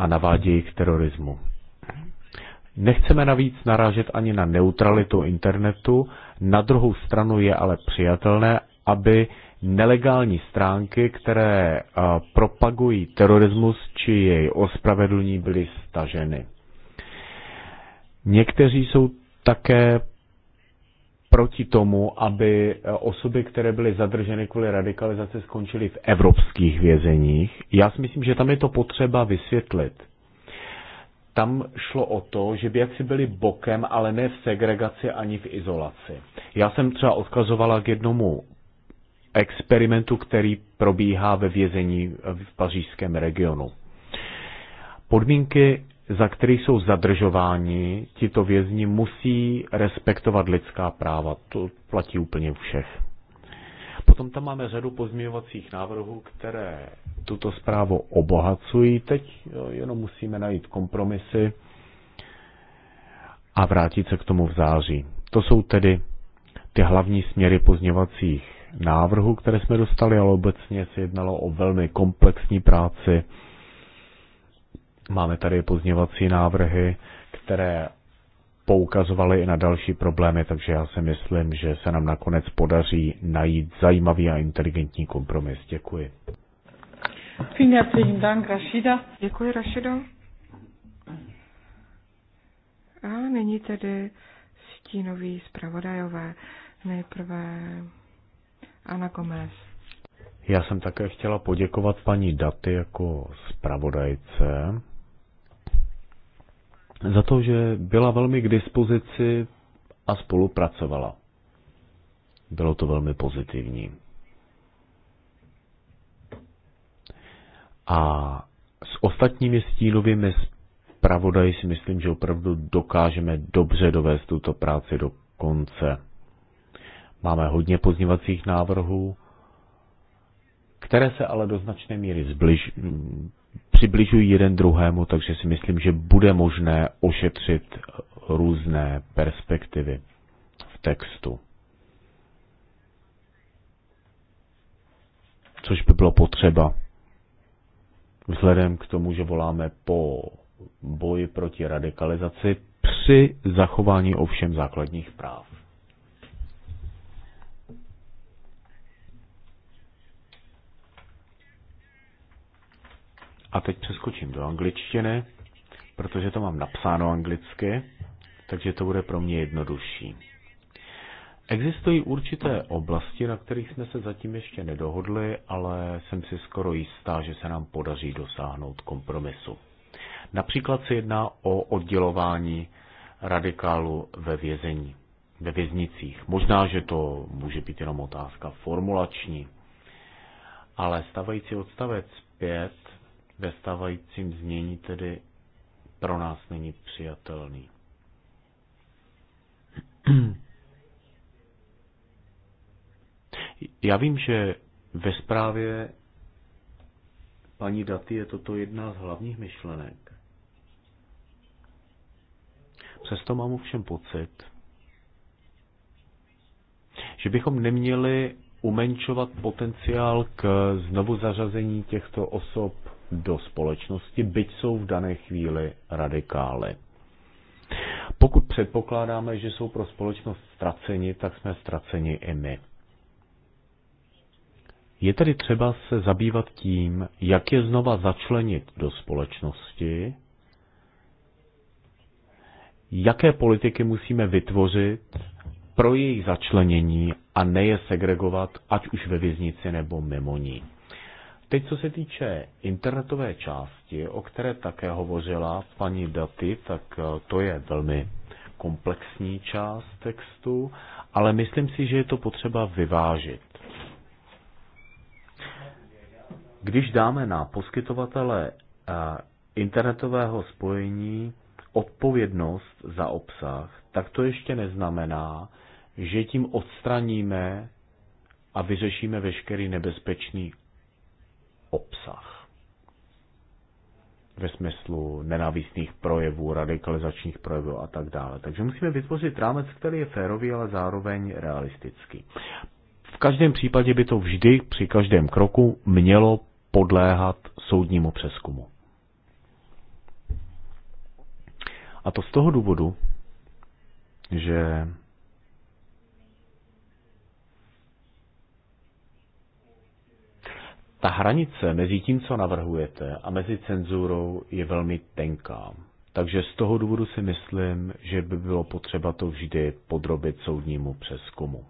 a navádějí k terorismu. Nechceme navíc narážet ani na neutralitu internetu, na druhou stranu je ale přijatelné, aby nelegální stránky, které eh, propagují terorismus či jej ospravedlní, byly staženy. Někteří jsou také proti tomu, aby eh, osoby, které byly zadrženy kvůli radikalizaci, skončily v evropských vězeních. Já si myslím, že tam je to potřeba vysvětlit. Tam šlo o to, že by jaksi byli bokem, ale ne v segregaci ani v izolaci. Já jsem třeba odkazovala k jednomu experimentu, který probíhá ve vězení v pařížském regionu. Podmínky za který jsou zadržováni, tito vězni musí respektovat lidská práva. To platí úplně všech. Potom tam máme řadu pozměňovacích návrhů, které tuto zprávu obohacují. Teď jenom musíme najít kompromisy a vrátit se k tomu v září. To jsou tedy ty hlavní směry pozměňovacích návrhů, které jsme dostali, ale obecně se jednalo o velmi komplexní práci Máme tady pozněvací návrhy, které poukazovaly i na další problémy, takže já si myslím, že se nám nakonec podaří najít zajímavý a inteligentní kompromis. Děkuji. Děkuji, Rašido. A nyní tedy stínový zpravodajové. Nejprve Ana Gomez. Já jsem také chtěla poděkovat paní Daty jako zpravodajce za to, že byla velmi k dispozici a spolupracovala. Bylo to velmi pozitivní. A s ostatními stínovými zpravodaji si myslím, že opravdu dokážeme dobře dovést tuto práci do konce. Máme hodně pozněvacích návrhů, které se ale do značné míry zbliž, přibližují jeden druhému, takže si myslím, že bude možné ošetřit různé perspektivy v textu. Což by bylo potřeba. Vzhledem k tomu, že voláme po boji proti radikalizaci při zachování ovšem základních práv. A teď přeskočím do angličtiny, protože to mám napsáno anglicky, takže to bude pro mě jednodušší. Existují určité oblasti, na kterých jsme se zatím ještě nedohodli, ale jsem si skoro jistá, že se nám podaří dosáhnout kompromisu. Například se jedná o oddělování radikálu ve vězení, ve věznicích. Možná, že to může být jenom otázka formulační, ale stavající odstavec 5 ve stávajícím znění tedy pro nás není přijatelný. Já vím, že ve zprávě paní Daty je toto jedna z hlavních myšlenek. Přesto mám ovšem pocit, že bychom neměli umenšovat potenciál k znovu zařazení těchto osob do společnosti, byť jsou v dané chvíli radikály. Pokud předpokládáme, že jsou pro společnost ztraceni, tak jsme ztraceni i my. Je tedy třeba se zabývat tím, jak je znova začlenit do společnosti, jaké politiky musíme vytvořit pro jejich začlenění a ne je segregovat, ať už ve věznici nebo mimo ní. Teď, co se týče internetové části, o které také hovořila paní Daty, tak eh, to je velmi komplexní část textu, ale myslím si, že je to potřeba vyvážit. Když dáme na poskytovatele eh, internetového spojení odpovědnost za obsah, tak to ještě neznamená, že tím odstraníme a vyřešíme veškerý nebezpečný obsah ve smyslu nenávistných projevů, radikalizačních projevů a tak dále. Takže musíme vytvořit rámec, který je férový, ale zároveň realistický. V každém případě by to vždy při každém kroku mělo podléhat soudnímu přeskumu. A to z toho důvodu, že Ta hranice mezi tím, co navrhujete, a mezi cenzurou je velmi tenká. Takže z toho důvodu si myslím, že by bylo potřeba to vždy podrobit soudnímu přeskumu.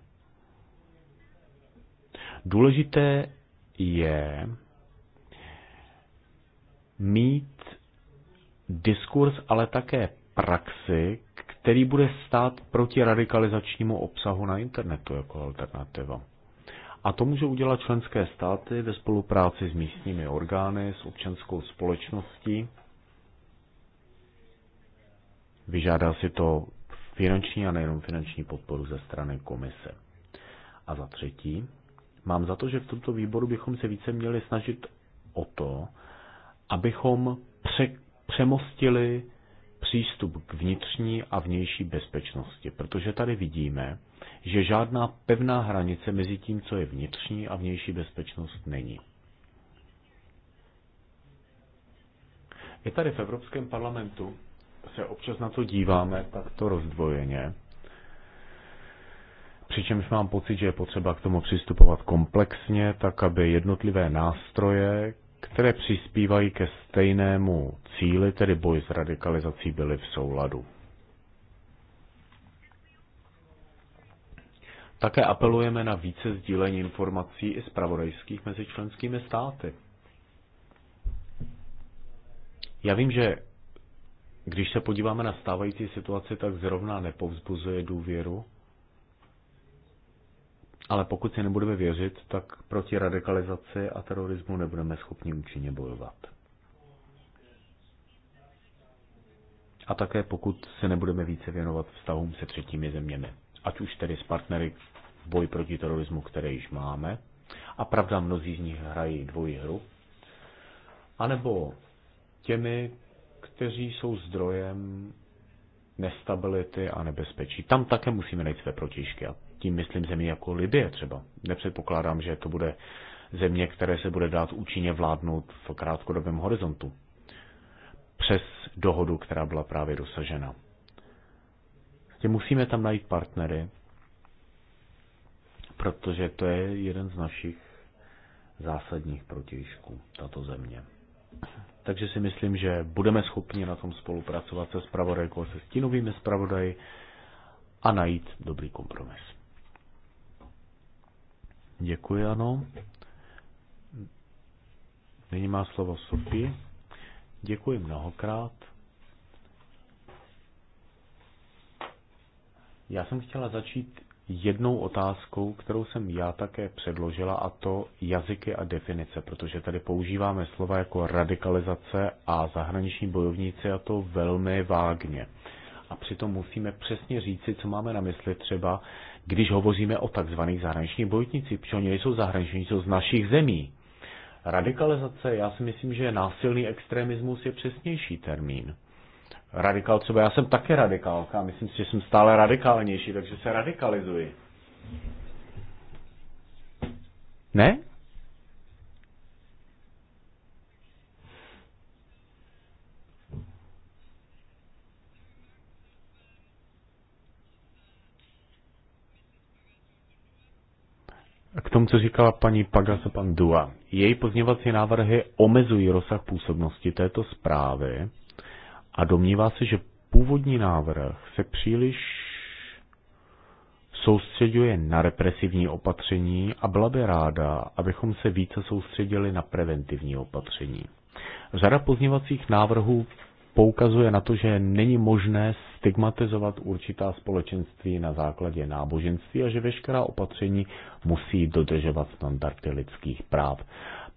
Důležité je mít diskurs, ale také praxi, který bude stát proti radikalizačnímu obsahu na internetu jako alternativa. A to může udělat členské státy ve spolupráci s místními orgány, s občanskou společností. Vyžádá si to finanční a nejenom finanční podporu ze strany komise. A za třetí, mám za to, že v tomto výboru bychom se více měli snažit o to, abychom pře- přemostili přístup k vnitřní a vnější bezpečnosti, protože tady vidíme, že žádná pevná hranice mezi tím, co je vnitřní a vnější bezpečnost, není. Je tady v Evropském parlamentu se občas na to díváme takto rozdvojeně, přičemž mám pocit, že je potřeba k tomu přistupovat komplexně, tak aby jednotlivé nástroje, které přispívají ke stejnému cíli, tedy boj s radikalizací, byly v souladu. Také apelujeme na více sdílení informací i zpravodajských mezi členskými státy. Já vím, že když se podíváme na stávající situaci, tak zrovna nepovzbuzuje důvěru, ale pokud si nebudeme věřit, tak proti radikalizaci a terorismu nebudeme schopni účinně bojovat. A také pokud se nebudeme více věnovat vztahům se třetími zeměmi, ať už tedy s partnery, v boji proti terorismu, které již máme. A pravda, mnozí z nich hrají dvojí hru. A nebo těmi, kteří jsou zdrojem nestability a nebezpečí. Tam také musíme najít své protižky. A tím myslím zemi jako Libie třeba. Nepředpokládám, že to bude země, které se bude dát účinně vládnout v krátkodobém horizontu. Přes dohodu, která byla právě dosažena. Prostě musíme tam najít partnery, protože to je jeden z našich zásadních protižků, tato země. Takže si myslím, že budeme schopni na tom spolupracovat se spravodajkou se stínovými spravodaji a najít dobrý kompromis. Děkuji, ano. Nyní má slovo Sofie. Děkuji mnohokrát. Já jsem chtěla začít jednou otázkou, kterou jsem já také předložila, a to jazyky a definice, protože tady používáme slova jako radikalizace a zahraniční bojovníci a to velmi vágně. A přitom musíme přesně říci, co máme na mysli třeba, když hovoříme o takzvaných zahraničních bojovnících, protože oni nejsou zahraniční, jsou z našich zemí. Radikalizace, já si myslím, že násilný extremismus je přesnější termín radikál třeba. Já jsem také radikálka, myslím si, že jsem stále radikálnější, takže se radikalizuji. Ne? K tomu, co říkala paní Pagasa Pandua. Její pozněvací návrhy omezují rozsah působnosti této zprávy a domnívá se, že původní návrh se příliš soustředuje na represivní opatření a byla by ráda, abychom se více soustředili na preventivní opatření. Řada pozněvacích návrhů poukazuje na to, že není možné stigmatizovat určitá společenství na základě náboženství a že veškerá opatření musí dodržovat standardy lidských práv.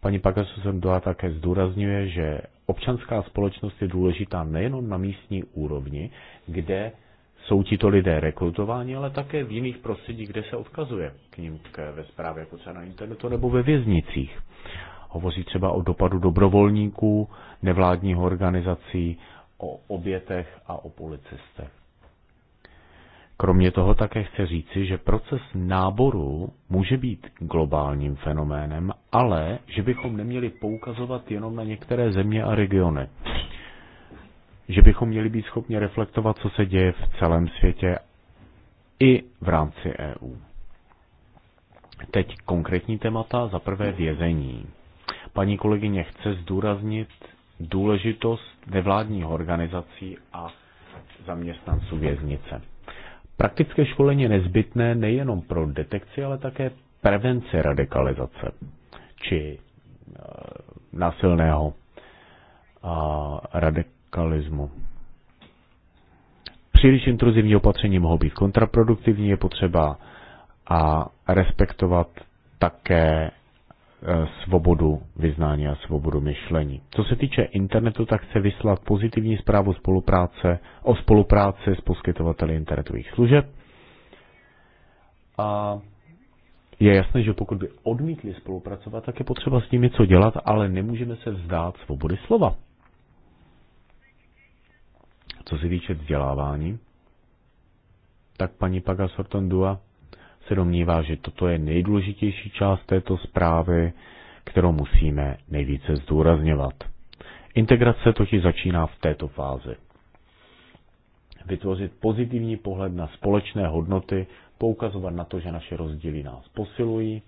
Paní Pagasusendová také zdůrazňuje, že občanská společnost je důležitá nejenom na místní úrovni, kde jsou tito lidé rekrutováni, ale také v jiných prostředích, kde se odkazuje k ním ve zprávě, jako třeba na internetu nebo ve věznicích. Hovoří třeba o dopadu dobrovolníků, nevládních organizací, o obětech a o policistech. Kromě toho také chci říci, že proces náboru může být globálním fenoménem, ale že bychom neměli poukazovat jenom na některé země a regiony. Že bychom měli být schopni reflektovat, co se děje v celém světě i v rámci EU. Teď konkrétní témata, za prvé vězení. Paní kolegyně chce zdůraznit důležitost nevládních organizací a zaměstnanců věznice. Praktické školení je nezbytné nejenom pro detekci, ale také prevenci radikalizace či eh, násilného eh, radikalismu. Příliš intruzivní opatření mohou být kontraproduktivní, je potřeba a respektovat také Eh, svobodu vyznání a svobodu myšlení. Co se týče internetu, tak chce vyslat pozitivní zprávu spolupráce o spolupráci s poskytovateli internetových služeb. A je jasné, že pokud by odmítli spolupracovat, tak je potřeba s nimi co dělat, ale nemůžeme se vzdát svobody slova. Co se týče vzdělávání, tak paní Paga Sortondua se domnívá, že toto je nejdůležitější část této zprávy, kterou musíme nejvíce zdůrazňovat. Integrace totiž začíná v této fázi. Vytvořit pozitivní pohled na společné hodnoty, poukazovat na to, že naše rozdíly nás posilují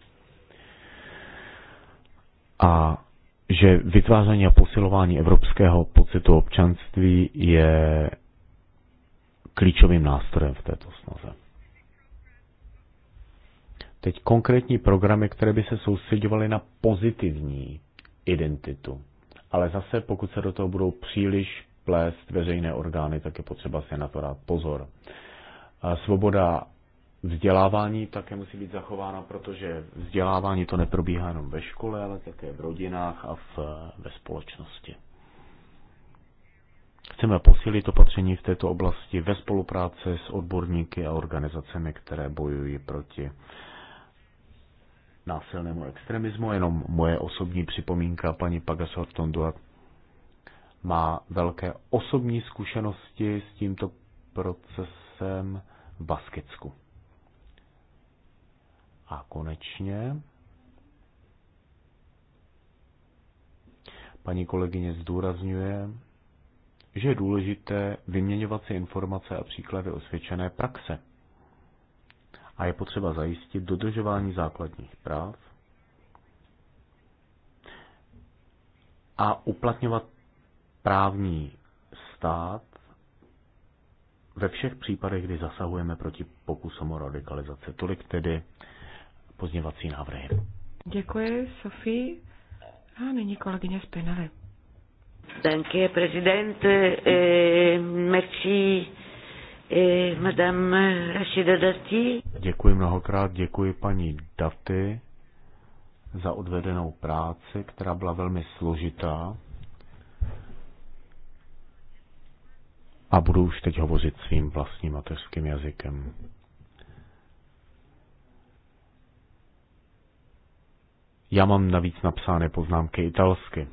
a že vytváření a posilování evropského pocitu občanství je klíčovým nástrojem v této snaze teď konkrétní programy, které by se soustředovaly na pozitivní identitu. Ale zase, pokud se do toho budou příliš plést veřejné orgány, tak je potřeba si na to dát pozor. Svoboda vzdělávání také musí být zachována, protože vzdělávání to neprobíhá jenom ve škole, ale také v rodinách a v, ve společnosti. Chceme posílit opatření v této oblasti ve spolupráci s odborníky a organizacemi, které bojují proti násilnému extremismu. Jenom moje osobní připomínka, paní Pagasor Tondua má velké osobní zkušenosti s tímto procesem v Baskicku. A konečně paní kolegyně zdůrazňuje, že je důležité vyměňovat si informace a příklady osvědčené praxe a je potřeba zajistit dodržování základních práv a uplatňovat právní stát ve všech případech, kdy zasahujeme proti pokusům o radikalizace. Tolik tedy pozněvací návrhy. Děkuji, Sofii. A nyní kolegyně Spinelli. Děkuji, prezident. Eh, merci i madame Rashida Dati. Děkuji mnohokrát, děkuji paní Dati za odvedenou práci, která byla velmi složitá. A budu už teď hovořit svým vlastním mateřským jazykem. Já mám navíc napsány poznámky italsky.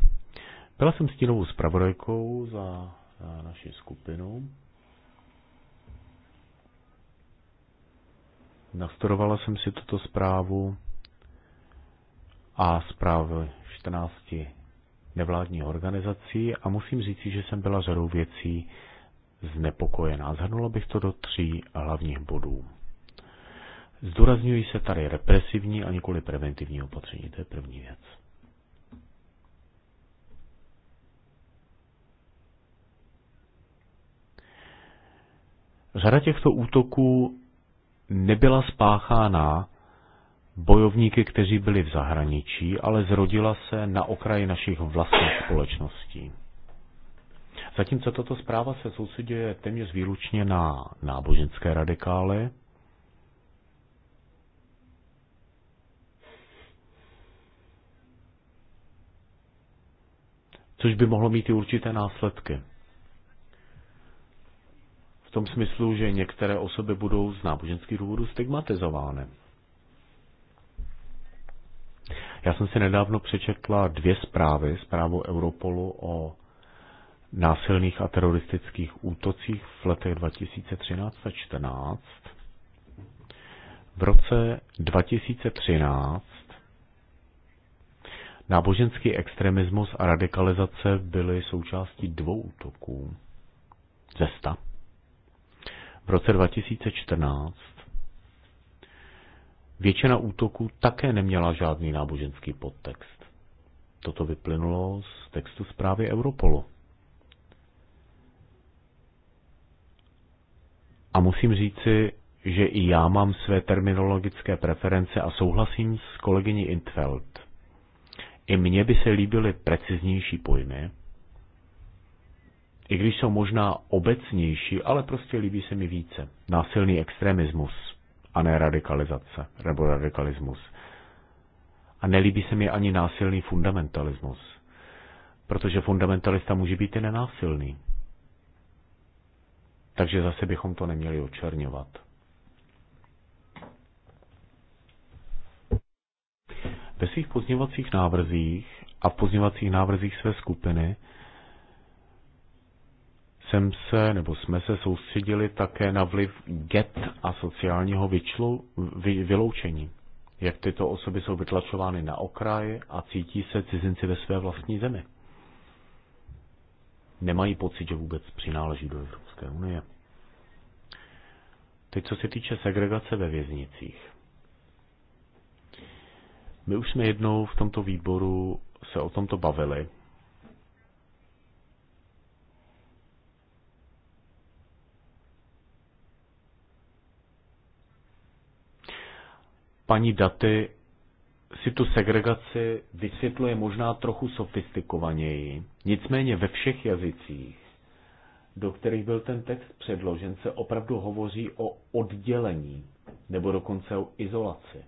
Byla jsem stínovou zpravodajkou za naši skupinu Nastudovala jsem si tuto zprávu a zprávy 14 nevládních organizací a musím říct, že jsem byla řadou věcí znepokojená. Zhrnula bych to do tří hlavních bodů. Zdůrazňují se tady represivní a nikoli preventivní opatření. To je první věc. Řada těchto útoků nebyla spáchána bojovníky, kteří byli v zahraničí, ale zrodila se na okraji našich vlastních společností. Zatímco tato zpráva se soustředuje téměř výlučně na náboženské radikály, což by mohlo mít i určité následky tom smyslu, že některé osoby budou z náboženských důvodů stigmatizovány. Já jsem si nedávno přečetla dvě zprávy, zprávu Europolu o násilných a teroristických útocích v letech 2013 a 2014. V roce 2013 náboženský extremismus a radikalizace byly součástí dvou útoků. Cesta. V roce 2014 většina útoků také neměla žádný náboženský podtext. Toto vyplynulo z textu zprávy Europolu. A musím říci, že i já mám své terminologické preference a souhlasím s kolegyní Intfeld. I mně by se líbily preciznější pojmy, i když jsou možná obecnější, ale prostě líbí se mi více. Násilný extremismus a ne radikalizace nebo radikalismus. A nelíbí se mi ani násilný fundamentalismus, protože fundamentalista může být i nenásilný. Takže zase bychom to neměli očerňovat. Ve svých pozněvacích návrzích a v pozněvacích návrzích své skupiny jsem se, nebo jsme se soustředili také na vliv get a sociálního vyčlu, vy, vyloučení. Jak tyto osoby jsou vytlačovány na okraj a cítí se cizinci ve své vlastní zemi. Nemají pocit, že vůbec přináleží do Evropské unie. Teď co se týče segregace ve věznicích. My už jsme jednou v tomto výboru se o tomto bavili paní Daty si tu segregaci vysvětluje možná trochu sofistikovaněji. Nicméně ve všech jazycích, do kterých byl ten text předložen, se opravdu hovoří o oddělení nebo dokonce o izolaci.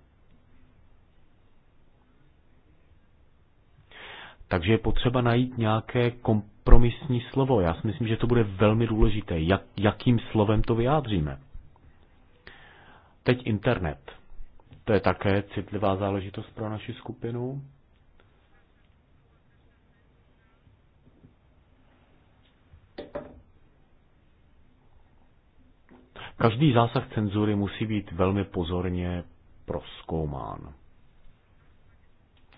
Takže je potřeba najít nějaké kompromisní slovo. Já si myslím, že to bude velmi důležité, jak, jakým slovem to vyjádříme. Teď internet. To je také citlivá záležitost pro naši skupinu. Každý zásah cenzury musí být velmi pozorně proskoumán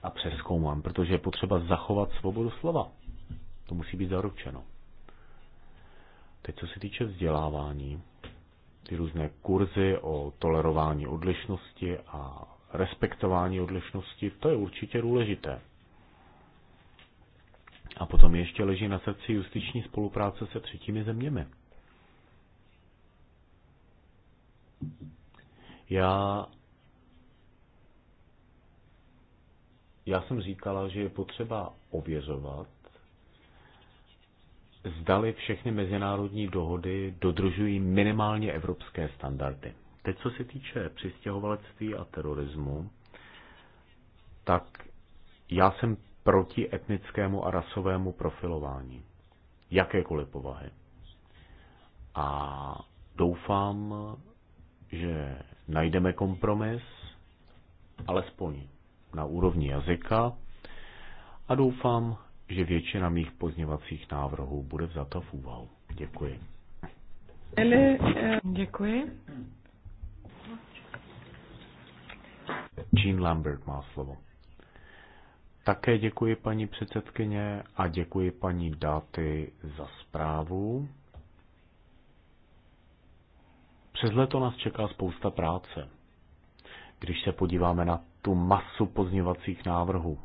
a přeskoumán, protože je potřeba zachovat svobodu slova. To musí být zaručeno. Teď co se týče vzdělávání, ty různé kurzy o tolerování odlišnosti a respektování odlišnosti, to je určitě důležité. A potom ještě leží na srdci justiční spolupráce se třetími zeměmi. Já, já jsem říkala, že je potřeba ověřovat, zdali všechny mezinárodní dohody dodržují minimálně evropské standardy. Teď, co se týče přistěhovalectví a terorismu, tak já jsem proti etnickému a rasovému profilování. Jakékoliv povahy. A doufám, že najdeme kompromis, alespoň na úrovni jazyka, a doufám, že většina mých pozněvacích návrhů bude vzata v úvahu. Děkuji. Eh, děkuji. Jean Lambert má slovo. Také děkuji paní předsedkyně a děkuji paní Dáty za zprávu. Přes leto nás čeká spousta práce. Když se podíváme na tu masu pozněvacích návrhů,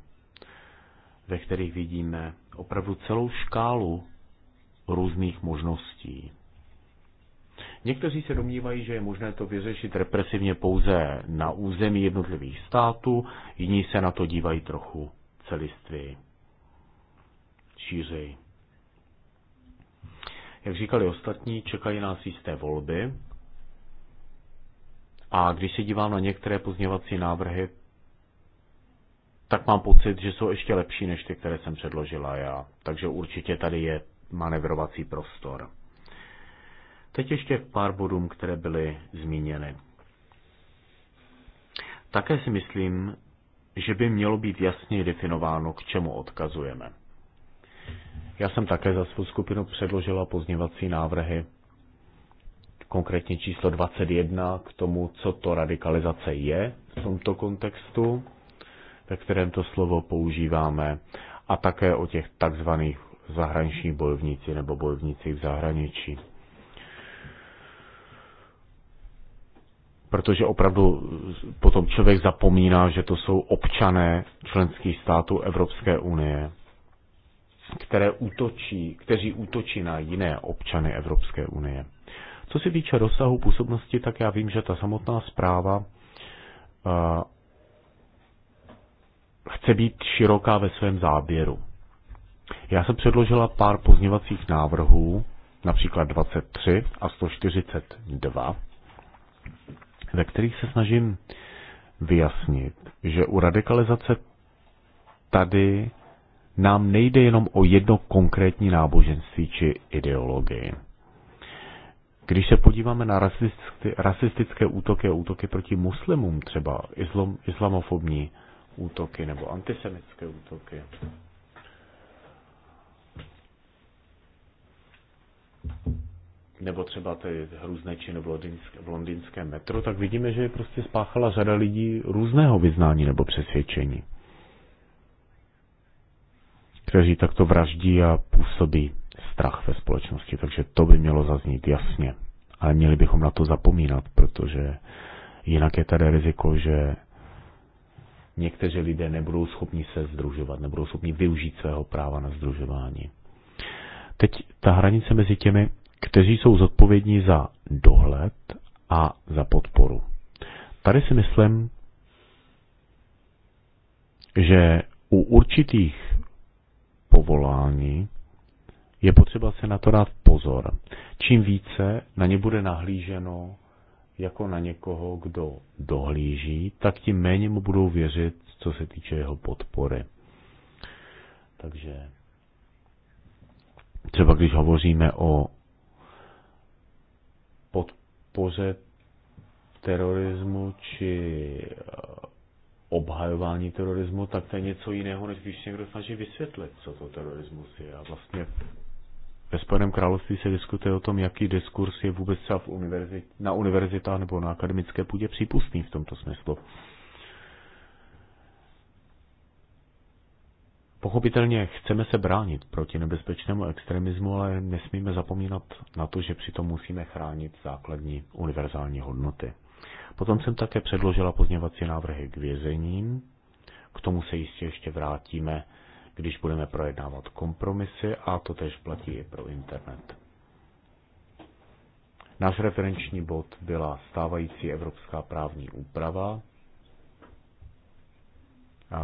ve kterých vidíme opravdu celou škálu různých možností. Někteří se domnívají, že je možné to vyřešit represivně pouze na území jednotlivých států, jiní se na to dívají trochu celistvěji, šířej. Jak říkali ostatní, čekají nás jisté volby. A když se dívám na některé pozměvací návrhy, tak mám pocit, že jsou ještě lepší než ty, které jsem předložila já. Takže určitě tady je manevrovací prostor. Teď ještě k pár bodům, které byly zmíněny. Také si myslím, že by mělo být jasně definováno, k čemu odkazujeme. Já jsem také za svou skupinu předložila pozněvací návrhy, konkrétně číslo 21, k tomu, co to radikalizace je v tomto kontextu ve kterém to slovo používáme, a také o těch takzvaných zahraničních bojovníci nebo bojovnících v zahraničí. Protože opravdu potom člověk zapomíná, že to jsou občané členských států Evropské unie, které útočí, kteří útočí na jiné občany Evropské unie. Co se týče rozsahu působnosti, tak já vím, že ta samotná zpráva eh, chce být široká ve svém záběru. Já jsem předložila pár pozněvacích návrhů, například 23 a 142, ve kterých se snažím vyjasnit, že u radikalizace tady nám nejde jenom o jedno konkrétní náboženství či ideologii. Když se podíváme na rasistické, rasistické útoky a útoky proti muslimům, třeba islamofobní útoky nebo antisemické útoky. Nebo třeba ty hrůzné činy v, londýnsk, v londýnském metru, tak vidíme, že je prostě spáchala řada lidí různého vyznání nebo přesvědčení, kteří takto vraždí a působí strach ve společnosti. Takže to by mělo zaznít jasně. Ale měli bychom na to zapomínat, protože jinak je tady riziko, že někteří lidé nebudou schopni se združovat, nebudou schopni využít svého práva na združování. Teď ta hranice mezi těmi, kteří jsou zodpovědní za dohled a za podporu. Tady si myslím, že u určitých povolání je potřeba se na to dát pozor. Čím více na ně bude nahlíženo jako na někoho, kdo dohlíží, tak tím méně mu budou věřit, co se týče jeho podpory. Takže třeba když hovoříme o podpoře terorismu či eh, obhajování terorismu, tak to je něco jiného, než když někdo snaží vysvětlit, co to terorismus je. A vlastně ve Spojeném království se diskutuje o tom, jaký diskurs je vůbec třeba v univerzit, na univerzitách nebo na akademické půdě přípustný v tomto smyslu. Pochopitelně chceme se bránit proti nebezpečnému extremismu, ale nesmíme zapomínat na to, že přitom musíme chránit základní univerzální hodnoty. Potom jsem také předložila pozněvací návrhy k vězením. K tomu se jistě ještě vrátíme když budeme projednávat kompromisy a to tež platí i pro internet. Náš referenční bod byla stávající evropská právní úprava,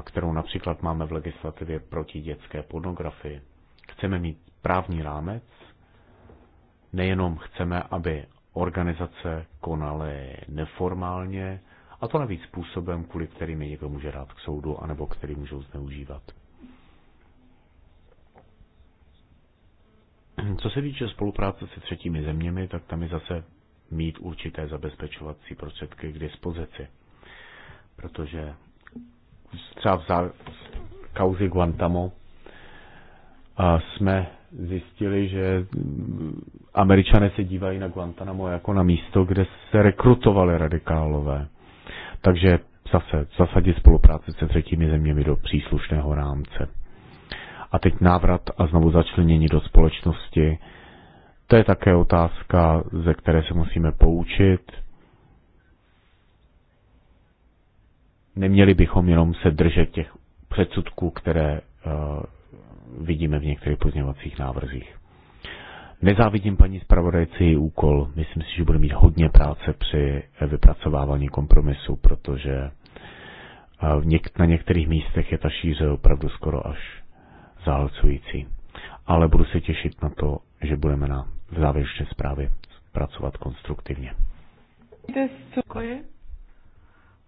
kterou například máme v legislativě proti dětské pornografii. Chceme mít právní rámec, nejenom chceme, aby organizace konaly neformálně, a to navíc způsobem, kvůli kterým je někdo může dát k soudu, anebo který můžou zneužívat. Co se týče spolupráce se třetími zeměmi, tak tam je zase mít určité zabezpečovací prostředky k dispozici. Protože třeba v kauzi Guantamo jsme zjistili, že američané se dívají na Guantanamo jako na místo, kde se rekrutovali radikálové. Takže zase zasadit spolupráci se třetími zeměmi do příslušného rámce. A teď návrat a znovu začlenění do společnosti. To je také otázka, ze které se musíme poučit. Neměli bychom jenom se držet těch předsudků, které uh, vidíme v některých pozměňovacích návrzích. Nezávidím paní zpravodajci její úkol. Myslím si, že bude mít hodně práce při eh, vypracovávání kompromisu, protože eh, na některých místech je ta šíře opravdu skoro až zahlcující. Ale budu se těšit na to, že budeme na závěrečné zprávě pracovat konstruktivně. je?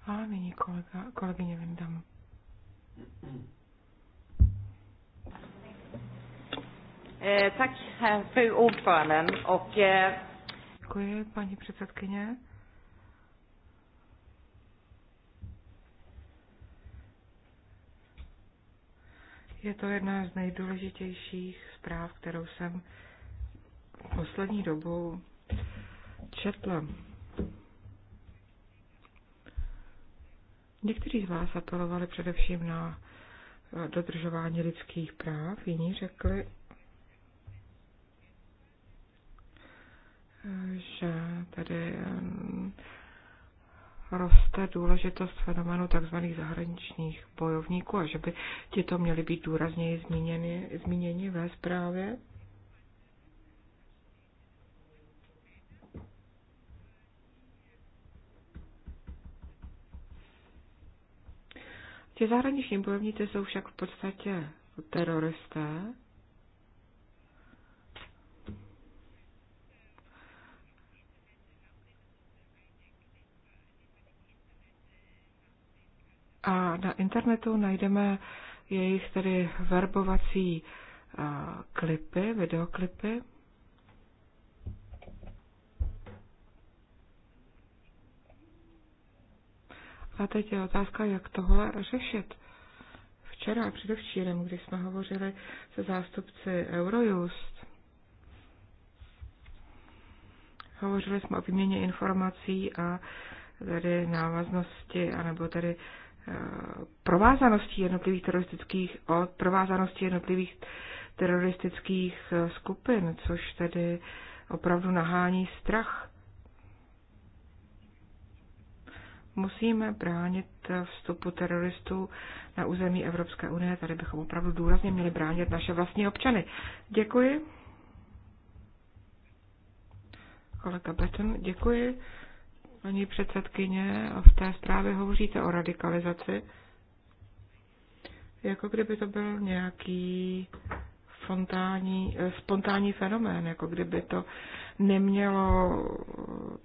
A nyní kolega, kolegyně Vindam. Eh, tak, eh, fru ordföranden. Och, eh... Děkuji, paní předsedkyně. Je to jedna z nejdůležitějších zpráv, kterou jsem poslední dobou četla. Někteří z vás apelovali především na eh, dodržování lidských práv, jiní řekli, eh, že tady roste důležitost fenoménu tzv. zahraničních bojovníků a že by tito měli být důrazněji zmíněni, zmíněni ve zprávě. Ti zahraniční bojovníci jsou však v podstatě teroristé, A na internetu najdeme jejich tedy verbovací eh, klipy, videoklipy. A teď je otázka, jak tohle řešit. Včera a předevčírem, když jsme hovořili se zástupci Eurojust, hovořili jsme o výměně informací a tedy návaznosti, anebo tedy provázaností jednotlivých teroristických, od provázanosti jednotlivých teroristických eh, skupin, což tedy opravdu nahání strach. Musíme bránit eh, vstupu teroristů na území Evropské unie. Tady bychom opravdu důrazně měli bránit naše vlastní občany. Děkuji. Kolega Beton, děkuji paní předsedkyně, v té zprávě hovoříte o radikalizaci, jako kdyby to byl nějaký spontánní, eh, spontánní fenomén, jako kdyby to nemělo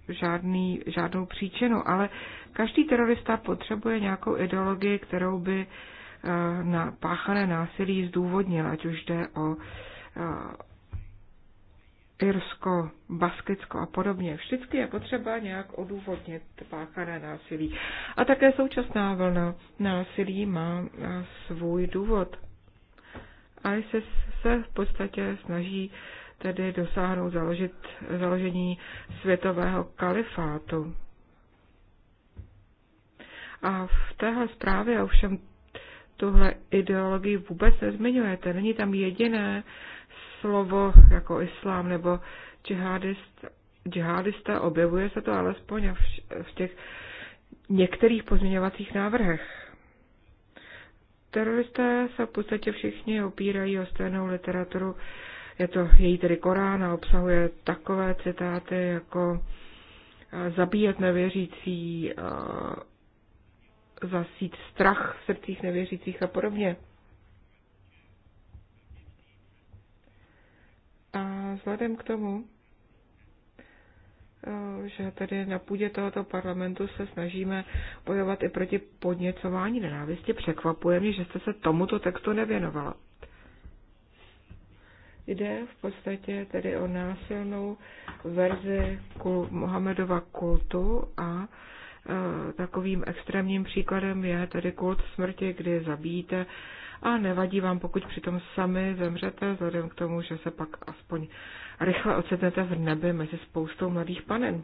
žádný, žádnou příčinu. Ale každý terorista potřebuje nějakou ideologii, kterou by eh, na páchané násilí zdůvodnil, ať už jde o eh, Irsko, Baskicko a podobně. Vždycky je potřeba nějak odůvodnit páchané násilí. A také současná vlna násilí má svůj důvod. A se, se v podstatě snaží tedy dosáhnout založit, založení světového kalifátu. A v téhle zprávě ovšem tuhle ideologii vůbec nezmiňujete. Není tam jediné slovo jako islám nebo džihadist, džihadista, objevuje se to alespoň v těch některých pozměňovacích návrhech. Teroristé se v podstatě všichni opírají o stejnou literaturu, je to její tedy Korán a obsahuje takové citáty jako zabíjet nevěřící, zasít strach v srdcích nevěřících a podobně. A vzhledem k tomu, eh, že tady na půdě tohoto parlamentu se snažíme bojovat i proti podněcování nenávisti, překvapuje mě, že jste se tomuto textu nevěnovala. Jde v podstatě tedy o násilnou verzi kul- Mohamedova kultu a e, takovým extrémním příkladem je tedy kult smrti, kdy zabíjíte a nevadí vám, pokud přitom sami zemřete, vzhledem k tomu, že se pak aspoň rychle ocitnete v nebi mezi spoustou mladých panen.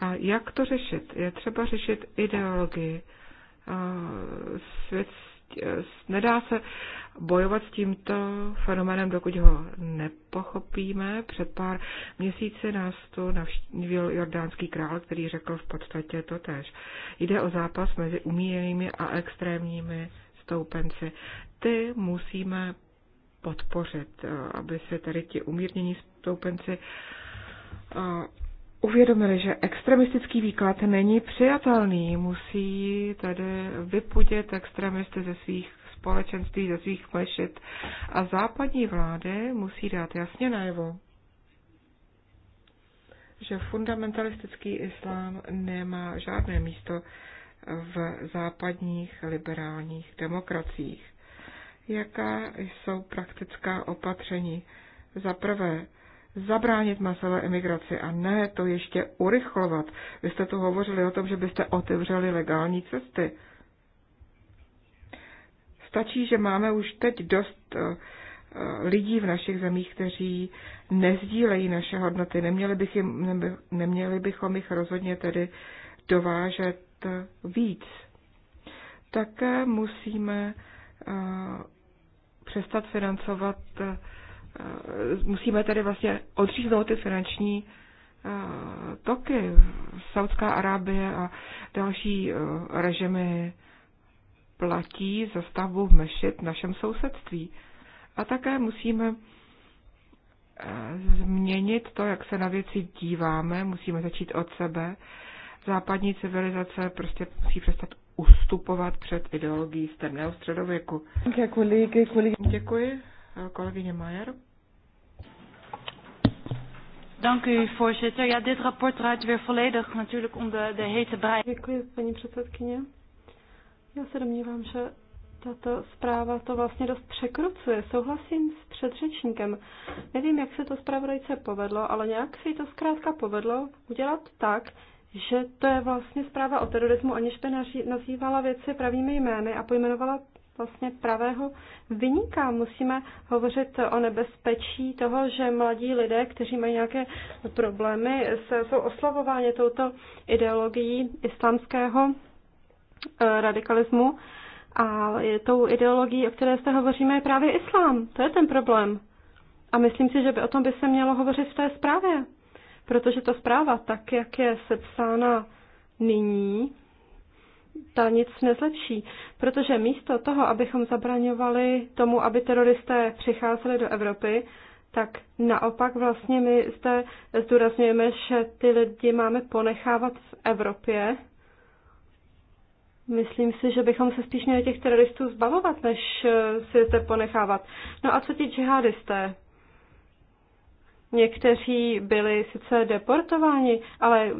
A jak to řešit? Je třeba řešit ideologii. Svět, nedá se bojovat s tímto fenoménem, dokud ho nepochopíme. Před pár měsíci nás tu navštívil jordánský král, který řekl v podstatě to tež. Jde o zápas mezi umíjenými a extrémními stoupenci. Ty musíme podpořit, eh, aby se tady ti umírnění stoupenci eh, uvědomili, že extremistický výklad není přijatelný. Musí tady vypudit extremisty ze svých společenství, ze svých mešit a západní vlády musí dát jasně najevo, že fundamentalistický islám nemá žádné místo v západních liberálních demokraciích. Jaká jsou praktická opatření? Za prvé, zabránit masové emigraci a ne to ještě urychlovat. Vy jste tu hovořili o tom, že byste otevřeli legální cesty. Stačí, že máme už teď dost eh, eh, lidí v našich zemích, kteří nezdílejí naše hodnoty. Neměli, bych jim, neměli bychom jich rozhodně tedy dovážet víc. Také musíme eh, přestat financovat, eh, musíme tedy vlastně odříznout ty finanční eh, toky. Saudská Arábie a další režimy platí za stavbu v mešit v našem sousedství. A také musíme změnit to, jak se na věci díváme, musíme začít od sebe západní civilizace prostě musí přestat ustupovat před ideologií temného středověku. Děkuji, kolegyně Majer. Dank voorzitter. Ja, dit rapport draait weer volledig natuurlijk om de, de hete brei. Děkuji, paní předsedkyně. Já se domnívám, že tato zpráva to vlastně dost překrucuje. Souhlasím s předřečníkem. Nevím, jak se to zpravodajce povedlo, ale nějak se jí to zkrátka povedlo udělat tak, že to je vlastně zpráva o terorismu, aniž by nazývala věci pravými jmény a pojmenovala vlastně pravého vyníka. Musíme hovořit o nebezpečí toho, že mladí lidé, kteří mají nějaké problémy, se, jsou oslavováni touto ideologií islámského eh, radikalismu. A tou ideologií, o které jste hovoříme, je právě islám. To je ten problém. A myslím si, že by o tom by se mělo hovořit v té zprávě protože ta zpráva, tak jak je sepsána nyní, ta nic nezlepší, protože místo toho, abychom zabraňovali tomu, aby teroristé přicházeli do Evropy, tak naopak vlastně my zde zdůrazňujeme, že ty lidi máme ponechávat v Evropě. Myslím si, že bychom se spíš měli těch teroristů zbavovat, než si je zde ponechávat. No a co ti džihadisté? Někteří byli sice deportováni, ale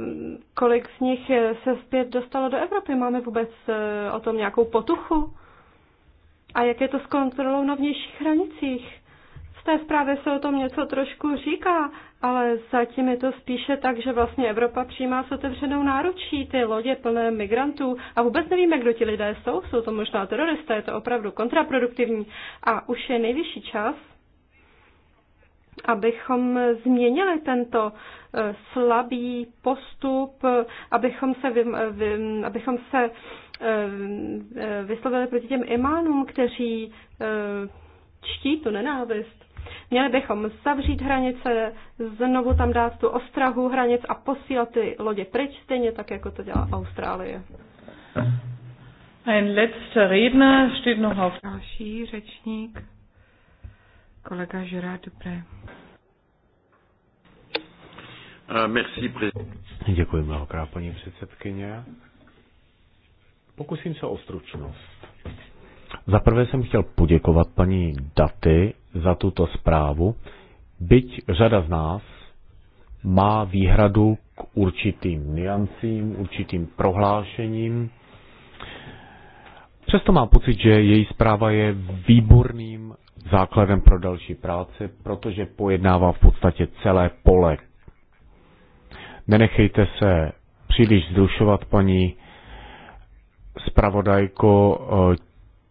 kolik z nich se zpět dostalo do Evropy? Máme vůbec eh, o tom nějakou potuchu? A jak je to s kontrolou na vnějších hranicích? V té zprávě se o tom něco trošku říká, ale zatím je to spíše tak, že vlastně Evropa přijímá s otevřenou náručí ty lodě plné migrantů a vůbec nevíme, kdo ti lidé jsou. Jsou to možná teroristé, je to opravdu kontraproduktivní. A už je nejvyšší čas, abychom změnili tento eh, slabý postup, abychom se, vy, vy, abychom se eh, eh, vyslovili proti těm imánům, kteří čtí tu nenávist. Měli bychom zavřít hranice, znovu tam dát tu ostrahu hranic a posílat ty lodě pryč, stejně tak, jako to dělá Austrálie. Ein letzter Redner steht noch auf. Další řečník Kolega Gerard Dupré. Eh, merci, Děkuji mnohokrát, paní předsedkyně. Pokusím se o stručnost. Za prvé jsem chtěl poděkovat paní Daty za tuto zprávu, byť řada z nás má výhradu k určitým niancím, určitým prohlášením. Přesto mám pocit, že její zpráva je výborným základem pro další práci, protože pojednává v podstatě celé pole. Nenechejte se příliš zrušovat, paní spravodajko, eh,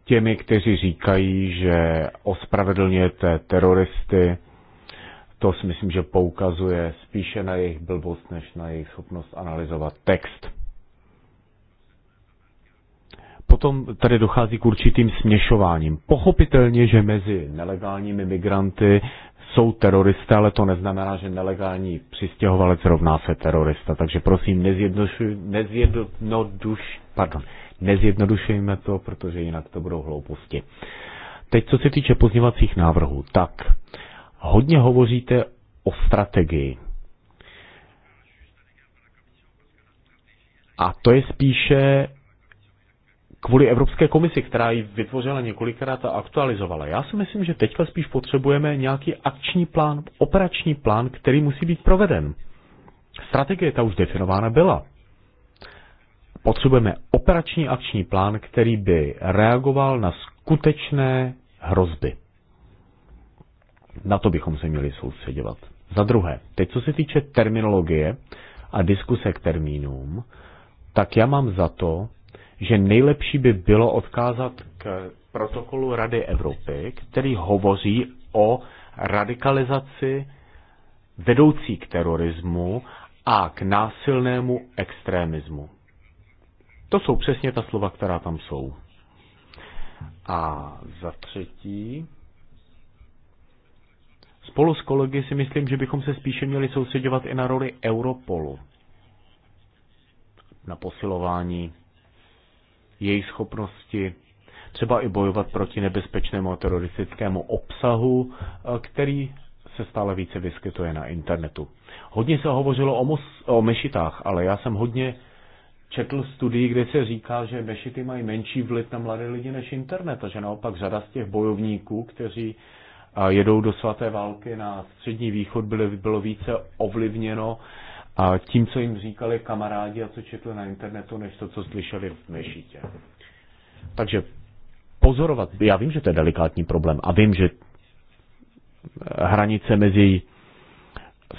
těmi, kteří říkají, že ospravedlněte teroristy, to si myslím, že poukazuje spíše na jejich blbost, než na jejich schopnost analyzovat text potom tady dochází k určitým směšováním. Pochopitelně, že mezi nelegálními migranty jsou teroristé, ale to neznamená, že nelegální přistěhovalec rovná se terorista. Takže prosím, nezjednoduš, pardon, nezjednodušujme to, protože jinak to budou hlouposti. Teď, co se týče pozněvacích návrhů, tak hodně hovoříte o strategii. A to je spíše kvůli Evropské komisi, která ji vytvořila několikrát a aktualizovala. Já si myslím, že teďka spíš potřebujeme nějaký akční plán, operační plán, který musí být proveden. Strategie ta už definována byla. Potřebujeme operační akční plán, který by reagoval na skutečné hrozby. Na to bychom se měli soustředovat. Za druhé, teď co se týče terminologie a diskuse k termínům, tak já mám za to, že nejlepší by bylo odkázat k protokolu Rady Evropy, který hovoří o radikalizaci vedoucí k terorismu a k násilnému extremismu. To jsou přesně ta slova, která tam jsou. A za třetí, spolu s kolegy si myslím, že bychom se spíše měli soustředovat i na roli Europolu na posilování její schopnosti třeba i bojovat proti nebezpečnému a teroristickému obsahu, eh, který se stále více vyskytuje na internetu. Hodně se hovořilo o, mos, o mešitách, ale já jsem hodně četl studii, kde se říká, že mešity mají menší vliv na mladé lidi než internet a že naopak řada z těch bojovníků, kteří eh, jedou do svaté války na střední východ, byly, bylo více ovlivněno a tím, co jim říkali kamarádi a co četli na internetu, než to, co slyšeli v mešitě. Takže pozorovat, já vím, že to je delikátní problém a vím, že eh, hranice mezi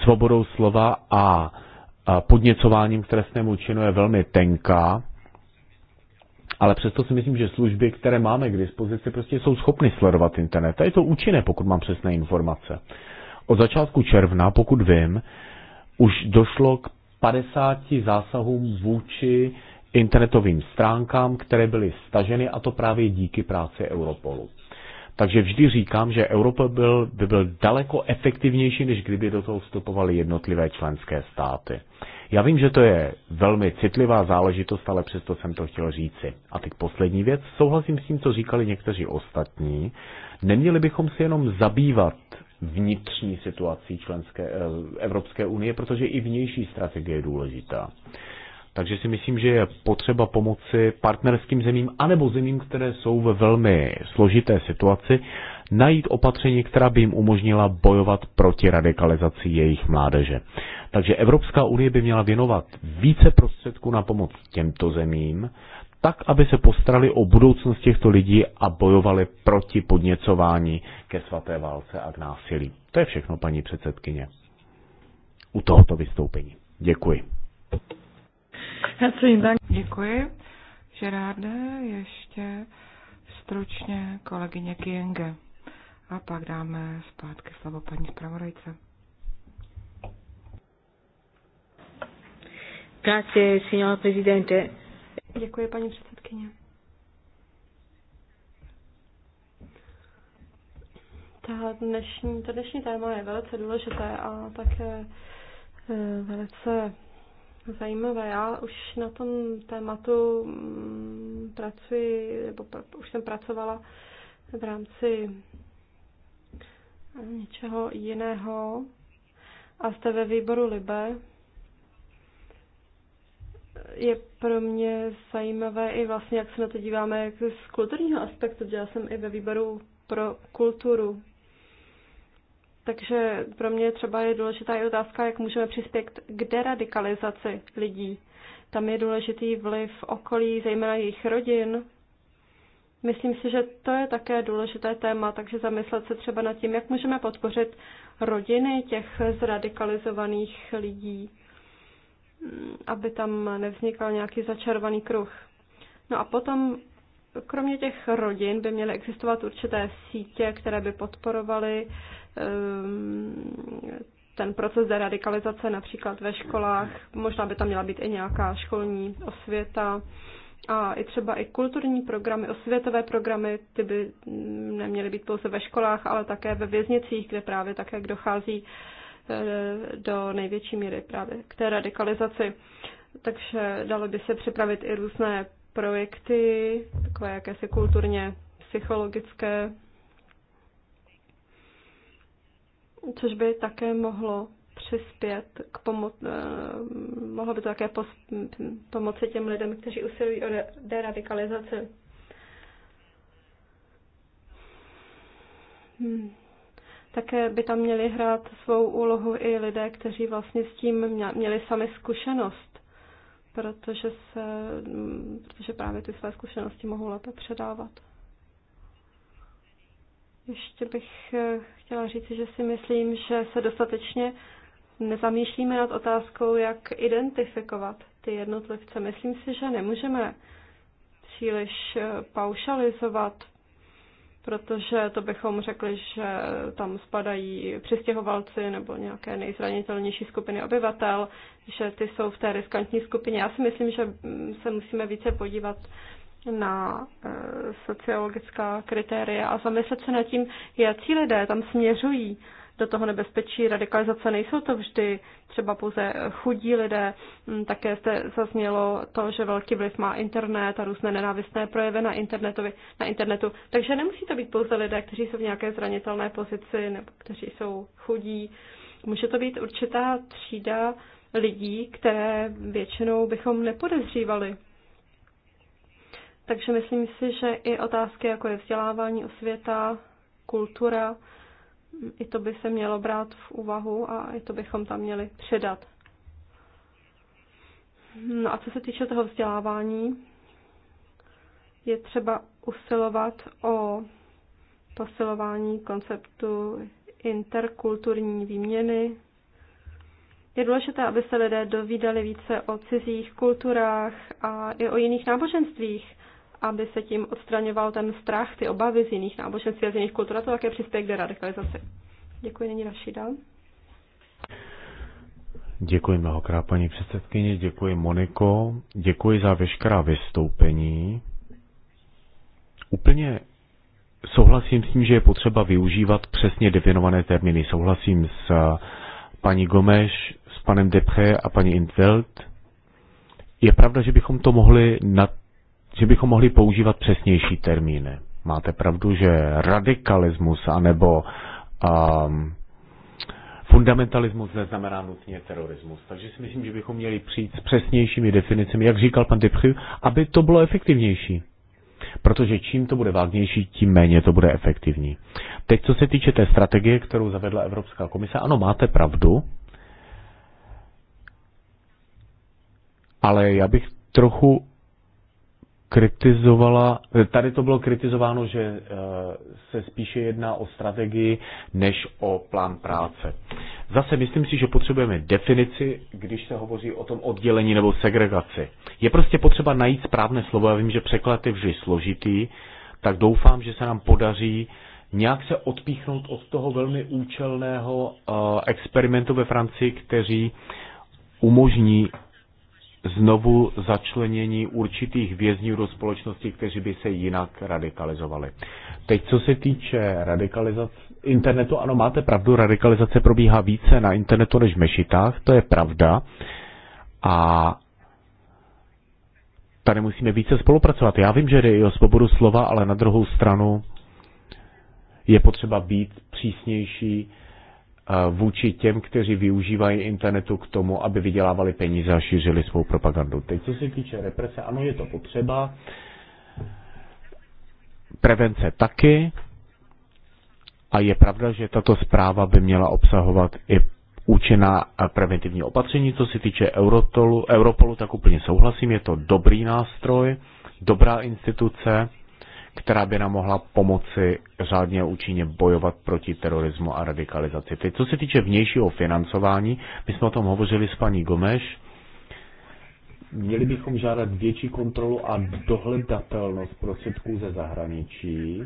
svobodou slova a podněcováním k trestnému činu je velmi tenká, ale přesto si myslím, že služby, které máme k dispozici, prostě jsou schopny sledovat internet. A je to účinné, pokud mám přesné informace. Od začátku června, pokud vím, už došlo k 50 zásahům vůči internetovým stránkám, které byly staženy a to právě díky práci Europolu. Takže vždy říkám, že Europol byl, by byl daleko efektivnější, než kdyby do toho vstupovaly jednotlivé členské státy. Já vím, že to je velmi citlivá záležitost, ale přesto jsem to chtěl říci. A teď poslední věc. Souhlasím s tím, co říkali někteří ostatní. Neměli bychom se jenom zabývat vnitřní situací členské, eh, Evropské unie, protože i vnější strategie je důležitá. Takže si myslím, že je potřeba pomoci partnerským zemím anebo zemím, které jsou ve velmi složité situaci, najít opatření, která by jim umožnila bojovat proti radikalizaci jejich mládeže. Takže Evropská unie by měla věnovat více prostředků na pomoc těmto zemím tak, aby se postrali o budoucnost těchto lidí a bojovali proti podněcování ke svaté válce a k násilí. To je všechno, paní předsedkyně, u tohoto vystoupení. Děkuji. Děkuji. Žeráde, ještě stručně kolegyně Kienge. A pak dáme zpátky slovo paní zpravodajce. Grazie, signor Presidente. Děkuji, paní předsedkyně. Ta dnešní, to dnešní téma je velice důležité a také eh, velice zajímavé. Já už na tom tématu mm, pracuji, nebo pr- už jsem pracovala v rámci eh, něčeho jiného a jste ve výboru Libe je pro mě zajímavé i vlastně, jak se na to díváme jak z kulturního aspektu. Dělala jsem i ve výboru pro kulturu. Takže pro mě třeba je důležitá i otázka, jak můžeme přispět k deradikalizaci lidí. Tam je důležitý vliv okolí, zejména jejich rodin. Myslím si, že to je také důležité téma, takže zamyslet se třeba nad tím, jak můžeme podpořit rodiny těch zradikalizovaných lidí aby tam nevznikal nějaký začarovaný kruh. No a potom, kromě těch rodin, by měly existovat určité sítě, které by podporovaly ehm, ten proces deradikalizace například ve školách. Možná by tam měla být i nějaká školní osvěta a i třeba i kulturní programy, osvětové programy, ty by neměly být pouze ve školách, ale také ve věznicích, kde právě také dochází Eh, do největší míry právě k té radikalizaci. Takže dalo by se připravit i různé projekty, takové jakési kulturně psychologické, což by také mohlo přispět k pomoci, eh, mohlo by to také pomoci těm lidem, kteří usilují o deradikalizaci. Hmm. Také by tam měli hrát svou úlohu i lidé, kteří vlastně s tím měli sami zkušenost, protože, se, protože právě ty své zkušenosti mohou lépe předávat. Ještě bych eh, chtěla říct, že si myslím, že se dostatečně nezamýšlíme nad otázkou, jak identifikovat ty jednotlivce. Myslím si, že nemůžeme příliš eh, paušalizovat protože to bychom řekli, že tam spadají přistěhovalci nebo nějaké nejzranitelnější skupiny obyvatel, že ty jsou v té riskantní skupině. Já si myslím, že se musíme více podívat na eh, sociologická kritéria a zamyslet se nad tím, jaký lidé tam směřují do toho nebezpečí radikalizace. Nejsou to vždy třeba pouze chudí lidé, mm, také zde zaznělo to, že velký vliv má internet a různé nenávistné projevy na, na internetu. Takže nemusí to být pouze lidé, kteří jsou v nějaké zranitelné pozici nebo kteří jsou chudí. Může to být určitá třída lidí, které většinou bychom nepodezřívali. Takže myslím si, že i otázky jako je vzdělávání, osvěta, kultura, i to by se mělo brát v úvahu a i to bychom tam měli předat. No a co se týče toho vzdělávání, je třeba usilovat o posilování konceptu interkulturní výměny. Je důležité, aby se lidé dovídali více o cizích kulturách a i o jiných náboženstvích aby se tím odstraňoval ten strach, ty obavy z jiných náboženství a z jiných kultur, a to také přispěje k deradikalizaci. Děkuji, není Rašida. Děkuji mnohokrát, paní předsedkyně, děkuji Moniko, děkuji za veškerá vystoupení. Úplně souhlasím s tím, že je potřeba využívat přesně definované termíny. Souhlasím s eh, paní Gomeš, s panem Depre a paní Intveld. Je pravda, že bychom to mohli na že bychom mohli používat přesnější termíny. Máte pravdu, že radikalismus anebo um, fundamentalismus neznamená nutně terorismus. Takže si myslím, že bychom měli přijít s přesnějšími definicemi, jak říkal pan Dipchy, aby to bylo efektivnější. Protože čím to bude vágnější, tím méně to bude efektivní. Teď, co se týče té strategie, kterou zavedla Evropská komise, ano, máte pravdu, ale já bych trochu kritizovala, tady to bylo kritizováno, že eh, se spíše jedná o strategii než o plán práce. Zase myslím si, že potřebujeme definici, když se hovoří o tom oddělení nebo segregaci. Je prostě potřeba najít správné slovo, já vím, že překlad je vždy složitý, tak doufám, že se nám podaří nějak se odpíchnout od toho velmi účelného eh, experimentu ve Francii, kteří umožní znovu začlenění určitých vězňů do společnosti, kteří by se jinak radikalizovali. Teď, co se týče radikalizace internetu, ano, máte pravdu, radikalizace probíhá více na internetu než v mešitách, to je pravda. A tady musíme více spolupracovat. Já vím, že jde i o svobodu slova, ale na druhou stranu je potřeba být přísnější vůči těm, kteří využívají internetu k tomu, aby vydělávali peníze a šířili svou propagandu. Teď, co se týče represe, ano, je to potřeba. Prevence taky. A je pravda, že tato zpráva by měla obsahovat i účinná preventivní opatření. Co se týče Europolu, tak úplně souhlasím, je to dobrý nástroj, dobrá instituce která by nám mohla pomoci řádně a účinně bojovat proti terorismu a radikalizaci. Teď, co se týče vnějšího financování, my jsme o tom hovořili s paní Gomeš, měli bychom žádat větší kontrolu a dohledatelnost prostředků ze zahraničí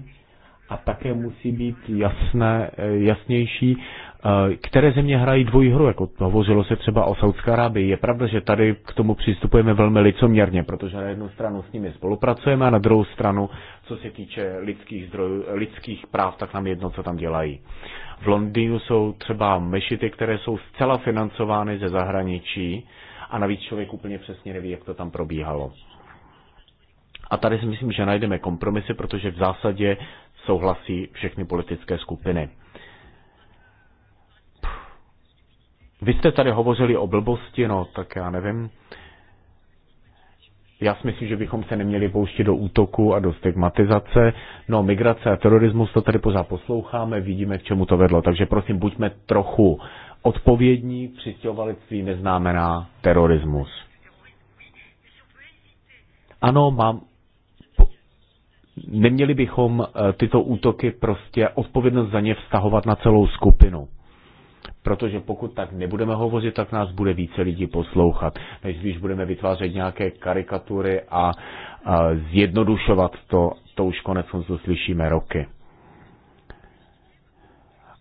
a také musí být jasné, eh, jasnější, eh, které země hrají dvojí hru, jako hovořilo se třeba o Saudské Arábii. Je pravda, že tady k tomu přistupujeme velmi licoměrně, protože na jednu stranu s nimi spolupracujeme a na druhou stranu co se týče lidských, zdrojů, lidských práv, tak nám jedno, co tam dělají. V Londýnu jsou třeba mešity, které jsou zcela financovány ze zahraničí a navíc člověk úplně přesně neví, jak to tam probíhalo. A tady si myslím, že najdeme kompromisy, protože v zásadě souhlasí všechny politické skupiny. Vy jste tady hovořili o blbosti, no tak já nevím. Já si myslím, že bychom se neměli pouštět do útoku a do stigmatizace. No, migrace a terorismus to tady pořád posloucháme, vidíme, k čemu to vedlo. Takže prosím, buďme trochu odpovědní, přistěhovalectví neznamená terorismus. Ano, mám, neměli bychom eh, tyto útoky prostě odpovědnost za ně vztahovat na celou skupinu. Protože pokud tak nebudeme hovořit, tak nás bude více lidí poslouchat, než když budeme vytvářet nějaké karikatury a, a zjednodušovat to, to už konec konců slyšíme roky.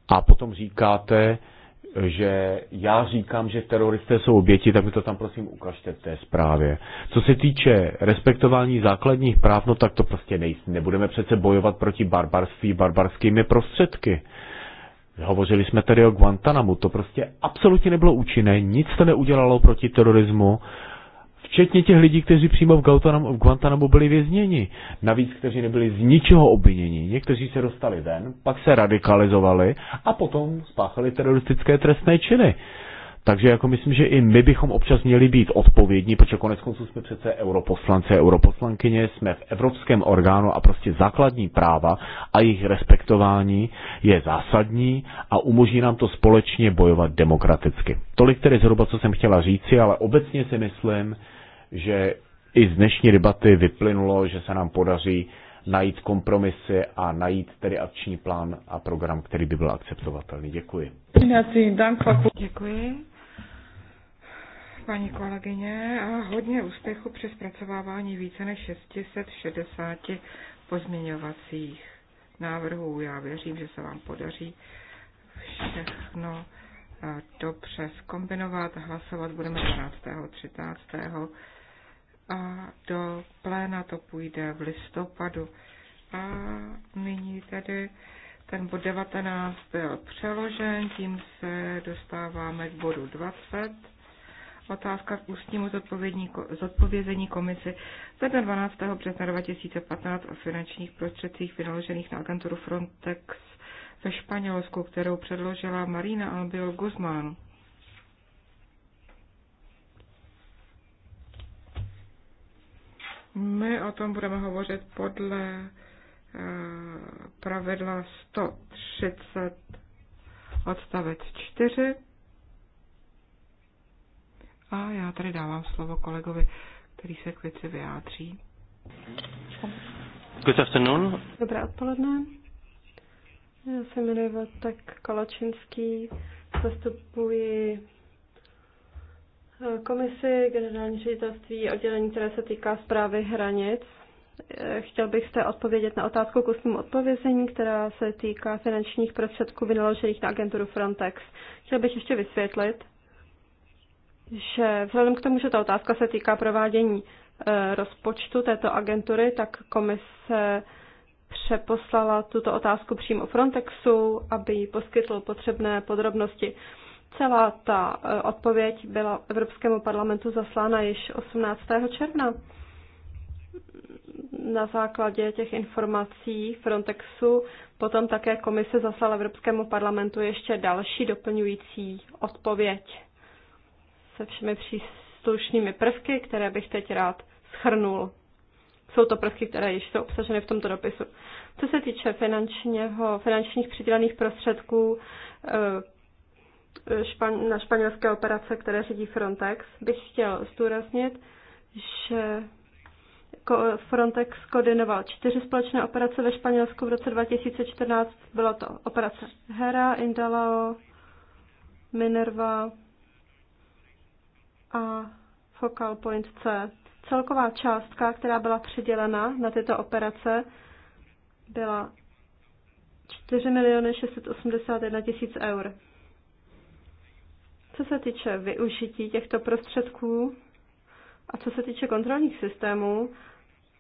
A potom říkáte, že já říkám, že teroristé jsou oběti, tak mi to tam prosím ukažte v té zprávě. Co se týče respektování základních práv, no tak to prostě nejsme. Nebudeme přece bojovat proti barbarství barbarskými prostředky. Hovořili jsme tady o Guantanamu, to prostě absolutně nebylo účinné, nic to neudělalo proti terorismu, včetně těch lidí, kteří přímo v, v Guantanamu byli vězněni. Navíc, kteří nebyli z ničeho obviněni. Někteří se dostali ven, pak se radikalizovali a potom spáchali teroristické trestné činy. Takže jako myslím, že i my bychom občas měli být odpovědní, protože konec konců jsme přece europoslanci a europoslankyně, jsme v evropském orgánu a prostě základní práva a jejich respektování je zásadní a umožní nám to společně bojovat demokraticky. Tolik tedy zhruba, co jsem chtěla říci, ale obecně si myslím, že i z dnešní debaty vyplynulo, že se nám podaří najít kompromisy a najít tedy akční plán a program, který by byl akceptovatelný. Děkuji. Děkuji paní kolegyně a hodně úspěchu při zpracovávání více než 660 pozměňovacích návrhů. Já věřím, že se vám podaří všechno dobře zkombinovat. Hlasovat budeme 12. 13 a do pléna to půjde v listopadu. A nyní tedy ten bod 19 byl přeložen, tím se dostáváme k bodu 20. Otázka k ústnímu zodpovězení komisi ze dne 12. března 2015 o finančních prostředcích vynaložených na agenturu Frontex ve Španělsku, kterou předložila Marina Albiol Guzmán. My o tom budeme hovořit podle eh, pravidla 130 odstavec 4. A já tady dávám slovo kolegovi, který se k věci vyjádří. Good afternoon. Dobré odpoledne. Já se jmenuji Vatek Kolačinský, zastupuji komisi, generální ředitelství, oddělení, které se týká zprávy hranic. Chtěl bych se odpovědět na otázku k ústním odpovězení, která se týká finančních prostředků vynaložených na agenturu Frontex. Chtěl bych ještě vysvětlit, že vzhledem k tomu, že ta otázka se týká provádění e, rozpočtu této agentury, tak komise přeposlala tuto otázku přímo Frontexu, aby jí poskytl potřebné podrobnosti. Celá ta eh, odpověď byla Evropskému parlamentu zaslána již 18. června. Na základě těch informací Frontexu potom také komise zaslala Evropskému parlamentu ještě další doplňující odpověď se všemi příslušnými prvky, které bych teď rád schrnul. Jsou to prvky, které již jsou obsaženy v tomto dopisu. Co se týče finančního, finančních přidělených prostředků, eh, špan, na španělské operace, které řídí Frontex, bych chtěl zdůraznit, že Frontex koordinoval čtyři společné operace ve Španělsku v roce 2014. Byla to operace Hera, Indalao, Minerva a Focal Point C. Celková částka, která byla přidělena na tyto operace, byla 4 miliony 681 tisíc eur co se týče využití těchto prostředků a co se týče kontrolních systémů,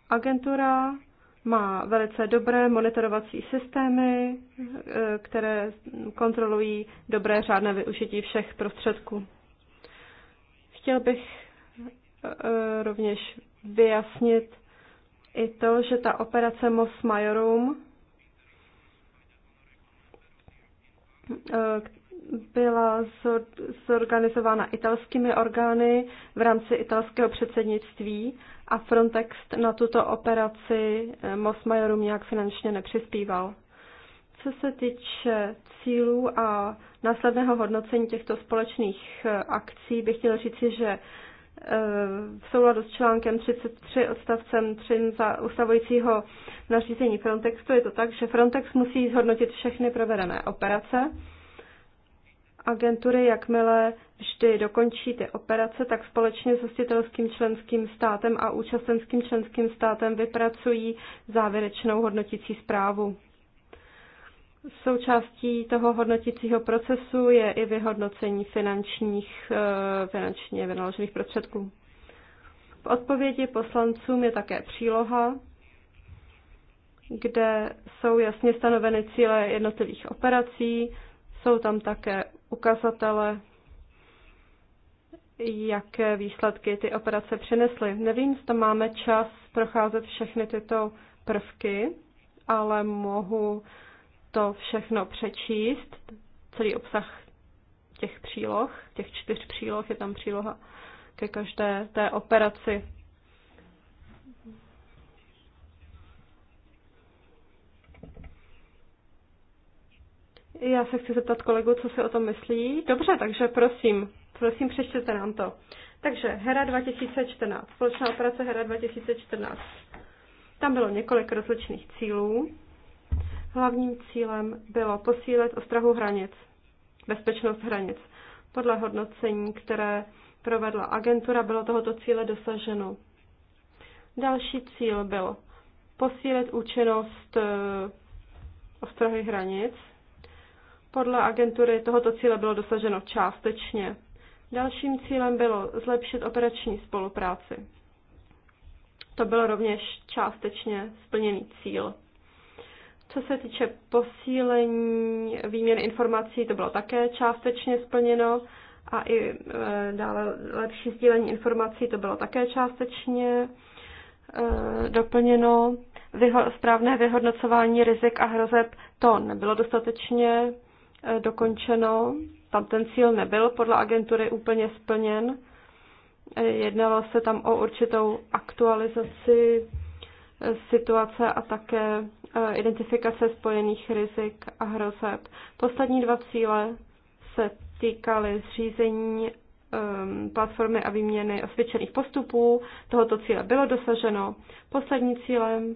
agentura má velice dobré monitorovací systémy, eh, které kontrolují dobré řádné využití všech prostředků. Chtěl bych eh, rovněž vyjasnit i to, že ta operace Mos Majorum, eh, byla zorganizována italskými orgány v rámci italského předsednictví a Frontex na tuto operaci eh, Mosmajorům nějak finančně nepřispíval. Co se týče cílů a následného hodnocení těchto společných eh, akcí, bych chtěla říci, že eh, v souladu s článkem 33 odstavcem 3 za ustavujícího nařízení Frontexu je to tak, že Frontex musí zhodnotit všechny provedené operace, agentury, jakmile vždy dokončí ty operace, tak společně s hostitelským členským státem a účastenským členským státem vypracují závěrečnou hodnotící zprávu. Součástí toho hodnotícího procesu je i vyhodnocení finančních, eh, finančně vynaložených prostředků. V odpovědi poslancům je také příloha, kde jsou jasně stanoveny cíle jednotlivých operací, jsou tam také ukazatele, jaké výsledky ty operace přinesly. Nevím, zda máme čas procházet všechny tyto prvky, ale mohu to všechno přečíst, celý obsah těch příloh, těch čtyř příloh, je tam příloha ke každé té operaci. Já se chci zeptat kolegu, co si o tom myslí. Dobře, takže prosím, prosím přečtěte nám to. Takže Hera 2014, společná operace Hera 2014. Tam bylo několik rozličných cílů. Hlavním cílem bylo posílit ostrahu hranic, bezpečnost hranic. Podle hodnocení, které provedla agentura, bylo tohoto cíle dosaženo. Další cíl byl posílit účinnost eh, ostrahy hranic, podle agentury tohoto cíle bylo dosaženo částečně. Dalším cílem bylo zlepšit operační spolupráci. To byl rovněž částečně splněný cíl. Co se týče posílení výměny informací, to bylo také částečně splněno a i e, dále lepší sdílení informací, to bylo také částečně e, doplněno. Vyho- správné vyhodnocování rizik a hrozeb, to nebylo dostatečně Eh, dokončeno. Tam ten cíl nebyl podle agentury úplně splněn. Eh, jednalo se tam o určitou aktualizaci eh, situace a také identifikace spojených rizik a hrozeb. Poslední dva cíle se týkaly zřízení platformy a výměny osvědčených postupů. Tohoto cíle bylo dosaženo. Posledním cílem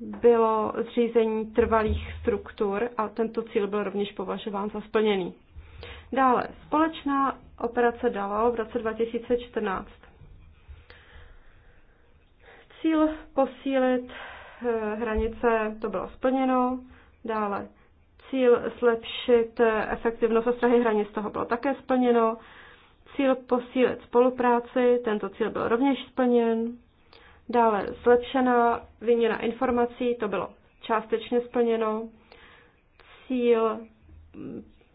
bylo zřízení trvalých struktur a tento cíl byl rovněž považován za splněný. Dále, společná operace DALO v roce 2014. Cíl posílit eh, hranice, to bylo splněno. Dále, cíl zlepšit eh, efektivnost ostrahy hranic, toho bylo také splněno. Cíl posílit spolupráci, tento cíl byl rovněž splněn. Dále zlepšená výměna informací, to bylo částečně splněno. Cíl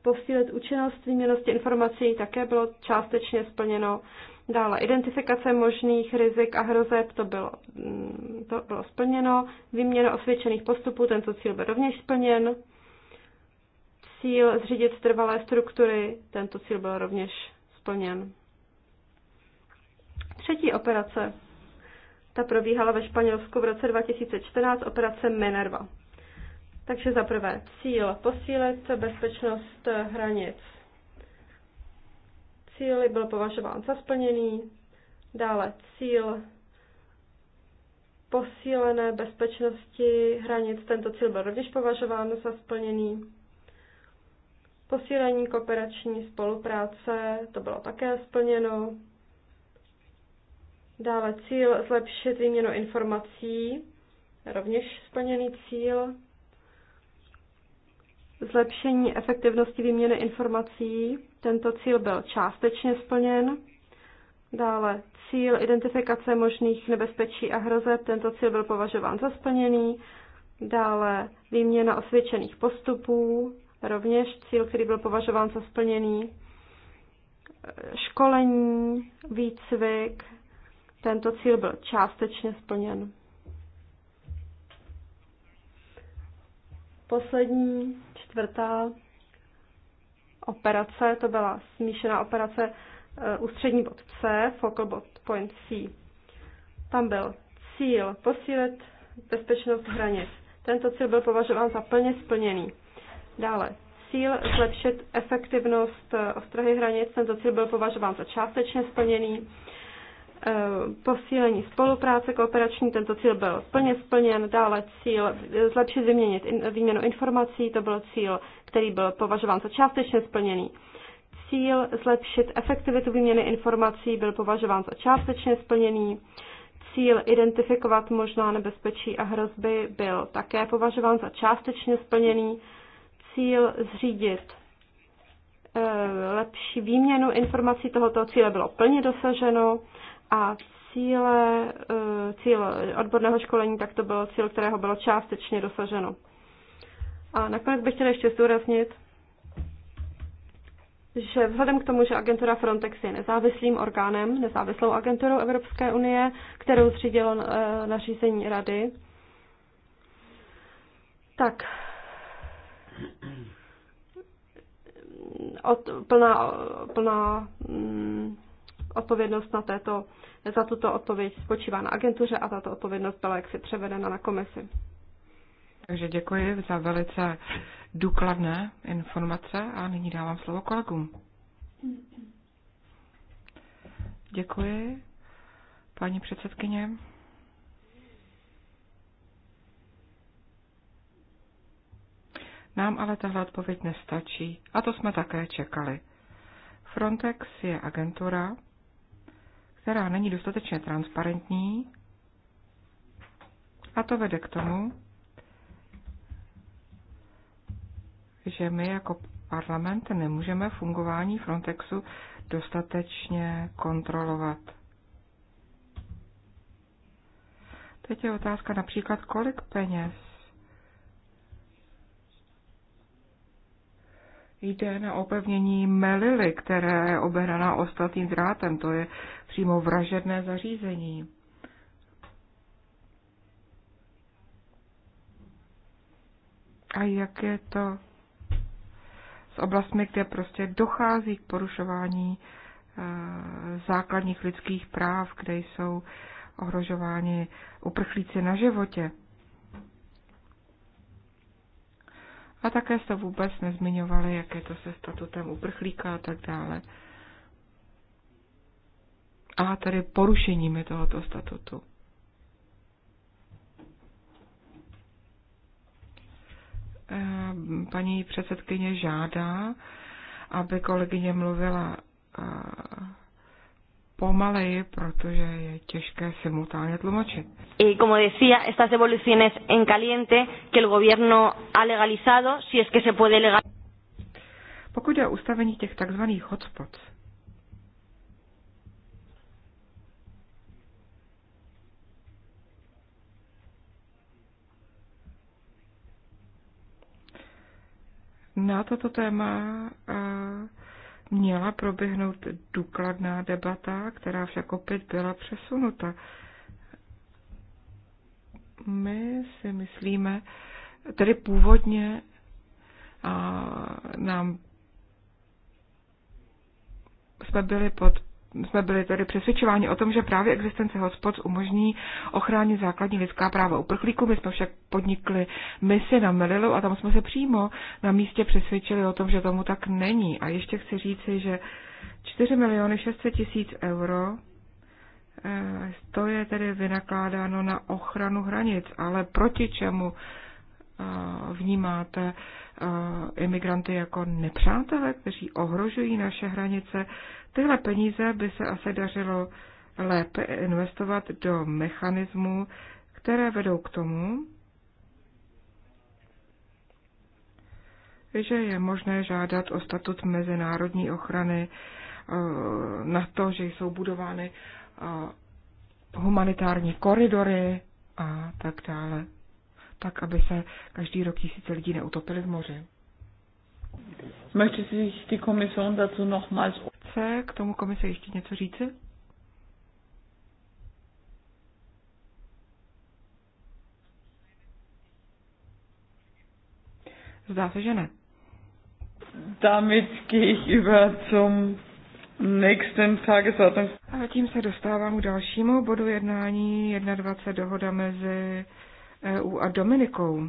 posílit účinnost výměnosti informací také bylo částečně splněno. Dále identifikace možných rizik a hrozeb, to bylo, mm, to bylo splněno. Výměna osvědčených postupů, tento cíl byl rovněž splněn. Cíl zřídit trvalé struktury, tento cíl byl rovněž splněn. Třetí operace ta probíhala ve Španělsku v roce 2014 operace Minerva. Takže za prvé cíl posílit bezpečnost hranic. Cíl byl považován za splněný, dále cíl posílené bezpečnosti hranic. Tento cíl byl rovněž považován za splněný. Posílení kooperační spolupráce, to bylo také splněno. Dále cíl zlepšit výměnu informací, rovněž splněný cíl. Zlepšení efektivnosti výměny informací, tento cíl byl částečně splněn. Dále cíl identifikace možných nebezpečí a hrozeb, tento cíl byl považován za splněný. Dále výměna osvědčených postupů, rovněž cíl, který byl považován za splněný. Školení, výcvik, tento cíl byl částečně splněn. Poslední, čtvrtá operace, to byla smíšená operace eh, ústřední bod C, focal bod point C. Tam byl cíl posílit bezpečnost hranic. Tento cíl byl považován za plně splněný. Dále cíl zlepšit efektivnost eh, ostrahy hranic. Tento cíl byl považován za částečně splněný. Eh, posílení spolupráce kooperační, tento cíl byl plně splněn, dále cíl zlepšit vyměnit výměnu informací, to byl cíl, který byl považován za částečně splněný. Cíl zlepšit efektivitu výměny informací byl považován za částečně splněný. Cíl identifikovat možná nebezpečí a hrozby byl také považován za částečně splněný. Cíl zřídit eh, lepší výměnu informací tohoto cíle bylo plně dosaženo a cíle, eh, cíl odborného školení, tak to byl cíl, kterého bylo částečně dosaženo. A nakonec bych chtěla ještě zdůraznit, že vzhledem k tomu, že agentura Frontex je nezávislým orgánem, nezávislou agenturou Evropské unie, kterou zřídilo eh, nařízení rady, tak od, plná, plná mm, odpovědnost na této za tuto odpověď spočívá na agentuře a tato odpovědnost byla jaksi převedena na komisi. Takže děkuji za velice důkladné informace a nyní dávám slovo kolegům. Děkuji, paní předsedkyně. Nám ale tahle odpověď nestačí a to jsme také čekali. Frontex je agentura, která není dostatečně transparentní a to vede k tomu, že my jako parlament nemůžeme fungování Frontexu dostatečně kontrolovat. Teď je otázka například, kolik peněz Jde na opevnění melily, které je obehnaná ostatním drátem. To je přímo vražedné zařízení. A jak je to s oblastmi, kde prostě dochází k porušování eh, základních lidských práv, kde jsou ohrožováni uprchlíci na životě. A také se vůbec nezmiňovali, jak je to se statutem uprchlíka a tak dále. A tedy porušeními tohoto statutu. Eh, paní předsedkyně žádá, aby kolegyně mluvila eh, pomaleji, protože je těžké simultánně tlumočit. Y como decía, estas devoluciones en caliente que el gobierno ha legalizado, si es que se puede legal... Pokud je ustavení těch takzvaných hotspots, Na toto téma eh, měla proběhnout důkladná debata, která však opět byla přesunuta. My si myslíme, tedy původně a, nám jsme byli pod jsme byli tedy přesvědčováni o tom, že právě existence hospod umožní ochránit základní lidská práva uprchlíků. My jsme však podnikli misi na Melilu a tam jsme se přímo na místě přesvědčili o tom, že tomu tak není. A ještě chci říci, že 4 miliony 600 tisíc euro eh, to je tedy vynakládáno na ochranu hranic, ale proti čemu vnímáte imigranty jako nepřátele, kteří ohrožují naše hranice. Tyhle peníze by se asi dařilo lépe investovat do mechanismů, které vedou k tomu, že je možné žádat o statut mezinárodní ochrany na to, že jsou budovány humanitární koridory a tak dále tak aby se každý rok tisíce lidí neutopili v moři. Chce k tomu komise ještě něco říci? Zdá se, že ne. Damit ich über zum nächsten A tím se dostávám k dalšímu bodu jednání 21 dohoda mezi EU a Dominikou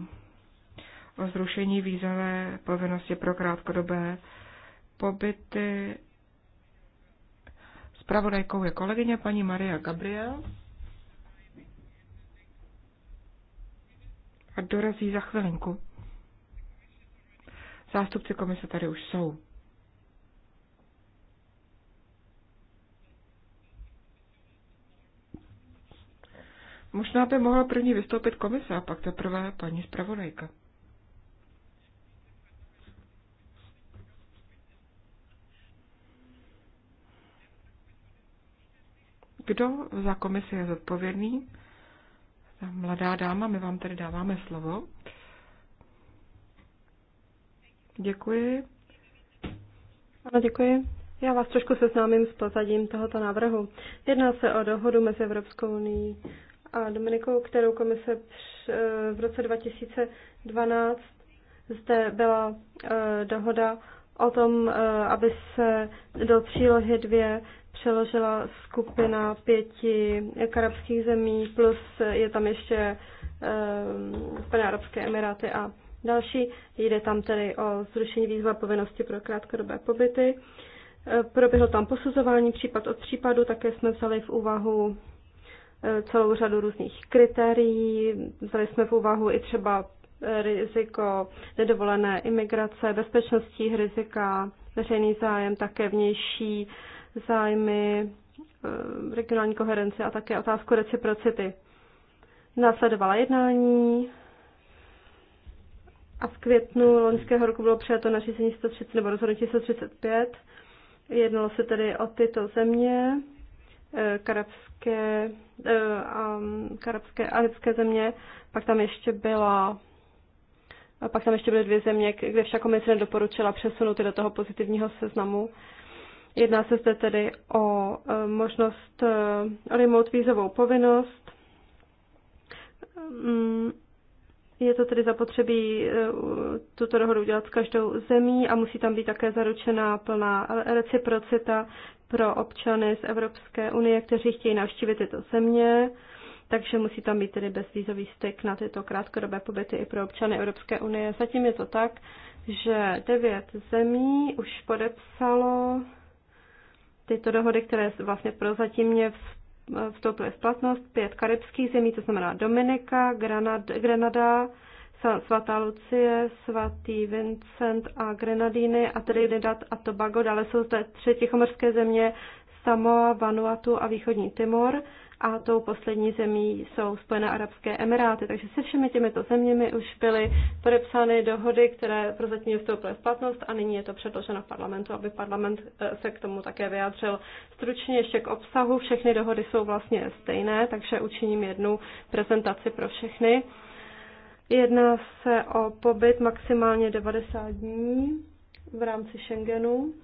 o zrušení vízové povinnosti pro krátkodobé pobyty. Spravodajkou je kolegyně paní Maria Gabriel. A dorazí za chvilinku. Zástupci komise tady už jsou. Možná by mohla první vystoupit komise a pak teprve paní zpravodajka. Kdo za komisi je zodpovědný? Ta mladá dáma, my vám tady dáváme slovo. Děkuji. Ano, děkuji. Já vás trošku seznámím s pozadím tohoto návrhu. Jedná se o dohodu mezi Evropskou unii a Dominikou, kterou komise v roce 2012 zde byla e, dohoda o tom, e, aby se do přílohy dvě přeložila skupina pěti karabských zemí, plus je tam ještě e, Spojené arabské emiráty a další. Jde tam tedy o zrušení výzva povinnosti pro krátkodobé pobyty. Proběhlo tam posuzování případ od případu, také jsme vzali v úvahu Eh, celou řadu různých kritérií. Vzali jsme v úvahu i třeba eh, riziko nedovolené imigrace, bezpečnostních rizika, veřejný zájem, také vnější zájmy, eh, regionální koherenci a také otázku reciprocity. Následovala jednání a v květnu loňského roku bylo přijato nařízení 130 nebo rozhodnutí 135. Jednalo se tedy o tyto země Eh, karabské, eh, karabské a arabské země, pak tam ještě byla a pak tam ještě byly dvě země, kde však komise nedoporučila přesunout do toho pozitivního seznamu. Jedná se zde tedy o eh, možnost remote vízovou povinnost. Mm, je to tedy zapotřebí tuto dohodu udělat s každou zemí a musí tam být také zaručená plná reciprocita pro občany z Evropské unie, kteří chtějí navštívit tyto země, takže musí tam být tedy bezvízový styk na tyto krátkodobé pobyty i pro občany Evropské unie. Zatím je to tak, že devět zemí už podepsalo tyto dohody, které vlastně mě vstoupily v platnost, pět karibských zemí, to znamená Dominika, Granada, Grenada, svatá Lucie, svatý Vincent a Grenadíny a Trinidad a Tobago. Dále jsou zde tři tichomorské země, Samoa, Vanuatu a východní Timor a tou poslední zemí jsou Spojené arabské emiráty. Takže se všemi těmito zeměmi už byly podepsány dohody, které prozatím vstoupily v platnost a nyní je to předloženo v parlamentu, aby parlament eh, se k tomu také vyjádřil. Stručně ještě k obsahu. Všechny dohody jsou vlastně stejné, takže učiním jednu prezentaci pro všechny. Jedná se o pobyt maximálně 90 dní v rámci Schengenu.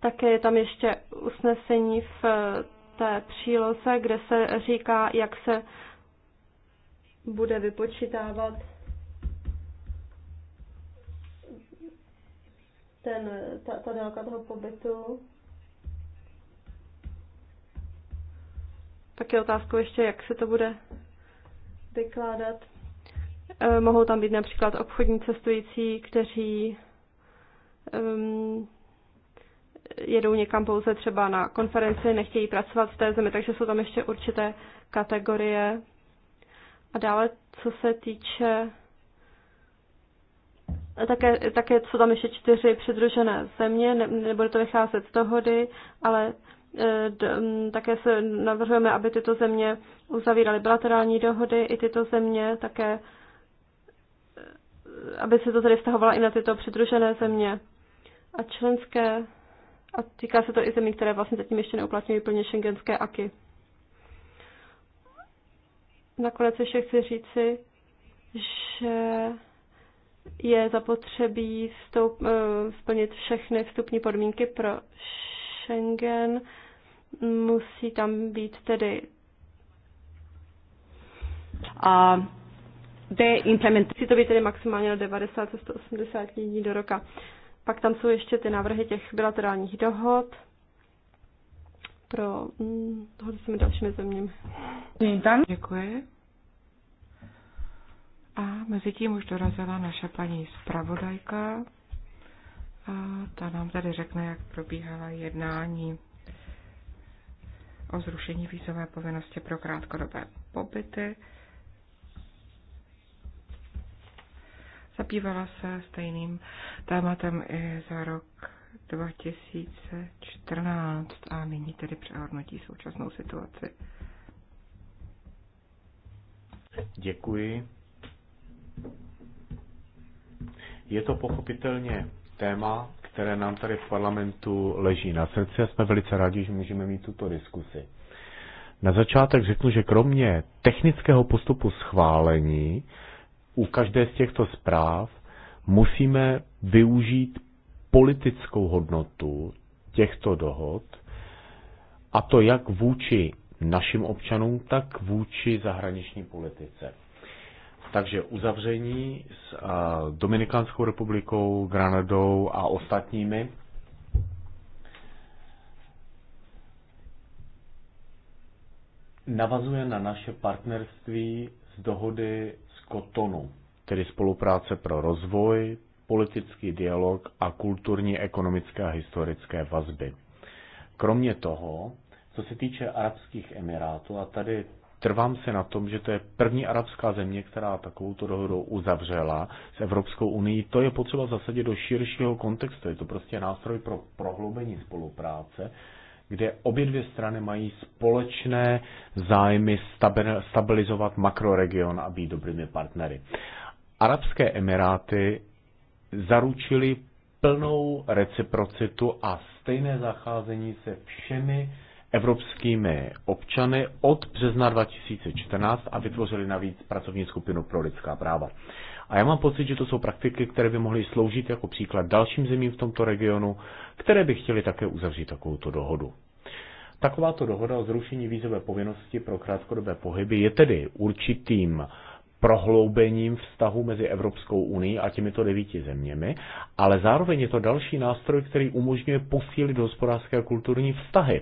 Také je tam ještě usnesení v eh, té příloze, kde se říká, jak se bude vypočítávat ten, ta, ta délka toho pobytu. Tak je otázkou ještě, jak se to bude vykládat. Eh, mohou tam být například obchodní cestující, kteří um, jedou někam pouze třeba na konferenci, nechtějí pracovat v té zemi, takže jsou tam ještě určité kategorie. A dále, co se týče také, také jsou tam ještě čtyři přidružené země, ne, nebude to vycházet z dohody, ale také se navrhujeme, aby tyto země uzavíraly bilaterální dohody, i tyto země také, e, aby se to tedy vztahovalo i na tyto přidružené země a členské, a týká se to i zemí, které vlastně zatím ještě neuplatňují plně šengenské aky. Nakonec ještě chci říci, že je zapotřebí vstup, e, splnit všechny vstupní podmínky pro Schengen. Musí tam být tedy a musí to by tedy maximálně na 90 až 180 dní do roka. Pak tam jsou ještě ty návrhy těch bilaterálních dohod pro hm, hmm, s dalšími zeměmi. Děkuji. A mezi tím už dorazila naše paní zpravodajka a ta nám tady řekne, jak probíhala jednání o zrušení vízové povinnosti pro krátkodobé pobyty. Zabývala se stejným tématem i za rok 2014 a nyní tedy přehodnotí současnou situaci. Děkuji. Je to pochopitelně téma, které nám tady v parlamentu leží na srdci a jsme velice rádi, že můžeme mít tuto diskusi. Na začátek řeknu, že kromě technického postupu schválení u každé z těchto zpráv musíme využít politickou hodnotu těchto dohod, a to jak vůči našim občanům, tak vůči zahraniční politice. Takže uzavření s Dominikánskou republikou, Granadou a ostatními. Navazuje na naše partnerství z dohody z Kotonu, tedy spolupráce pro rozvoj, politický dialog a kulturní, ekonomické a historické vazby. Kromě toho, co se týče Arabských Emirátů, a tady Trvám se na tom, že to je první arabská země, která takovouto dohodu uzavřela s Evropskou unii. To je potřeba zasadit do širšího kontextu. Je to prostě nástroj pro prohloubení spolupráce, kde obě dvě strany mají společné zájmy stabilizovat makroregion a být dobrými partnery. Arabské Emiráty zaručili plnou reciprocitu a stejné zacházení se všemi evropskými občany od března 2014 a vytvořili navíc pracovní skupinu pro lidská práva. A já mám pocit, že to jsou praktiky, které by mohly sloužit jako příklad dalším zemím v tomto regionu, které by chtěly také uzavřít takovouto dohodu. Takováto dohoda o zrušení vízové povinnosti pro krátkodobé pohyby je tedy určitým prohloubením vztahu mezi Evropskou unii a těmito devíti zeměmi, ale zároveň je to další nástroj, který umožňuje posílit hospodářské a kulturní vztahy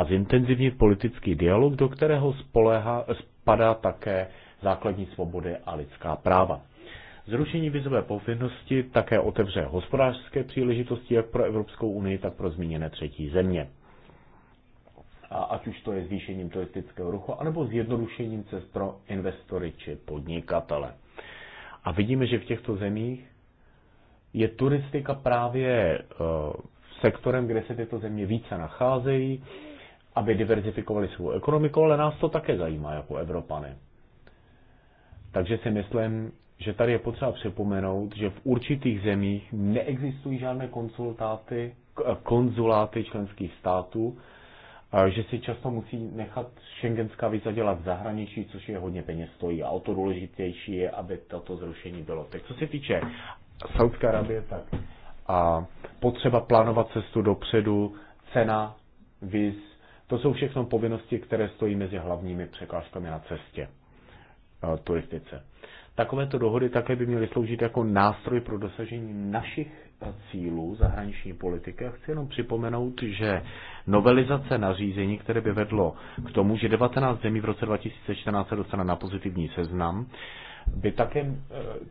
a zintenzivnit politický dialog, do kterého spoléha, spadá také základní svobody a lidská práva. Zrušení vizové povinnosti také otevře hospodářské příležitosti jak pro Evropskou unii, tak pro zmíněné třetí země. A ať už to je zvýšením turistického ruchu, anebo zjednodušením cest pro investory či podnikatele. A vidíme, že v těchto zemích je turistika právě eh, sektorem, kde se tyto země více nacházejí, aby diverzifikovali svou ekonomiku, ale nás to také zajímá jako Evropany. Takže si myslím, že tady je potřeba připomenout, že v určitých zemích neexistují žádné konzultáty, konzuláty členských států, že si často musí nechat šengenská víza dělat v zahraničí, což je hodně peněz stojí a o to důležitější je, aby toto zrušení bylo. Teď co se týče Saudské Arabie, tak a potřeba plánovat cestu dopředu, cena víz to jsou všechno povinnosti, které stojí mezi hlavními překážkami na cestě eh, turistice. Takovéto dohody také by měly sloužit jako nástroj pro dosažení našich eh, cílů zahraniční politiky. A chci jenom připomenout, že novelizace nařízení, které by vedlo k tomu, že 19 zemí v roce 2014 se dostane na pozitivní seznam, by také, eh,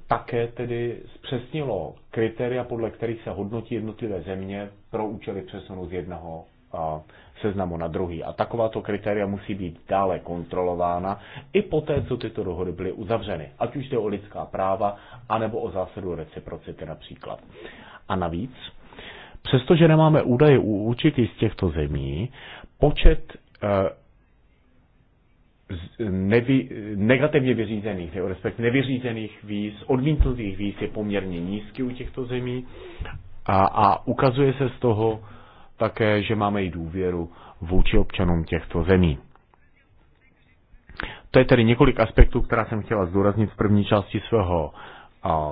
také tedy zpřesnilo kritéria, podle kterých se hodnotí jednotlivé země pro účely přesunu z jednoho seznamu na druhý. A takováto kritéria musí být dále kontrolována i poté, co tyto dohody byly uzavřeny, ať už jde o lidská práva, anebo o zásadu reciprocity například. A navíc, přestože nemáme údaje u určitých z těchto zemí, počet eh, nevy, negativně vyřízených, nebo respektive nevyřízených víz, odmítnutých víz je poměrně nízký u těchto zemí a, a ukazuje se z toho, také, že máme i důvěru vůči občanům těchto zemí. To je tedy několik aspektů, která jsem chtěla zdůraznit v první části svého, a,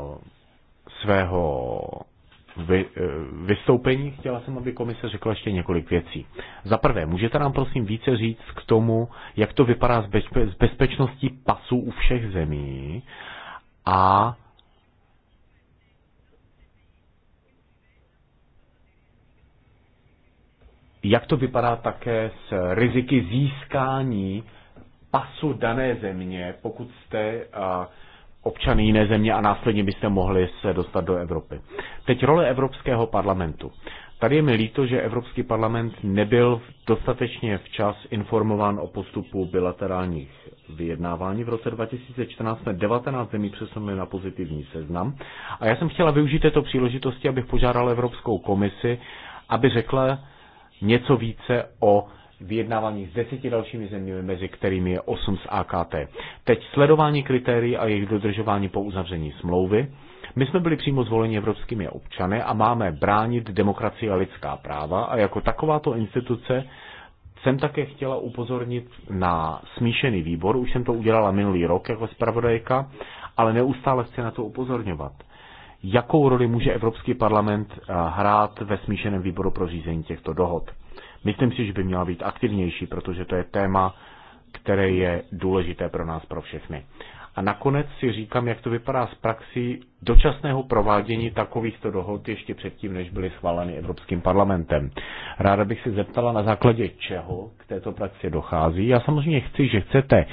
svého vy, e, vystoupení. Chtěla jsem, aby komise řekla ještě několik věcí. Za prvé, můžete nám prosím více říct k tomu, jak to vypadá s, bezpečností pasů u všech zemí a Jak to vypadá také s riziky získání pasu dané země, pokud jste občany jiné země a následně byste mohli se dostat do Evropy. Teď role Evropského parlamentu. Tady je mi líto, že Evropský parlament nebyl dostatečně včas informován o postupu bilaterálních vyjednávání. V roce 2014 jsme 19 zemí přesunuli na pozitivní seznam. A já jsem chtěla využít této příležitosti, abych požádal Evropskou komisi, aby řekla, něco více o vyjednávání s deseti dalšími zeměmi, mezi kterými je osm z AKT. Teď sledování kritérií a jejich dodržování po uzavření smlouvy. My jsme byli přímo zvoleni evropskými občany a máme bránit demokracii a lidská práva a jako takováto instituce jsem také chtěla upozornit na smíšený výbor, už jsem to udělala minulý rok jako zpravodajka, ale neustále chci na to upozorňovat jakou roli může Evropský parlament eh, hrát ve smíšeném výboru pro řízení těchto dohod. Myslím si, že by měla být aktivnější, protože to je téma, které je důležité pro nás, pro všechny. A nakonec si říkám, jak to vypadá s praxí dočasného provádění takovýchto dohod ještě předtím, než byly schváleny Evropským parlamentem. Ráda bych se zeptala, na základě čeho k této praxi dochází. Já samozřejmě chci, že chcete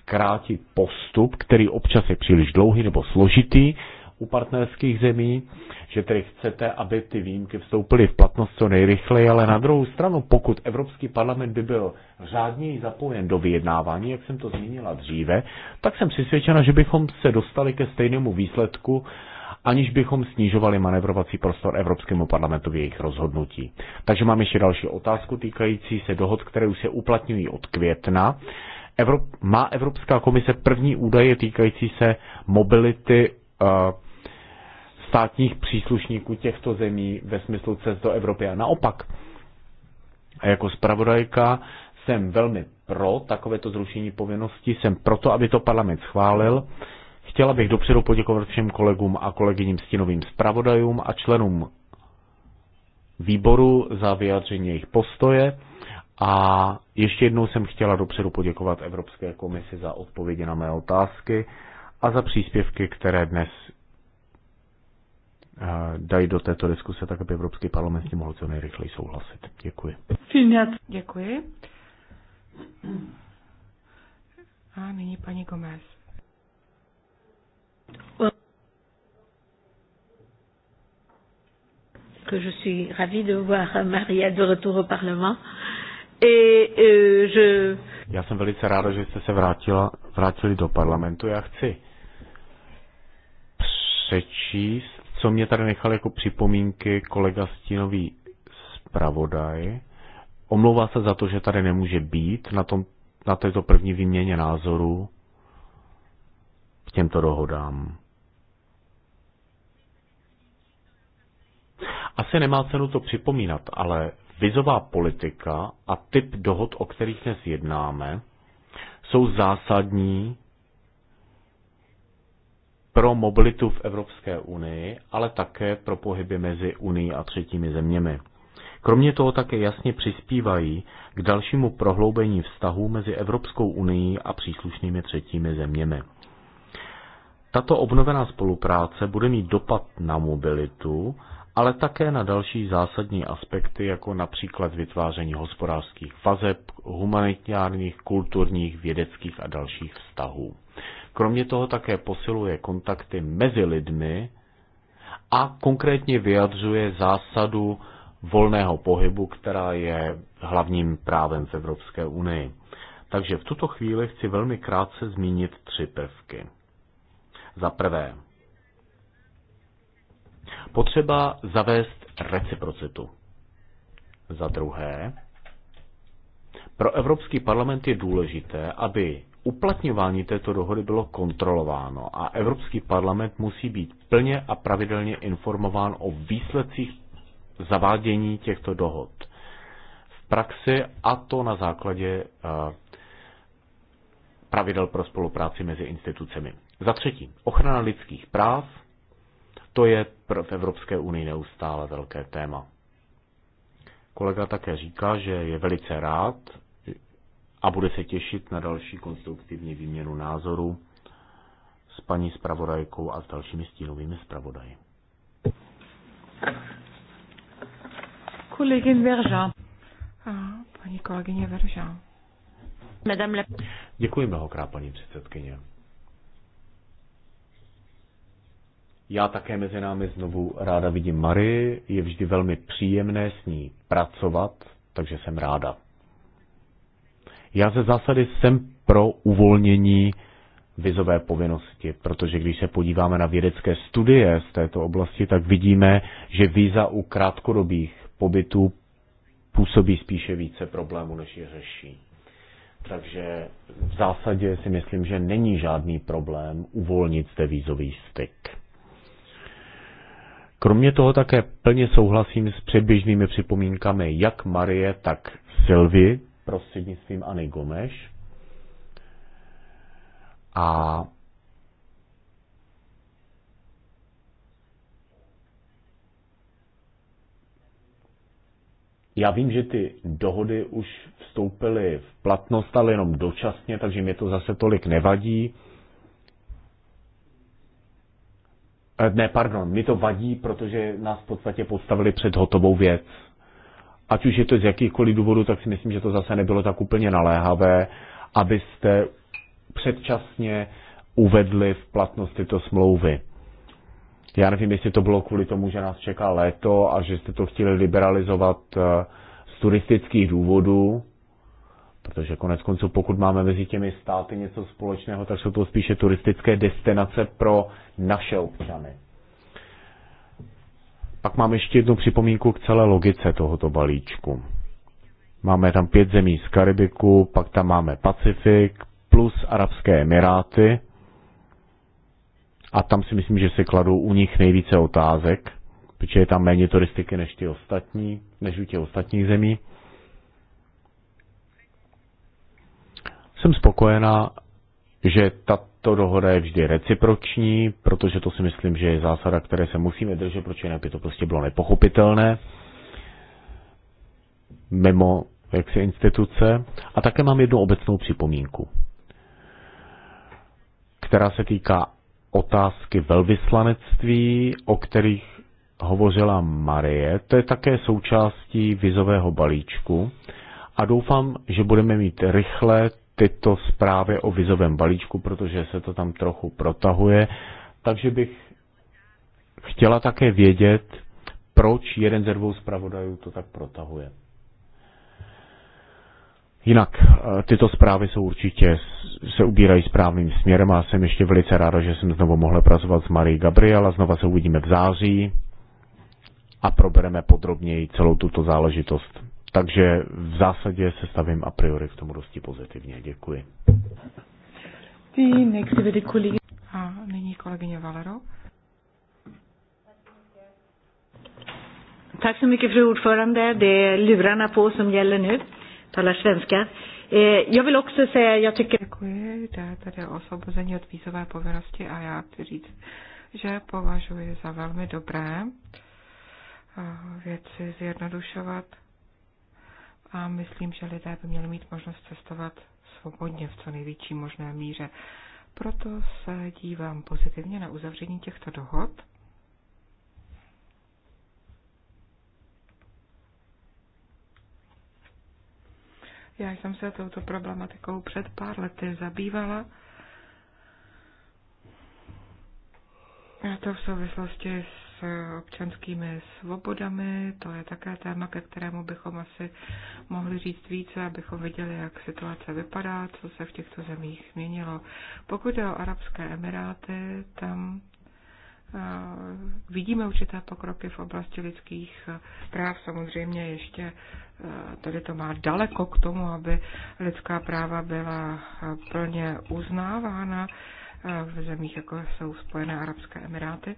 zkrátit postup, který občas je příliš dlouhý nebo složitý, u partnerských zemí, že tedy chcete, aby ty výjimky vstoupily v platnost co nejrychleji, ale na druhou stranu, pokud Evropský parlament by byl řádněji zapojen do vyjednávání, jak jsem to zmínila dříve, tak jsem přesvědčena, že bychom se dostali ke stejnému výsledku, aniž bychom snižovali manevrovací prostor Evropskému parlamentu v jejich rozhodnutí. Takže mám ještě další otázku týkající se dohod, které už se uplatňují od května. Evrop, má Evropská komise první údaje týkající se mobility uh, státních příslušníků těchto zemí ve smyslu cest do Evropy a naopak. A jako zpravodajka jsem velmi pro takovéto zrušení povinnosti, jsem proto, aby to parlament schválil. Chtěla bych dopředu poděkovat všem kolegům a kolegyním stínovým zpravodajům a členům výboru za vyjádření jejich postoje. A ještě jednou jsem chtěla dopředu poděkovat Evropské komisi za odpovědi na mé otázky a za příspěvky, které dnes dají do této diskuse, tak aby Evropský parlament s tím mohl co nejrychleji souhlasit. Děkuji. Děkuji. A nyní paní Gomez. que je suis ravie de voir Maria de retour au Parlement. Et, euh, je... Já jsem velice ráda, že jste se vrátila, vrátili do parlamentu. Já chci přečíst co mě tady nechal jako připomínky kolega Stínový zpravodaj. Omlouvá se za to, že tady nemůže být na, tom, na této první výměně názorů k těmto dohodám. Asi nemá cenu to připomínat, ale vizová politika a typ dohod, o kterých dnes jednáme, jsou zásadní pro mobilitu v Evropské unii, ale také pro pohyby mezi unii a třetími zeměmi. Kromě toho také jasně přispívají k dalšímu prohloubení vztahů mezi Evropskou unii a příslušnými třetími zeměmi. Tato obnovená spolupráce bude mít dopad na mobilitu, ale také na další zásadní aspekty, jako například vytváření hospodářských vazeb, humanitárních, kulturních, vědeckých a dalších vztahů. Kromě toho také posiluje kontakty mezi lidmi a konkrétně vyjadřuje zásadu volného pohybu, která je hlavním právem v Evropské unii. Takže v tuto chvíli chci velmi krátce zmínit tři prvky. Za prvé, potřeba zavést reciprocitu. Za druhé, pro Evropský parlament je důležité, aby uplatňování této dohody bylo kontrolováno a Evropský parlament musí být plně a pravidelně informován o výsledcích zavádění těchto dohod v praxi a to na základě eh, pravidel pro spolupráci mezi institucemi. Za třetí, ochrana lidských práv, to je v Evropské unii neustále velké téma. Kolega také říká, že je velice rád, a bude se těšit na další konstruktivní výměnu názorů s paní zpravodajkou a s dalšími stínovými zpravodaji. Kolegin Verža. Paní kolegyně Verža. Le... Děkuji mnohokrát, paní předsedkyně. Já také mezi námi znovu ráda vidím Marie. je vždy velmi příjemné s ní pracovat, takže jsem ráda. Já ze zásady jsem pro uvolnění vizové povinnosti, protože když se podíváme na vědecké studie z této oblasti, tak vidíme, že víza u krátkodobých pobytů působí spíše více problémů, než je řeší. Takže v zásadě si myslím, že není žádný problém uvolnit zde vízový styk. Kromě toho také plně souhlasím s předběžnými připomínkami jak Marie, tak Sylvie, prostřednictvím Anny Gomeš. A Já vím, že ty dohody už vstoupily v platnost, ale jenom dočasně, takže mě to zase tolik nevadí. Eh, ne, pardon, mi to vadí, protože nás v podstatě postavili před hotovou věc ať už je to z jakýchkoliv důvodů, tak si myslím, že to zase nebylo tak úplně naléhavé, abyste předčasně uvedli v platnost tyto smlouvy. Já nevím, jestli to bylo kvůli tomu, že nás čeká léto a že jste to chtěli liberalizovat eh, z turistických důvodů, protože konec konců, pokud máme mezi těmi státy něco společného, tak jsou to spíše turistické destinace pro naše občany. Pak mám ještě jednu připomínku k celé logice tohoto balíčku. Máme tam pět zemí z Karibiku, pak tam máme Pacifik plus Arabské Emiráty. A tam si myslím, že se kladou u nich nejvíce otázek, protože je tam méně turistiky než, ty ostatní, než u těch ostatních zemí. Jsem spokojená, že tato dohoda je vždy reciproční, protože to si myslím, že je zásada, které se musíme držet, protože jinak by to prostě bylo nepochopitelné mimo jaksi instituce. A také mám jednu obecnou připomínku, která se týká otázky velvyslanectví, o kterých hovořila Marie. To je také součástí vizového balíčku a doufám, že budeme mít rychle tyto zprávy o vizovém balíčku, protože se to tam trochu protahuje. Takže bych chtěla také vědět, proč jeden ze dvou zpravodajů to tak protahuje. Jinak, eh, tyto zprávy jsou určitě, se ubírají správným směrem a jsem ještě velice ráda, že jsem znovu mohla pracovat s Marie Gabriela. Znova se uvidíme v září a probereme podrobněji celou tuto záležitost. Takže v zásadě se stavím a priori k tomu dosti pozitivně. Děkuji. A nyní kolegyně Valero. Tack så mycket fru ordförande. Det är lurarna på som gäller nu. Talar svenska. Eh, Jag vill också säga, jag tycker... Děkuji, Det är o osvobození od vízové povinnosti a já chci říct, že považuji za velmi dobré eh, věci zjednodušovat a myslím, že lidé by měli mít možnost cestovat svobodně v co největší možné míře. Proto se dívám pozitivně na uzavření těchto dohod. Já jsem se touto problematikou před pár lety zabývala. A to v souvislosti s občanskými svobodami. To je také téma, ke kterému bychom asi mohli říct více, abychom viděli, jak situace vypadá, co se v těchto zemích změnilo. Pokud jde o Arabské Emiráty, tam eh, vidíme určité pokroky v oblasti lidských eh, práv. Samozřejmě ještě eh, tady to má daleko k tomu, aby lidská práva byla plně uznávána v zemích, jako jsou Spojené Arabské Emiráty.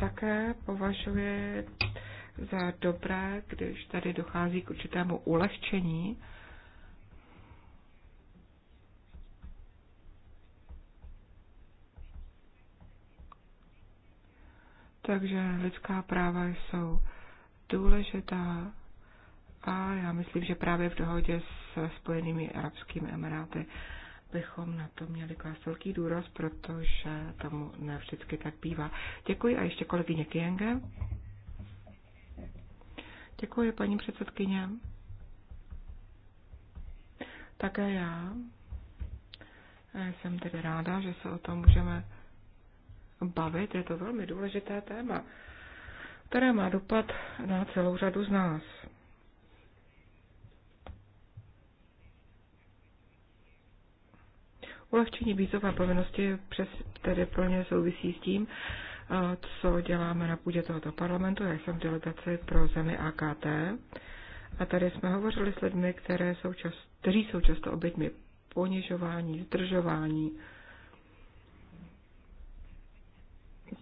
také považuji za dobré, když tady dochází k určitému ulehčení Takže lidská práva jsou důležitá a já myslím, že právě v dohodě s Spojenými arabskými emiráty bychom na to měli klást velký důraz, protože tomu ne vždycky tak bývá. Děkuji a ještě kolegyně Kienge. Děkuji, paní předsedkyně. Také já jsem tedy ráda, že se o tom můžeme bavit. Je to velmi důležité téma, které má dopad na celou řadu z nás. Ulehčení vízové povinnosti přes tedy plně souvisí s tím, eh, co děláme na půdě tohoto parlamentu. Já jsem v delegaci pro zemi AKT a tady jsme hovořili s lidmi, které jsou čas, kteří jsou často oběťmi ponižování, zdržování,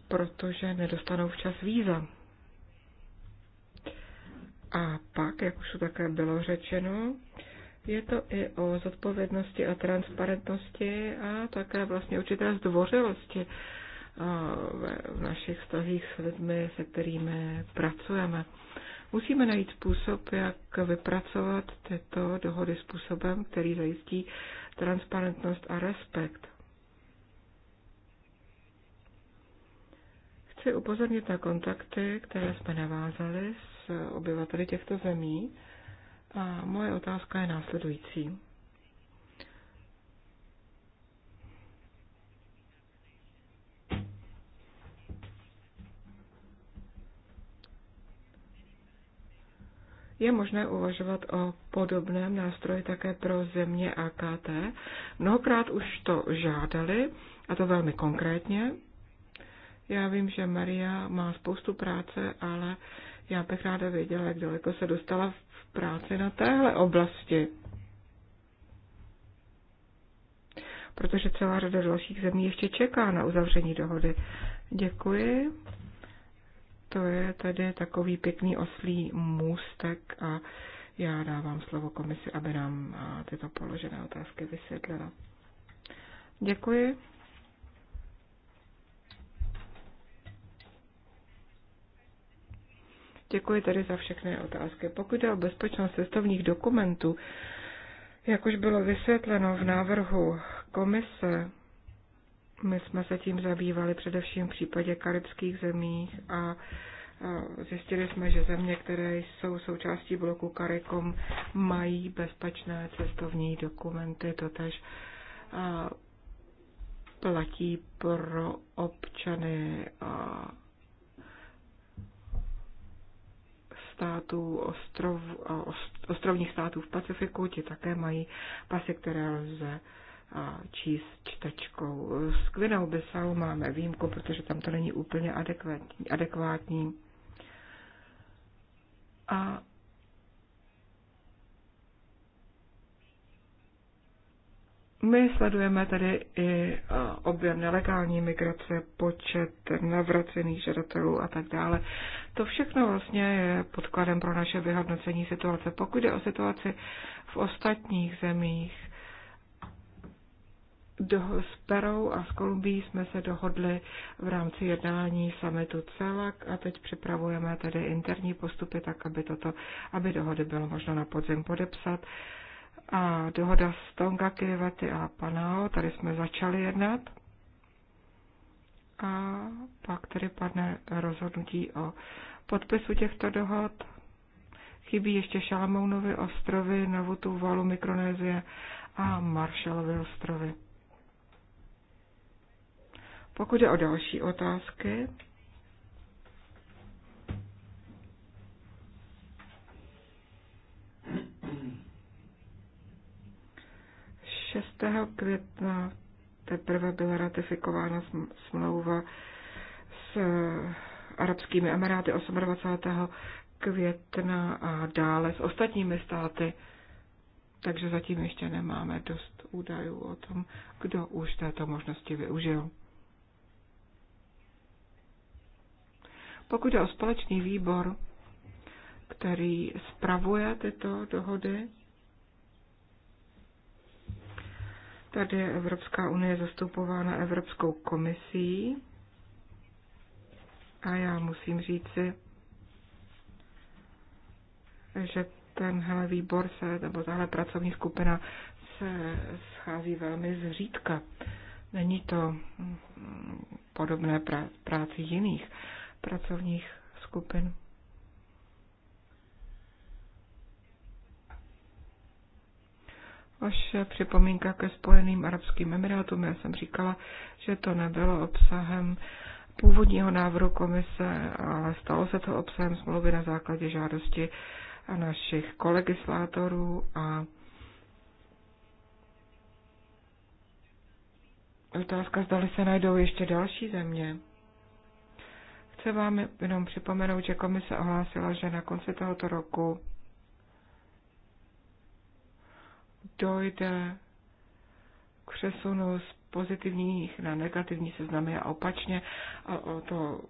protože nedostanou včas víza. A pak, jak už to také bylo řečeno, je to i o zodpovědnosti a transparentnosti a také vlastně určité zdvořilosti eh, v našich vztazích s lidmi, se kterými pracujeme. Musíme najít způsob, jak vypracovat tyto dohody způsobem, který zajistí transparentnost a respekt. Chci upozornit na kontakty, které jsme navázali s obyvateli těchto zemí a moje otázka je následující. Je možné uvažovat o podobném nástroji také pro země AKT. Mnohokrát už to žádali, a to velmi konkrétně. Já vím, že Maria má spoustu práce, ale já bych ráda věděla, jak daleko se dostala v práci na téhle oblasti. Protože celá řada dalších zemí ještě čeká na uzavření dohody. Děkuji. To je tedy takový pěkný oslý můstek a já dávám slovo komisi, aby nám tyto položené otázky vysvětlila. Děkuji. Děkuji tedy za všechny otázky. Pokud je o bezpečnost cestovních dokumentů, jak už bylo vysvětleno v návrhu komise, my jsme se tím zabývali především v případě karibských zemí a zjistili jsme, že země, které jsou součástí bloku CARICOM, mají bezpečné cestovní dokumenty, totež platí pro občany států, ostrov, ostrovních států v Pacifiku, ti také mají pasy, které lze číst čtečkou. S Kvinou Bisau máme výjimku, protože tam to není úplně adekvátní. adekvátní. A My sledujeme tedy i objem nelegální migrace, počet navracených žadatelů a tak dále. To všechno vlastně je podkladem pro naše vyhodnocení situace. Pokud jde o situaci v ostatních zemích, do, s Perou a s Kolumbií jsme se dohodli v rámci jednání sametu celak a teď připravujeme tedy interní postupy tak, aby, toto, aby dohody bylo možno na podzim podepsat. Uh, a dohoda s Tonga, Kivety a Panao, tady jsme začali jednat. A pak tedy padne rozhodnutí o podpisu těchto dohod. Chybí ještě Šalamounovy ostrovy, Navutu, Valu, Mikronézie a Marshallovy ostrovy. Pokud je o další otázky, 6. května teprve byla ratifikována smlouva s eh, Arabskými Emiráty 28. května a dále s ostatními státy. Takže zatím ještě nemáme dost údajů o tom, kdo už této možnosti využil. Pokud je o společný výbor, který spravuje tyto dohody, Tady je Evropská unie zastupována Evropskou komisí. A já musím říci, že tenhle výbor se, nebo tahle pracovní skupina se schází velmi zřídka. Není to podobné práci jiných pracovních skupin. Vaše připomínka ke Spojeným Arabským Emirátům, já jsem říkala, že to nebylo obsahem původního návrhu komise, ale stalo se to obsahem smlouvy na základě žádosti našich kolegislátorů a otázka, zdali se najdou ještě další země. Chci vám jenom připomenout, že komise ohlásila, že na konci tohoto roku dojde k přesunu z pozitivních na negativní seznamy a opačně. A o to,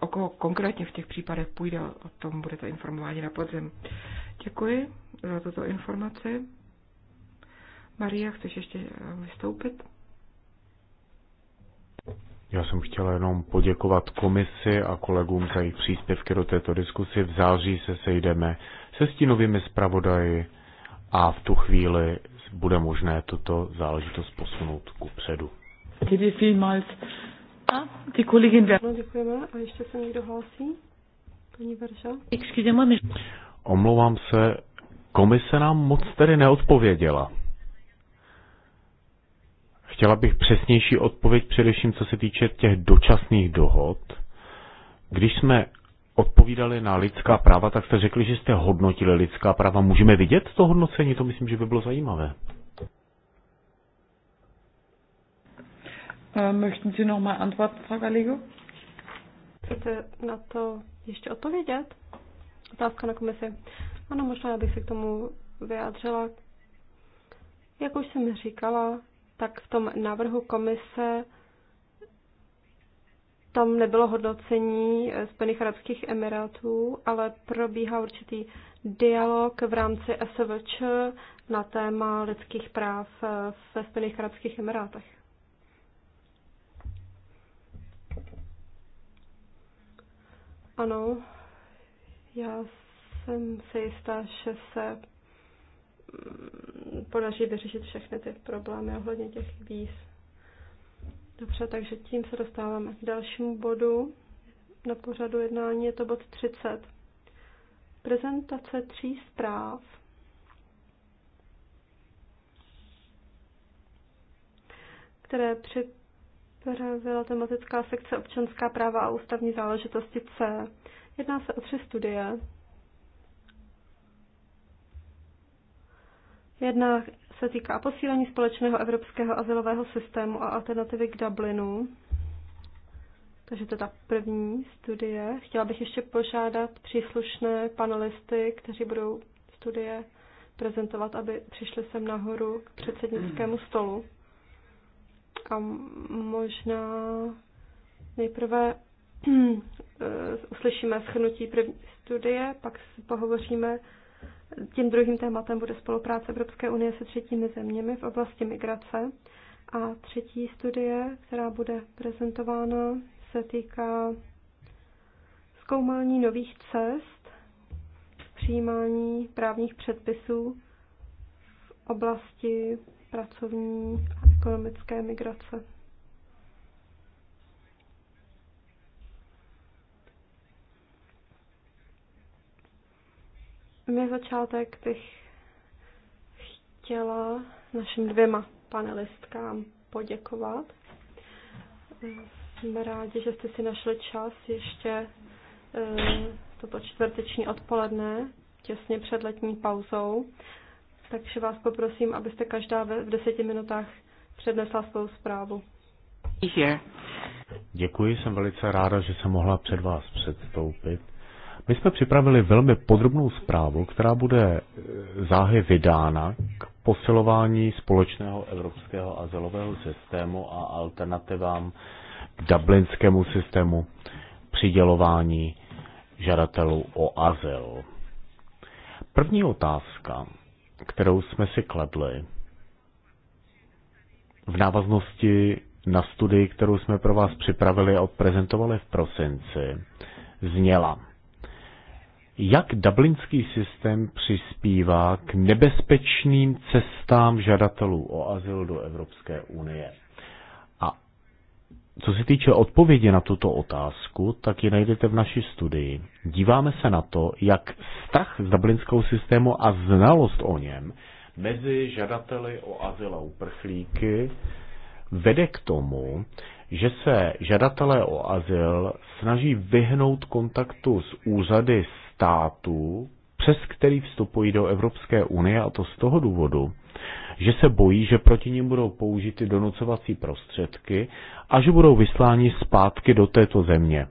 o koho konkrétně v těch případech půjde, o tom budete informováni na podzim. Děkuji za tuto informaci. Maria, chceš ještě eh, vystoupit? Já jsem chtěla jenom poděkovat komisi a kolegům za jejich příspěvky do této diskusy. V září se sejdeme se stínovými zpravodaji a v tu chvíli bude možné tuto záležitost posunout ku předu. A no, Omlouvám se, komise nám moc tedy neodpověděla. Chtěla bych přesnější odpověď především, co se týče těch dočasných dohod. Když jsme odpovídali na lidská práva, tak jste řekli, že jste hodnotili lidská práva. Můžeme vidět to hodnocení? To myslím, že by bylo zajímavé. Äh, möchten Sie nochmal antworten, Frau Gallego? Chcete na to ještě odpovědět? Otázka na komisi. Ano, možná bych se k tomu vyjádřila. Jak už jsem říkala, tak v tom návrhu komise tam nebylo hodnocení eh, Spojených arabských emirátů, ale probíhá určitý dialog v rámci SVČ na téma lidských práv eh, ve Spojených arabských emirátech. Ano, já jsem si jistá, že se mm, podaří vyřešit všechny ty problémy ohledně těch víz. Dobře, takže tím se dostáváme k dalšímu bodu. Na pořadu jednání je to bod 30. Prezentace tří zpráv. které připravila tematická sekce občanská práva a ústavní záležitosti C. Jedná se o tři studie. Jedna se týká posílení společného evropského azylového systému a alternativy k Dublinu. Takže to je ta první studie. Chtěla bych ještě požádat příslušné panelisty, kteří budou studie prezentovat, aby přišli sem nahoru k předsednickému stolu. A možná nejprve eh, uslyšíme shrnutí první studie, pak pohovoříme tím druhým tématem bude spolupráce Evropské unie se třetími zeměmi v oblasti migrace. A třetí studie, která bude prezentována, se týká zkoumání nových cest, přijímání právních předpisů v oblasti pracovní a ekonomické migrace. Mě začátek bych chtěla našim dvěma panelistkám poděkovat. Jsme rádi, že jste si našli čas ještě eh, toto čtvrteční odpoledne, těsně před letní pauzou. Takže vás poprosím, abyste každá v deseti minutách přednesla svou zprávu. Děkuji, jsem velice ráda, že jsem mohla před vás předstoupit. My jsme připravili velmi podrobnou zprávu, která bude e, záhy vydána k posilování společného evropského azylového systému a alternativám k dublinskému systému přidělování žadatelů o azyl. První otázka, kterou jsme si kladli v návaznosti na studii, kterou jsme pro vás připravili a odprezentovali v prosinci, zněla jak dublinský systém přispívá k nebezpečným cestám žadatelů o azyl do Evropské unie. A co se týče odpovědi na tuto otázku, tak ji najdete v naší studii. Díváme se na to, jak strach z dublinského systému a znalost o něm mezi žadateli o azyl a uprchlíky vede k tomu, že se žadatelé o azyl snaží vyhnout kontaktu s úřady států, přes který vstupují do Evropské unie, a to z toho důvodu, že se bojí, že proti ním budou použity donucovací prostředky a že budou vysláni zpátky do této země.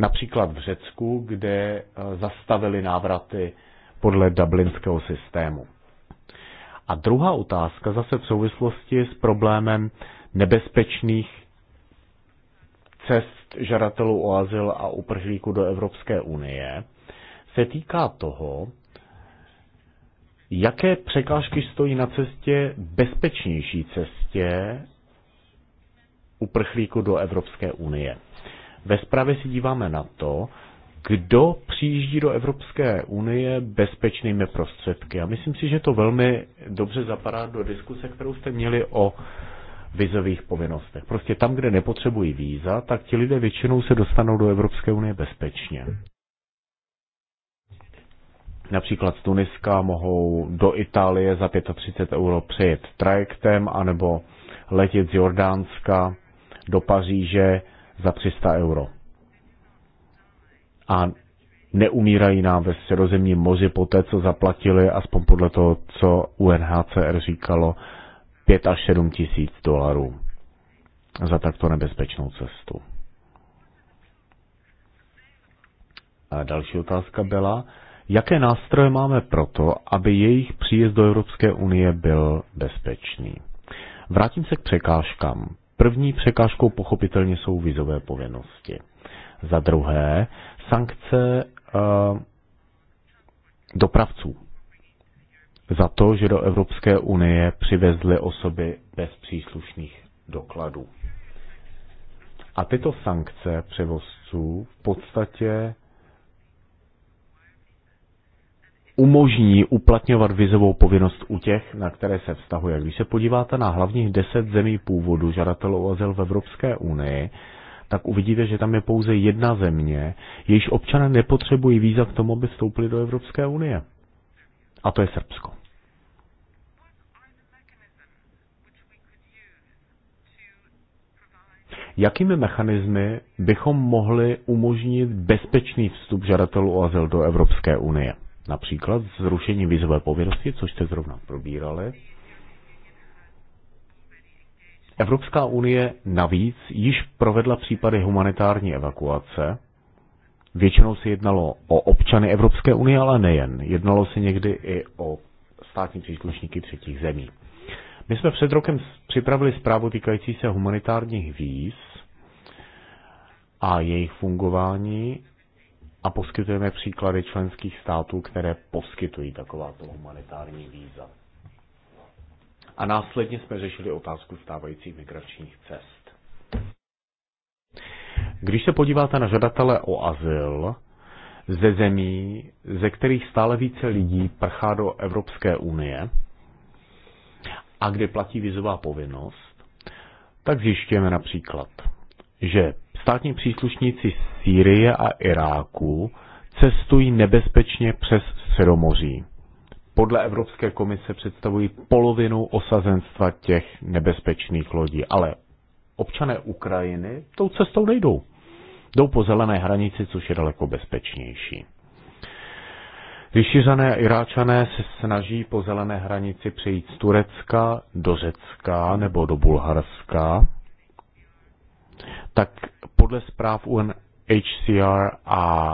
Například v Řecku, kde eh, zastavili návraty podle dublinského systému. A druhá otázka zase v souvislosti s problémem nebezpečných cest žadatelů o azyl a uprchlíků do Evropské unie se týká toho, jaké překážky stojí na cestě, bezpečnější cestě uprchlíku do Evropské unie. Ve zprávě si díváme na to, kdo přijíždí do Evropské unie bezpečnými prostředky. A myslím si, že to velmi dobře zapadá do diskuse, kterou jste měli o vizových povinnostech. Prostě tam, kde nepotřebují víza, tak ti lidé většinou se dostanou do Evropské unie bezpečně. Například z Tuniska mohou do Itálie za 35 euro přejet trajektem, anebo letět z Jordánska do Paříže za 300 euro. A neumírají nám ve středozemním moři po té, co zaplatili, aspoň podle toho, co UNHCR říkalo, 5 až 7 tisíc dolarů za takto nebezpečnou cestu. A další otázka byla, jaké nástroje máme pro to, aby jejich příjezd do Evropské unie byl bezpečný. Vrátím se k překážkám. První překážkou pochopitelně jsou vizové povinnosti. Za druhé, sankce uh, dopravců za to, že do Evropské unie přivezly osoby bez příslušných dokladů. A tyto sankce převozců v podstatě umožní uplatňovat vizovou povinnost u těch, na které se vztahuje. Když se podíváte na hlavních deset zemí původu žadatelů o azyl v Evropské unii, tak uvidíte, že tam je pouze jedna země, jejíž občané nepotřebují víza k tomu, aby vstoupili do Evropské unie. A to je Srbsko. jakými mechanismy bychom mohli umožnit bezpečný vstup žadatelů o azyl do Evropské unie. Například zrušení vizové povinnosti, což jste zrovna probírali. Evropská unie navíc již provedla případy humanitární evakuace. Většinou se jednalo o občany Evropské unie, ale nejen. Jednalo se někdy i o státní příslušníky třetích zemí. My jsme před rokem připravili zprávu týkající se humanitárních víz a jejich fungování a poskytujeme příklady členských států, které poskytují takováto humanitární víza. A následně jsme řešili otázku stávajících migračních cest. Když se podíváte na žadatele o azyl ze zemí, ze kterých stále více lidí prchá do Evropské unie, a kde platí vizová povinnost, tak zjišťujeme například, že státní příslušníci Sýrie a Iráku cestují nebezpečně přes Sedomoří. Podle Evropské komise představují polovinu osazenstva těch nebezpečných lodí, ale občané Ukrajiny tou cestou nejdou. Jdou po zelené hranici, což je daleko bezpečnější. Vyšiřané Iráčané se snaží po zelené hranici přejít z Turecka do Řecka nebo do Bulharska, tak podle zpráv UNHCR a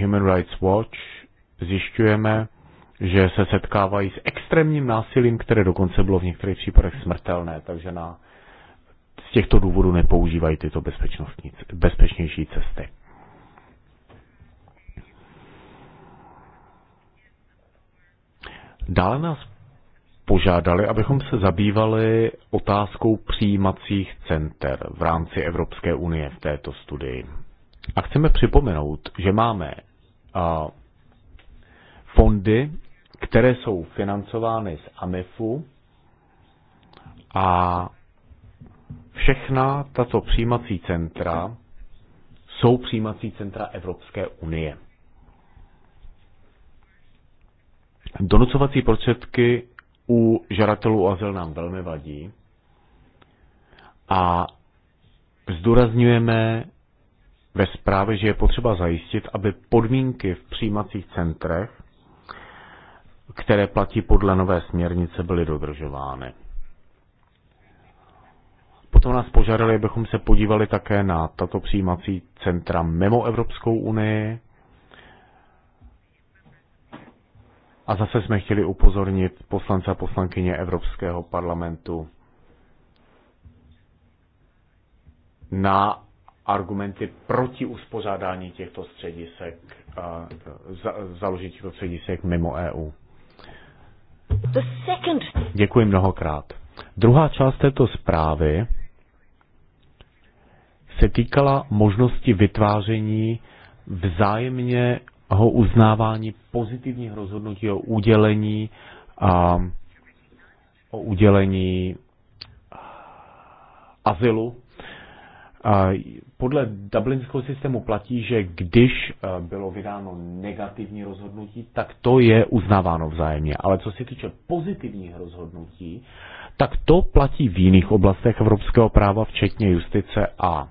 Human Rights Watch zjišťujeme, že se setkávají s extrémním násilím, které dokonce bylo v některých případech smrtelné, takže na, z těchto důvodů nepoužívají tyto bezpečnostní, bezpečnější cesty. Dále nás požádali, abychom se zabývali otázkou přijímacích center v rámci Evropské unie v této studii. A chceme připomenout, že máme a, fondy, které jsou financovány z AMEFu a všechna tato přijímací centra jsou přijímací centra Evropské unie. Donucovací prostředky u žadatelů o azyl nám velmi vadí a zdůrazňujeme ve zprávě, že je potřeba zajistit, aby podmínky v přijímacích centrech, které platí podle nové směrnice, byly dodržovány. Potom nás požádali, abychom se podívali také na tato přijímací centra mimo Evropskou unii, A zase jsme chtěli upozornit poslance a poslankyně Evropského parlamentu na argumenty proti uspořádání těchto středisek, založení založit těchto středisek mimo EU. Děkuji mnohokrát. Druhá část této zprávy se týkala možnosti vytváření vzájemně ho uznávání pozitivních rozhodnutí o udělení a o udělení azylu. A podle dublinského systému platí, že když e, bylo vydáno negativní rozhodnutí, tak to je uznáváno vzájemně. Ale co se týče pozitivních rozhodnutí, tak to platí v jiných oblastech evropského práva, včetně justice a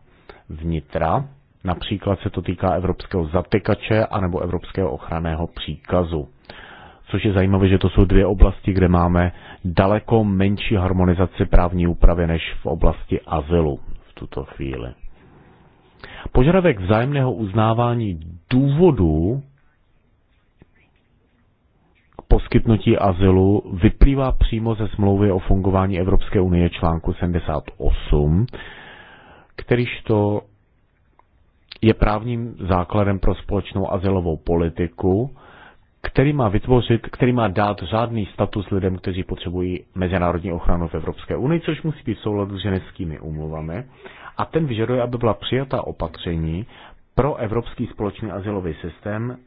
vnitra. Například se to týká evropského zatykače anebo evropského ochranného příkazu. Což je zajímavé, že to jsou dvě oblasti, kde máme daleko menší harmonizaci právní úpravy než v oblasti azylu v tuto chvíli. Požadavek vzájemného uznávání důvodů k poskytnutí azylu vyplývá přímo ze smlouvy o fungování Evropské unie článku 78, kterýž to je právním základem pro společnou azylovou politiku, který má vytvořit, který má dát řádný status lidem, kteří potřebují mezinárodní ochranu v Evropské unii, což musí být v souladu s ženevskými úmluvami. A ten vyžaduje, aby byla přijata opatření pro evropský společný azylový systém,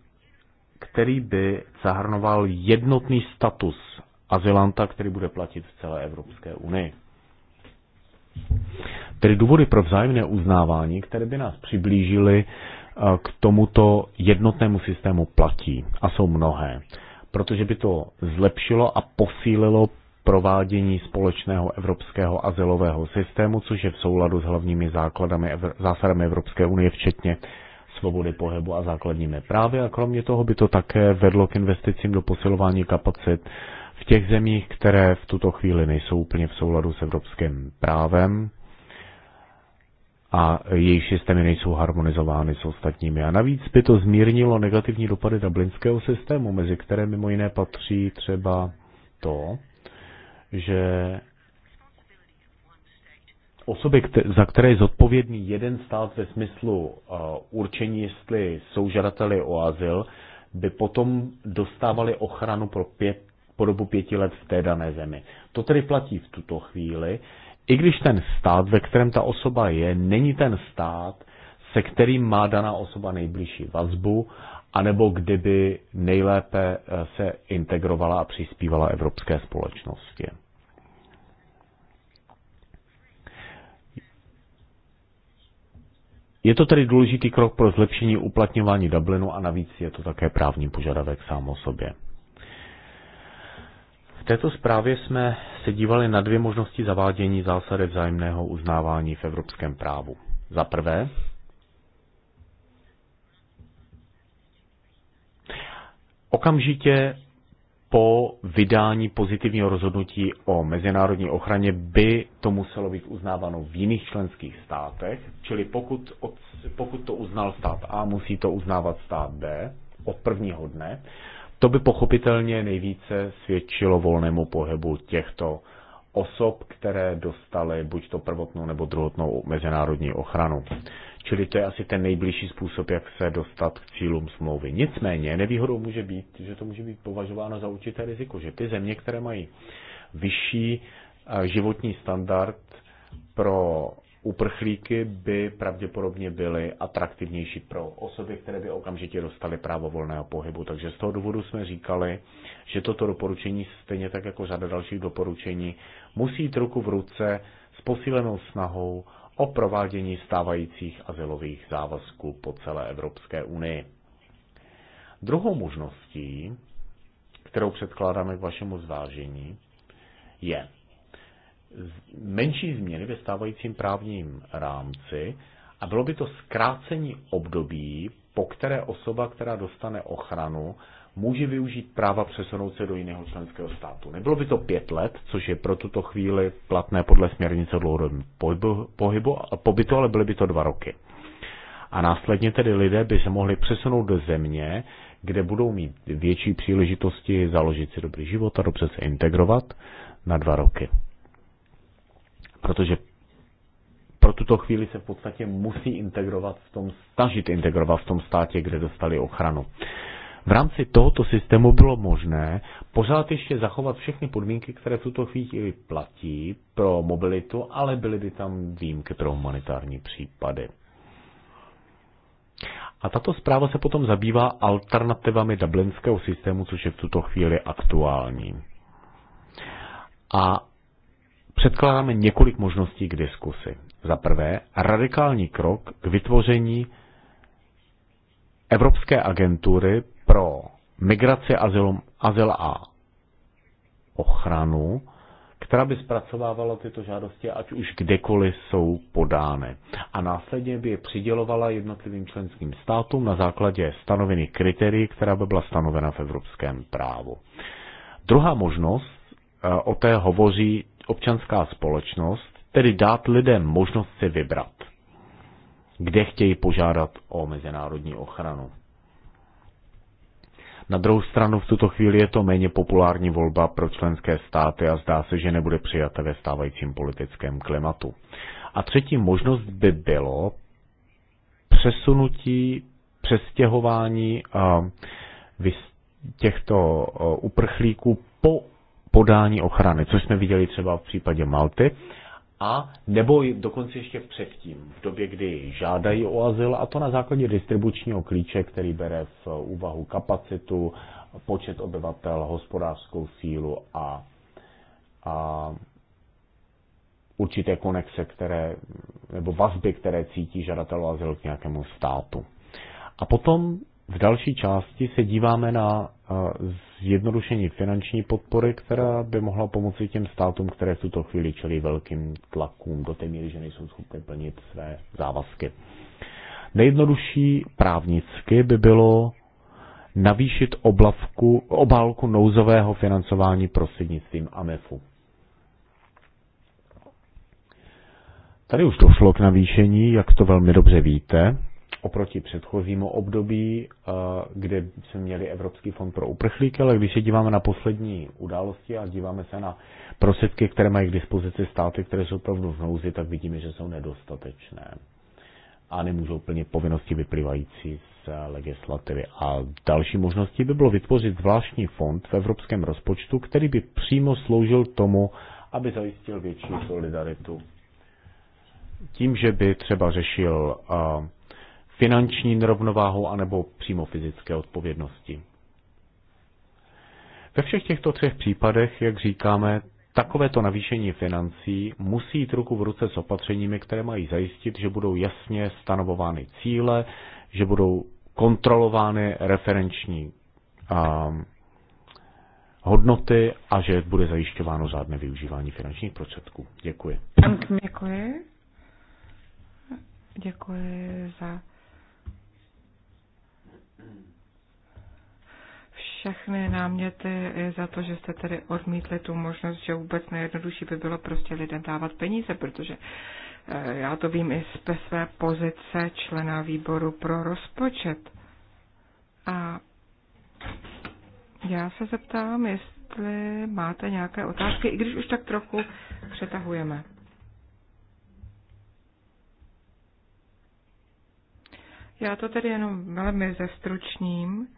který by zahrnoval jednotný status azylanta, který bude platit v celé Evropské unii. Tedy důvody pro vzájemné uznávání, které by nás přiblížily eh, k tomuto jednotnému systému platí a jsou mnohé, protože by to zlepšilo a posílilo provádění společného evropského azylového systému, což je v souladu s hlavními základami, zásadami Evropské unie, včetně svobody pohybu a základními právy a kromě toho by to také vedlo k investicím do posilování kapacit těch zemích, které v tuto chvíli nejsou úplně v souladu s evropským právem a jejich systémy nejsou harmonizovány s ostatními. A navíc by to zmírnilo negativní dopady dublinského systému, mezi které mimo jiné patří třeba to, že osoby, za které je zodpovědný jeden stát ve smyslu uh, určení, jestli jsou žadateli o azyl, by potom dostávali ochranu pro pět po dobu pěti let v té dané zemi. To tedy platí v tuto chvíli, i když ten stát, ve kterém ta osoba je, není ten stát, se kterým má daná osoba nejbližší vazbu, anebo kdyby nejlépe eh, se integrovala a přispívala evropské společnosti. Je to tedy důležitý krok pro zlepšení uplatňování Dublinu a navíc je to také právní požadavek sám o sobě. V této zprávě jsme se dívali na dvě možnosti zavádění zásady vzájemného uznávání v evropském právu. Za prvé, okamžitě po vydání pozitivního rozhodnutí o mezinárodní ochraně by to muselo být uznáváno v jiných členských státech, čili pokud, od, pokud to uznal stát A, musí to uznávat stát B od prvního dne. To by pochopitelně nejvíce svědčilo volnému pohybu těchto osob, které dostaly buď to prvotnou nebo druhotnou mezinárodní ochranu. Čili to je asi ten nejbližší způsob, jak se dostat k cílům smlouvy. Nicméně nevýhodou může být, že to může být považováno za určité riziko, že ty země, které mají vyšší eh, životní standard pro uprchlíky by pravděpodobně byly atraktivnější pro osoby, které by okamžitě dostaly právo volného pohybu. Takže z toho důvodu jsme říkali, že toto doporučení, stejně tak jako řada dalších doporučení, musí jít ruku v ruce s posílenou snahou o provádění stávajících azylových závazků po celé Evropské unii. Druhou možností, kterou předkládáme k vašemu zvážení, je menší změny ve stávajícím právním rámci a bylo by to zkrácení období, po které osoba, která dostane ochranu, může využít práva přesunout se do jiného členského státu. Nebylo by to pět let, což je pro tuto chvíli platné podle směrnice o pohybu, pohybu pobytu, ale byly by to dva roky. A následně tedy lidé by se mohli přesunout do země, kde budou mít větší příležitosti založit si dobrý život a dobře se integrovat na dva roky protože pro tuto chvíli se v podstatě musí integrovat v tom, snažit integrovat v tom státě, kde dostali ochranu. V rámci tohoto systému bylo možné pořád ještě zachovat všechny podmínky, které v tuto chvíli platí pro mobilitu, ale byly by tam výjimky pro humanitární případy. A tato zpráva se potom zabývá alternativami dublinského systému, což je v tuto chvíli aktuální. A předkládáme několik možností k diskusi. Za prvé, radikální krok k vytvoření Evropské agentury pro migraci, azyl, azyl a ochranu, která by zpracovávala tyto žádosti, ať už kdekoliv jsou podány. A následně by je přidělovala jednotlivým členským státům na základě stanovených kritérií, která by byla stanovena v evropském právu. Druhá možnost, eh, o té hovoří občanská společnost, tedy dát lidem možnost si vybrat, kde chtějí požádat o mezinárodní ochranu. Na druhou stranu v tuto chvíli je to méně populární volba pro členské státy a zdá se, že nebude přijata ve stávajícím politickém klimatu. A třetí možnost by bylo přesunutí, přestěhování eh, těchto eh, uprchlíků po podání ochrany, což jsme viděli třeba v případě Malty, a nebo dokonce ještě předtím, v době, kdy žádají o azyl, a to na základě distribučního klíče, který bere v úvahu kapacitu, počet obyvatel, hospodářskou sílu a, a určité konexe, které, nebo vazby, které cítí žadatel o azyl k nějakému státu. A potom v další části se díváme na eh, zjednodušení finanční podpory, která by mohla pomoci těm státům, které v tuto chvíli čelí velkým tlakům do té míry, že nejsou schopny plnit své závazky. Nejjednodušší právnicky by bylo navýšit oblavku, obálku nouzového financování prostřednictvím AMEFu. Tady už došlo k navýšení, jak to velmi dobře víte, oproti předchozímu období, kde jsme měli Evropský fond pro uprchlíky, ale když se díváme na poslední události a díváme se na prostředky, které mají k dispozici státy, které jsou opravdu v nouzi, tak vidíme, že jsou nedostatečné a nemůžou plnit povinnosti vyplývající z legislativy. A další možností by bylo vytvořit zvláštní fond v evropském rozpočtu, který by přímo sloužil tomu, aby zajistil větší solidaritu. Tím, že by třeba řešil uh, finanční nerovnováhou anebo přímo fyzické odpovědnosti. Ve všech těchto třech případech, jak říkáme, takovéto navýšení financí musí jít ruku v ruce s opatřeními, které mají zajistit, že budou jasně stanovovány cíle, že budou kontrolovány referenční um, hodnoty a že bude zajišťováno řádné využívání finančních prostředků. Děkuji. Děkuji. Děkuji za všechny náměty i za to, že jste tedy odmítli tu možnost, že vůbec nejjednodušší by bylo prostě lidem dávat peníze, protože eh, já to vím i z své pozice člena výboru pro rozpočet. A já se zeptám, jestli máte nějaké otázky, i když už tak trochu přetahujeme. Já to tedy jenom velmi zestručním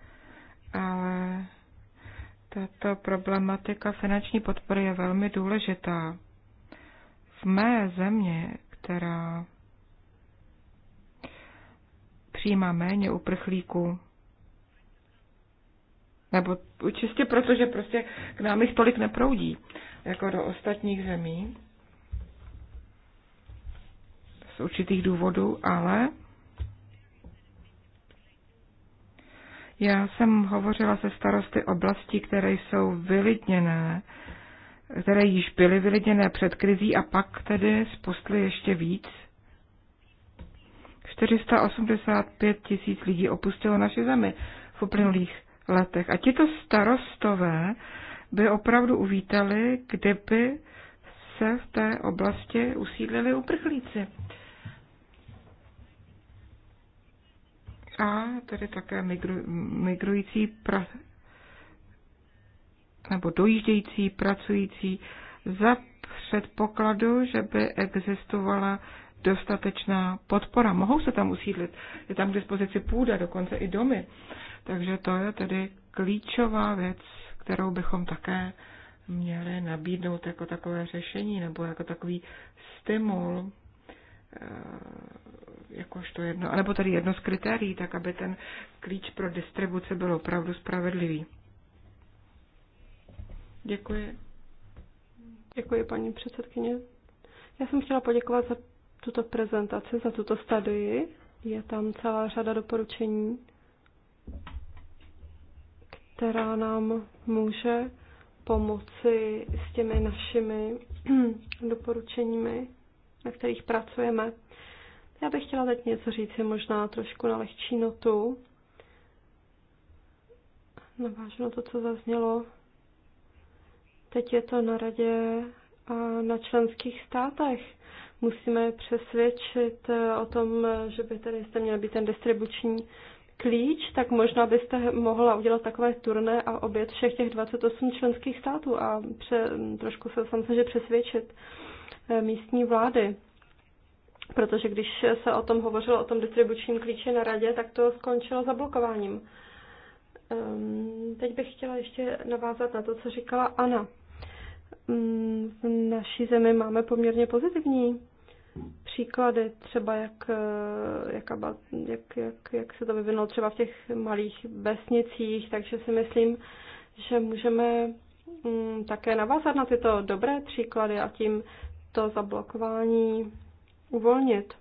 ale tato problematika finanční podpory je velmi důležitá. V mé země, která přijímá méně uprchlíků, nebo čistě proto, že prostě k nám jich tolik neproudí, jako do ostatních zemí, z určitých důvodů, ale Já jsem hovořila se starosty oblasti, které jsou vylidněné, které již byly vylidněné před krizí a pak tedy spustly ještě víc. 485 tisíc lidí opustilo naše zemi v uplynulých letech. A tito starostové by opravdu uvítali, kdyby se v té oblasti usídlili uprchlíci. a tedy také migru, migrující pra, nebo dojíždějící, pracující za předpokladu, že by existovala dostatečná podpora. Mohou se tam usídlit, je tam k dispozici půda, dokonce i domy. Takže to je tedy klíčová věc, kterou bychom také měli nabídnout jako takové řešení nebo jako takový stimul Eh, jakožto jedno, anebo tady jedno z kritérií, tak aby ten klíč pro distribuci byl opravdu spravedlivý. Děkuji. Děkuji, paní předsedkyně. Já jsem chtěla poděkovat za tuto prezentaci, za tuto studii. Je tam celá řada doporučení, která nám může pomoci s těmi našimi doporučeními na kterých pracujeme. Já bych chtěla teď něco říct, je možná trošku na lehčí notu. Navážu na to, co zaznělo. Teď je to na radě a na členských státech. Musíme přesvědčit eh, o tom, eh, že by tady jste měl být ten distribuční klíč, tak možná byste mohla udělat takové turné a obět všech těch 28 členských států a pře, trošku se samozřejmě přesvědčit místní vlády. Protože když se o tom hovořilo, o tom distribučním klíči na radě, tak to skončilo zablokováním. Ehm, teď bych chtěla ještě navázat na to, co říkala Ana. Ehm, v naší zemi máme poměrně pozitivní příklady, třeba jak, eh, jak, jak, jak, jak se to vyvinulo třeba v těch malých vesnicích, takže si myslím, že můžeme mm, také navázat na tyto dobré příklady a tím to zablokování uvolnit.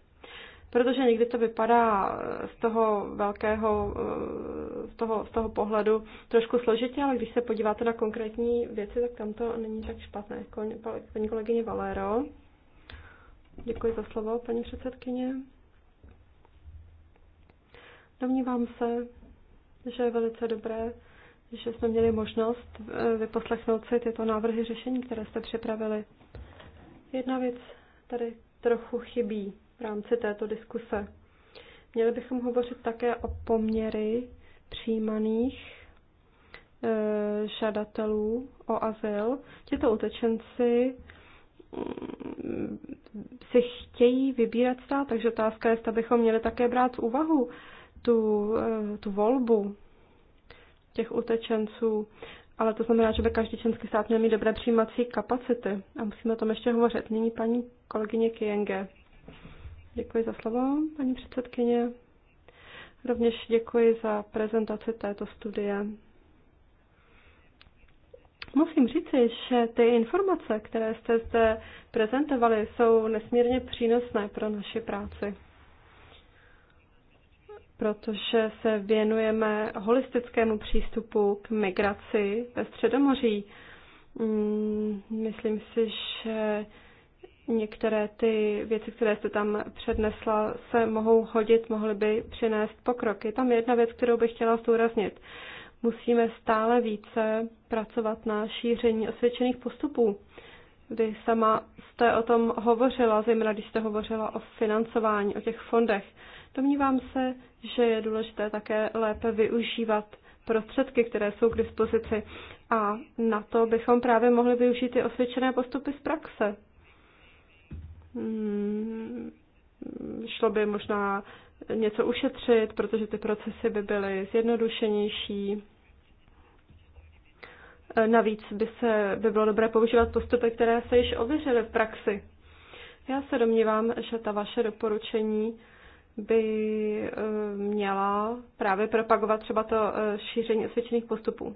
Protože někdy to vypadá eh, z toho velkého, eh, z toho, z toho pohledu trošku složitě, ale když se podíváte na konkrétní věci, tak tam to není tak špatné. Paní kolegyně Valero. Děkuji za slovo, paní předsedkyně. Domnívám se, že je velice dobré, že jsme měli možnost eh, vyposlechnout si tyto návrhy řešení, které jste připravili. Jedna věc tady trochu chybí v rámci této diskuse. Měli bychom hovořit také o poměry přijímaných e, žadatelů o azyl. Těto utečenci mm, si chtějí vybírat stát, takže otázka je, zda bychom měli také brát v úvahu tu, e, tu volbu těch utečenců ale to znamená, že by každý členský stát měl mít dobré přijímací kapacity. A musíme o tom ještě hovořit. Nyní paní kolegyně Kienge. Děkuji za slovo, paní předsedkyně. Rovněž děkuji za prezentaci této studie. Musím říci, že ty informace, které jste zde prezentovali, jsou nesmírně přínosné pro naši práci protože se věnujeme holistickému přístupu k migraci ve Středomoří. Mm, myslím si, že některé ty věci, které jste tam přednesla, se mohou hodit, mohly by přinést pokrok. Je tam jedna věc, kterou bych chtěla zdůraznit. Musíme stále více pracovat na šíření osvědčených postupů. Vy sama jste o tom hovořila, zejména když jste hovořila o financování, o těch fondech. Domnívám se, že je důležité také lépe využívat prostředky, které jsou k dispozici a na to bychom právě mohli využít ty osvědčené postupy z praxe. Hmm, šlo by možná něco ušetřit, protože ty procesy by byly zjednodušenější. Navíc by, se, by bylo dobré používat postupy, které se již ověřily v praxi. Já se domnívám, že ta vaše doporučení by eh, měla právě propagovat třeba to eh, šíření osvědčených postupů.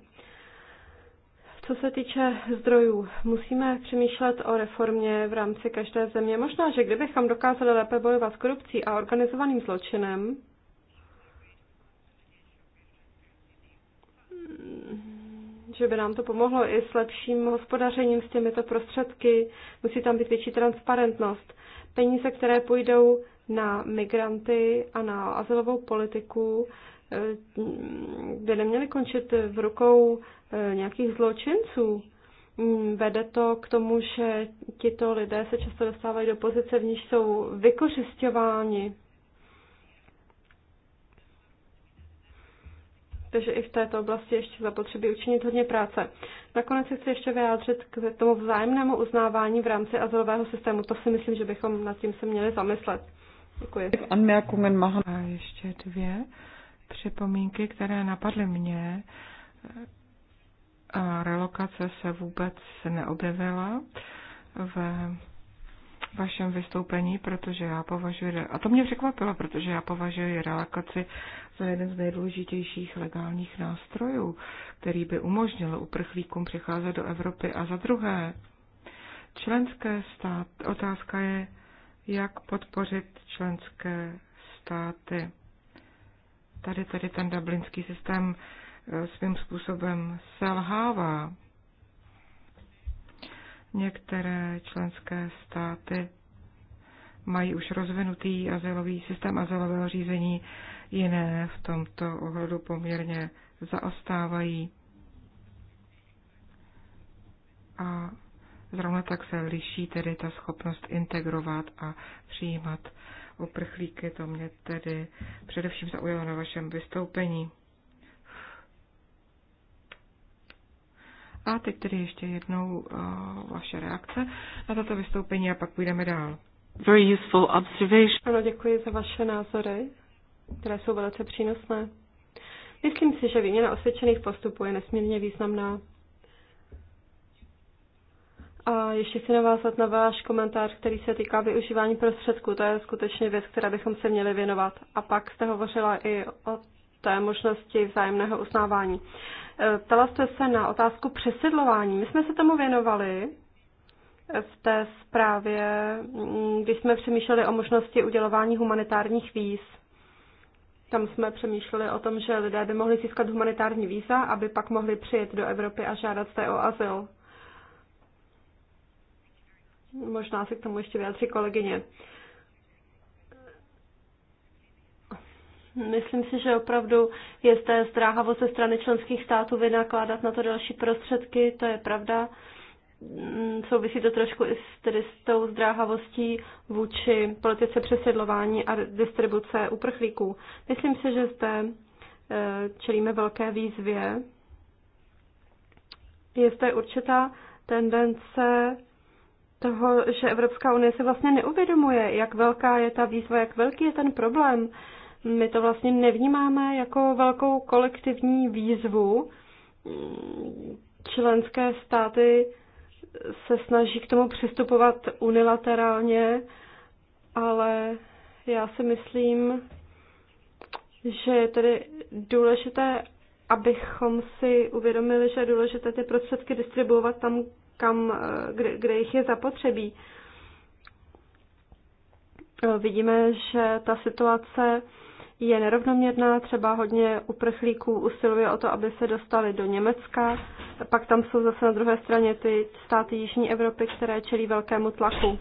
Co se týče zdrojů, musíme přemýšlet o reformě v rámci každé země. Možná, že kdybychom dokázali lépe bojovat s korupcí a organizovaným zločinem, že by nám to pomohlo i s lepším hospodařením s těmito prostředky. Musí tam být větší transparentnost. Peníze, které půjdou na migranty a na azylovou politiku by eh, neměly končit v rukou eh, nějakých zločinců. Hmm, vede to k tomu, že tito lidé se často dostávají do pozice, v níž jsou vykořišťováni. Takže i v této oblasti ještě zapotřebí učinit hodně práce. Nakonec se chci ještě vyjádřit k tomu vzájemnému uznávání v rámci azylového systému. To si myslím, že bychom nad tím se měli zamyslet. Děkuji. Anmerkungen machen. A ještě dvě připomínky, které napadly mě. A relokace se vůbec neobjevila v vašem vystoupení, protože já považuji, a to mě překvapilo, protože já považuji relokaci za jeden z nejdůležitějších legálních nástrojů, který by umožnil uprchlíkům přecházet do Evropy. A za druhé, členské stát, otázka je, jak podpořit členské státy. Tady tedy ten dublinský systém eh, svým způsobem selhává. Některé členské státy mají už rozvinutý azylový systém azylového řízení, jiné v tomto ohledu poměrně zaostávají. A Zrovna tak se liší tedy ta schopnost integrovat a přijímat uprchlíky. To mě tedy především zaujalo na vašem vystoupení. A teď tedy ještě jednou uh, vaše reakce na toto vystoupení a pak půjdeme dál. Very useful observation. Ano, děkuji za vaše názory, které jsou velice přínosné. Myslím si, že výměna osvědčených postupů je nesmírně významná. A ještě chci navázat na váš komentář, který se týká využívání prostředků. To je skutečně věc, která bychom se měli věnovat. A pak jste hovořila i o té možnosti vzájemného uznávání. E, ptala jste se na otázku přesedlování. My jsme se tomu věnovali v té zprávě, mm, když jsme přemýšleli o možnosti udělování humanitárních víz. Tam jsme přemýšleli o tom, že lidé by mohli získat humanitární víza, aby pak mohli přijet do Evropy a žádat se o azyl. Možná se k tomu ještě vyjádří kolegyně. Myslím si, že opravdu je zde zdráhavost ze strany členských států vynakládat na to další prostředky, to je pravda. Mm, souvisí to trošku i s, tedy s tou zdráhavostí vůči politice přesedlování a distribuce uprchlíků. Myslím si, že zde e, čelíme velké výzvě. Je zde určitá tendence toho, že Evropská unie se vlastně neuvědomuje, jak velká je ta výzva, jak velký je ten problém. My to vlastně nevnímáme jako velkou kolektivní výzvu. Členské státy se snaží k tomu přistupovat unilaterálně, ale já si myslím, že je tedy důležité, abychom si uvědomili, že je důležité ty prostředky distribuovat tam, kam, eh, kde, kde jich je zapotřebí. Eh, vidíme, že ta situace je nerovnoměrná, třeba hodně uprchlíků usiluje o to, aby se dostali do Německa, pak tam jsou zase na druhé straně ty státy Jižní Evropy, které čelí velkému tlaku.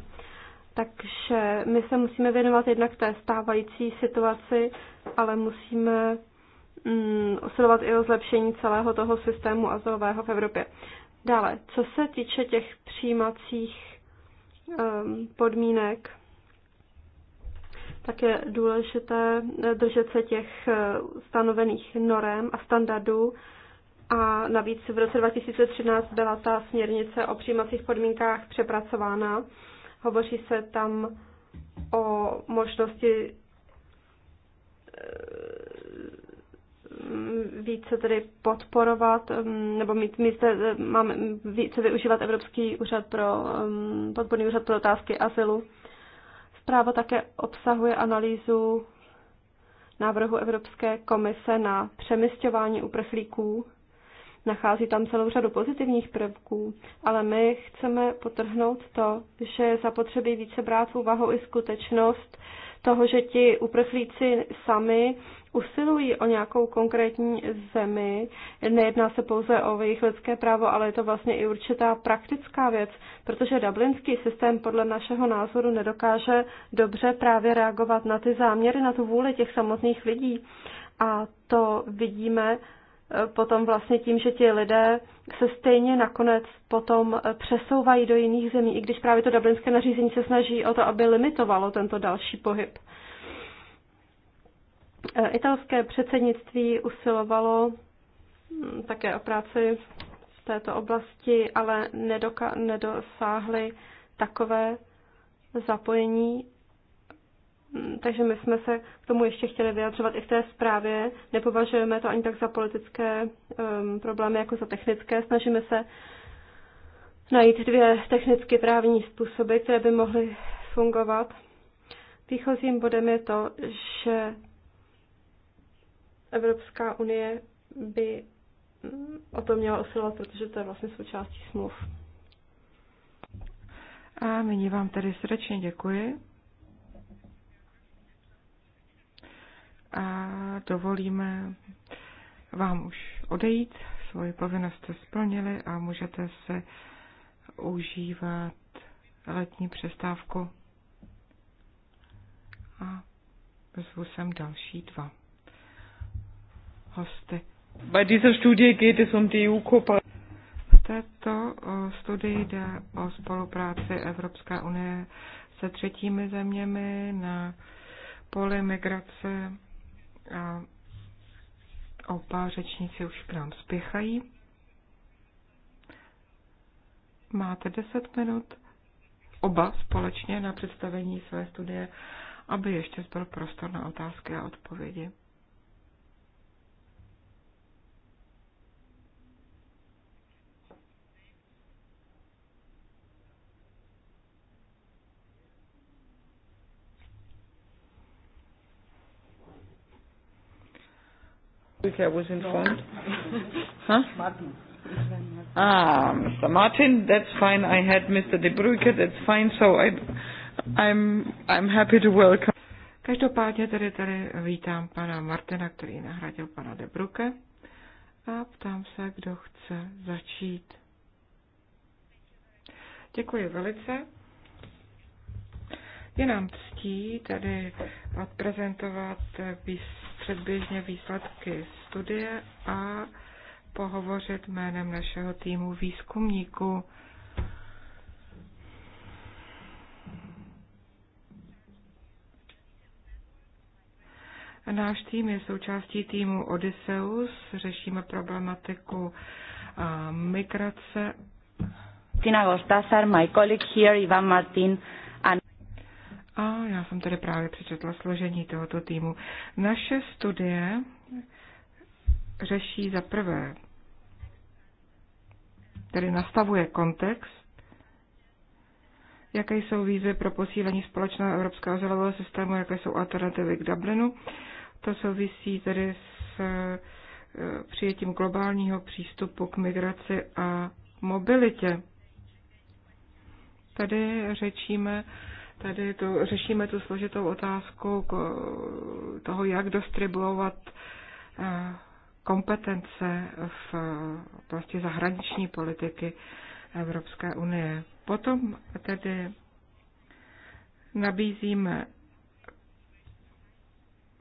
Takže my se musíme věnovat jednak té stávající situaci, ale musíme mm, usilovat i o zlepšení celého toho systému azylového v Evropě. Dále, co se týče těch přijímacích um, podmínek, tak je důležité eh, držet se těch eh, stanovených norem a standardů. A navíc v roce 2013 byla ta směrnice o přijímacích podmínkách přepracována. Hovoří se tam o možnosti eh, Mm, více tedy podporovat, mm, nebo mít, mít eh, máme více využívat Evropský úřad pro, mm, podporný úřad pro otázky asilu. Zpráva také obsahuje analýzu návrhu Evropské komise na přemysťování uprchlíků. Nachází tam celou řadu pozitivních prvků, ale my chceme potrhnout to, že je zapotřebí více brát v úvahu i skutečnost toho, že ti uprchlíci sami usilují o nějakou konkrétní zemi. Nejedná se pouze o jejich lidské právo, ale je to vlastně i určitá praktická věc, protože dublinský systém podle našeho názoru nedokáže dobře právě reagovat na ty záměry, na tu vůli těch samotných lidí. A to vidíme eh, potom vlastně tím, že ti lidé se stejně nakonec potom eh, přesouvají do jiných zemí, i když právě to dublinské nařízení se snaží o to, aby limitovalo tento další pohyb. Eh, italské předsednictví usilovalo hm, také o práci v této oblasti, ale nedoka- nedosáhly takové zapojení. Hm, takže my jsme se k tomu ještě chtěli vyjadřovat i v té zprávě. Nepovažujeme to ani tak za politické um, problémy, jako za technické. Snažíme se najít dvě technicky právní způsoby, které by mohly fungovat. Výchozím bodem je to, že Evropská unie by mm, o to měla usilovat, protože to je vlastně součástí smluv. A nyní vám tedy srdečně děkuji. A dovolíme vám už odejít, svoji povinnost jste splnili a můžete se užívat letní přestávku. A zvu sem další dva hosty. Bei dieser Studie geht es um die EU V této studii jde o spolupráci Evropské unie se třetími zeměmi na poli migrace a oba řečníci už k nám spěchají. Máte 10 minut oba společně na představení své studie, aby ještě zbyl prostor na otázky a odpovědi. quickly I er was informed. Huh? Martin. Ah, Mr. Martin, that's fine. I had Mr. De Bruyke, that's fine. So I, I'm, I'm happy to welcome. Každopádně tady, tady vítám pana Martina, který nahradil pana De Bruke a ptám se, kdo chce začít. Děkuji velice. Je nám ctí tady odprezentovat výsledky předběžně výsledky studie a pohovořit jménem našeho týmu výzkumníků. Náš tým je součástí týmu Odysseus. Řešíme problematiku migrace. Tina Gostázar, my colleague here, Ivan Martin, a já jsem tady právě přečetla složení tohoto týmu. Naše studie řeší za prvé, tedy nastavuje kontext, jaké jsou výzvy pro posílení společného evropského azylového systému, jaké jsou alternativy k Dublinu. To souvisí tedy s e, přijetím globálního přístupu k migraci a mobilitě. Tady řečíme Tady tu řešíme tu složitou otázku toho, jak distribuovat eh, kompetence v eh, oblasti zahraniční politiky Evropské unie. Potom tedy nabízíme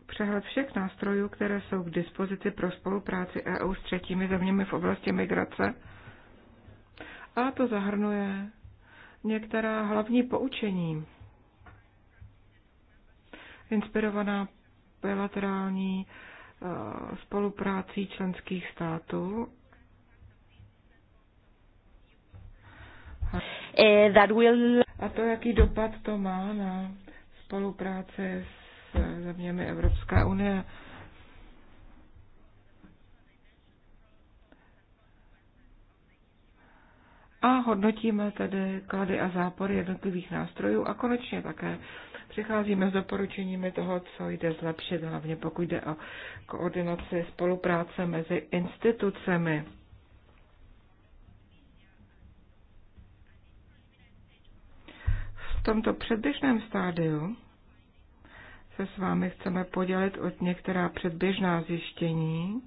přehled všech nástrojů, které jsou k dispozici pro spolupráci EU s třetími zeměmi v oblasti migrace. A to zahrnuje některá hlavní poučení inspirovaná bilaterální eh, spoluprácí členských států. Eh, a to, jaký dopad to má na spolupráci s zeměmi Evropské unie. A hodnotíme tedy klady a zápory jednotlivých nástrojů a konečně také přicházíme s doporučeními toho, co jde zlepšit, hlavně pokud jde o koordinaci spolupráce mezi institucemi. V tomto předběžném stádiu se s vámi chceme podělit od některá předběžná zjištění,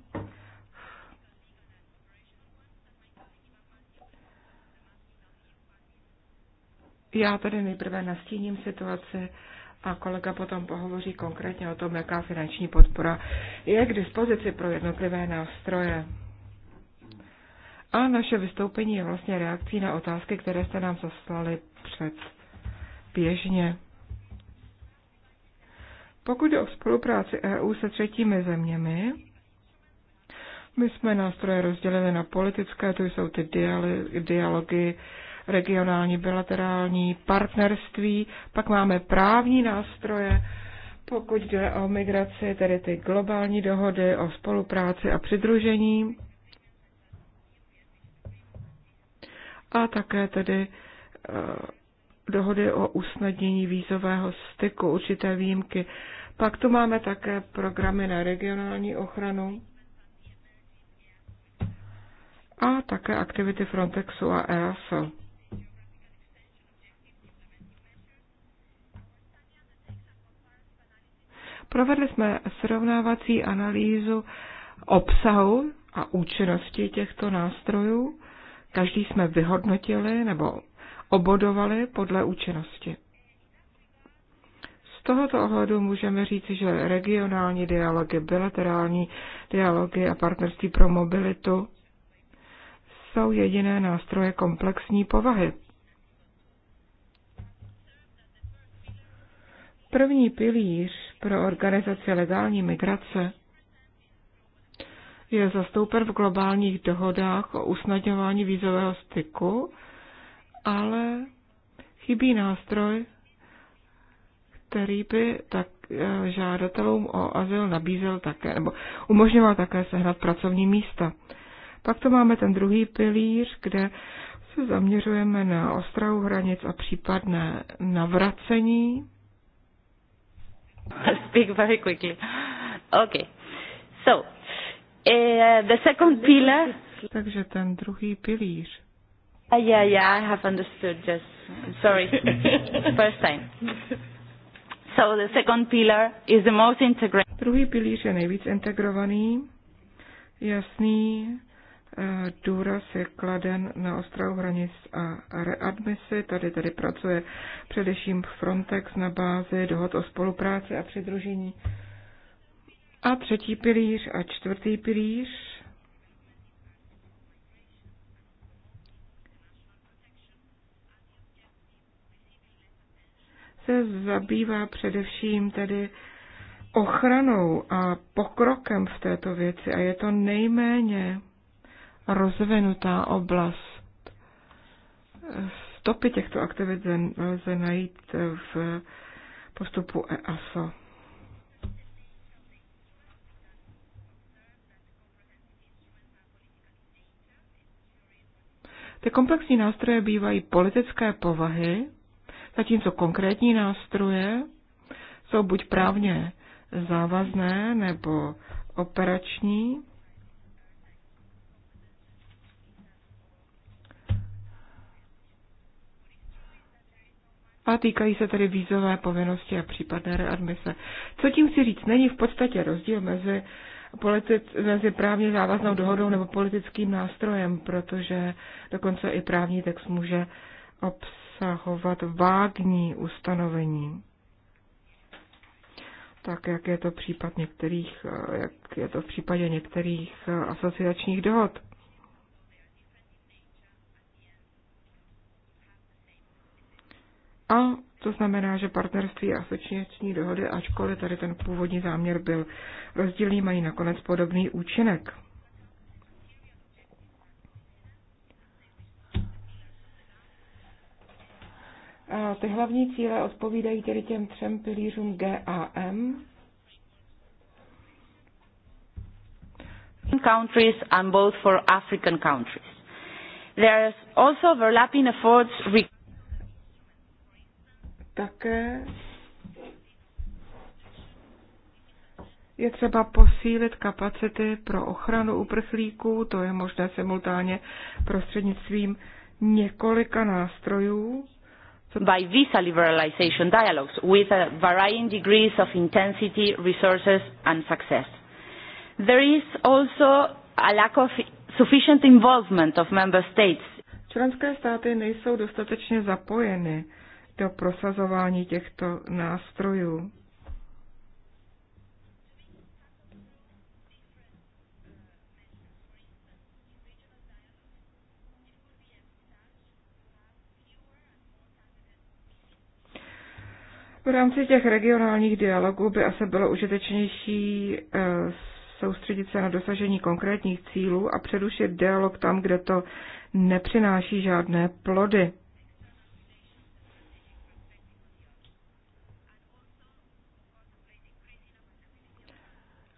Já tady nejprve nastíním situaci a kolega potom pohovoří konkrétně o tom, jaká finanční podpora je k dispozici pro jednotlivé nástroje. A naše vystoupení je vlastně reakcí na otázky, které jste nám zaslali před běžně. Pokud jde o spolupráci EU se třetími zeměmi, my jsme nástroje rozdělili na politické, to jsou ty dialogy regionální bilaterální partnerství, pak máme právní nástroje, pokud jde o migraci, tedy ty globální dohody o spolupráci a přidružení. A také tedy eh, dohody o usnadnění vízového styku, určité výjimky. Pak tu máme také programy na regionální ochranu a také aktivity Frontexu a EASO. Provedli jsme srovnávací analýzu obsahu a účinnosti těchto nástrojů. Každý jsme vyhodnotili nebo obodovali podle účinnosti. Z tohoto ohledu můžeme říci, že regionální dialogy, bilaterální dialogy a partnerství pro mobilitu jsou jediné nástroje komplexní povahy. První pilíř pro organizaci legální migrace je zastoupen v globálních dohodách o usnadňování vízového styku, ale chybí nástroj, který by tak eh, žádatelům o azyl nabízel také, nebo umožňoval také sehnat pracovní místa. Pak to máme ten druhý pilíř, kde se zaměřujeme na ostrahu hranic a případné navracení speak very quickly. Okay. So, uh, the second pillar... Takže ten druhý pilíř. Uh, yeah, yeah, I have understood just, sorry, first time. So the second pillar is the most integrated. Druhý pilíř je nejvíc integrovaný, jasný, důraz je kladen na ostrahu hranic a readmisi. Tady tady pracuje především Frontex na bázi dohod o spolupráci a přidružení. A třetí pilíř a čtvrtý pilíř se zabývá především tedy ochranou a pokrokem v této věci a je to nejméně rozvinutá oblast. Stopy těchto aktivit lze najít v postupu EASO. Ty komplexní nástroje bývají politické povahy, zatímco konkrétní nástroje jsou buď právně závazné nebo operační, a týkají se tedy vízové povinnosti a případné readmise. Co tím chci říct? Není v podstatě rozdíl mezi, politic, mezi právně závaznou dohodou nebo politickým nástrojem, protože dokonce i právní text může obsahovat vágní ustanovení tak jak je to případ některých, eh, jak je to v případě některých eh, asociačních dohod. A to znamená, že partnerství a asociační dohody, ačkoliv tady ten původní záměr byl rozdílný, mají nakonec podobný účinek. A ty hlavní cíle odpovídají tedy těm třem pilířům GAM. countries and both for African countries. There is also overlapping efforts také je třeba posílit kapacity pro ochranu uprchlíků, to je možné simultánně prostřednictvím několika nástrojů. By visa liberalization dialogues with a varying degrees of intensity, resources and success. There is also a lack of sufficient involvement of member states. Členské státy nejsou dostatečně zapojeny do prosazování těchto nástrojů. V rámci těch regionálních dialogů by asi bylo užitečnější eh, soustředit se na dosažení konkrétních cílů a přerušit dialog tam, kde to nepřináší žádné plody.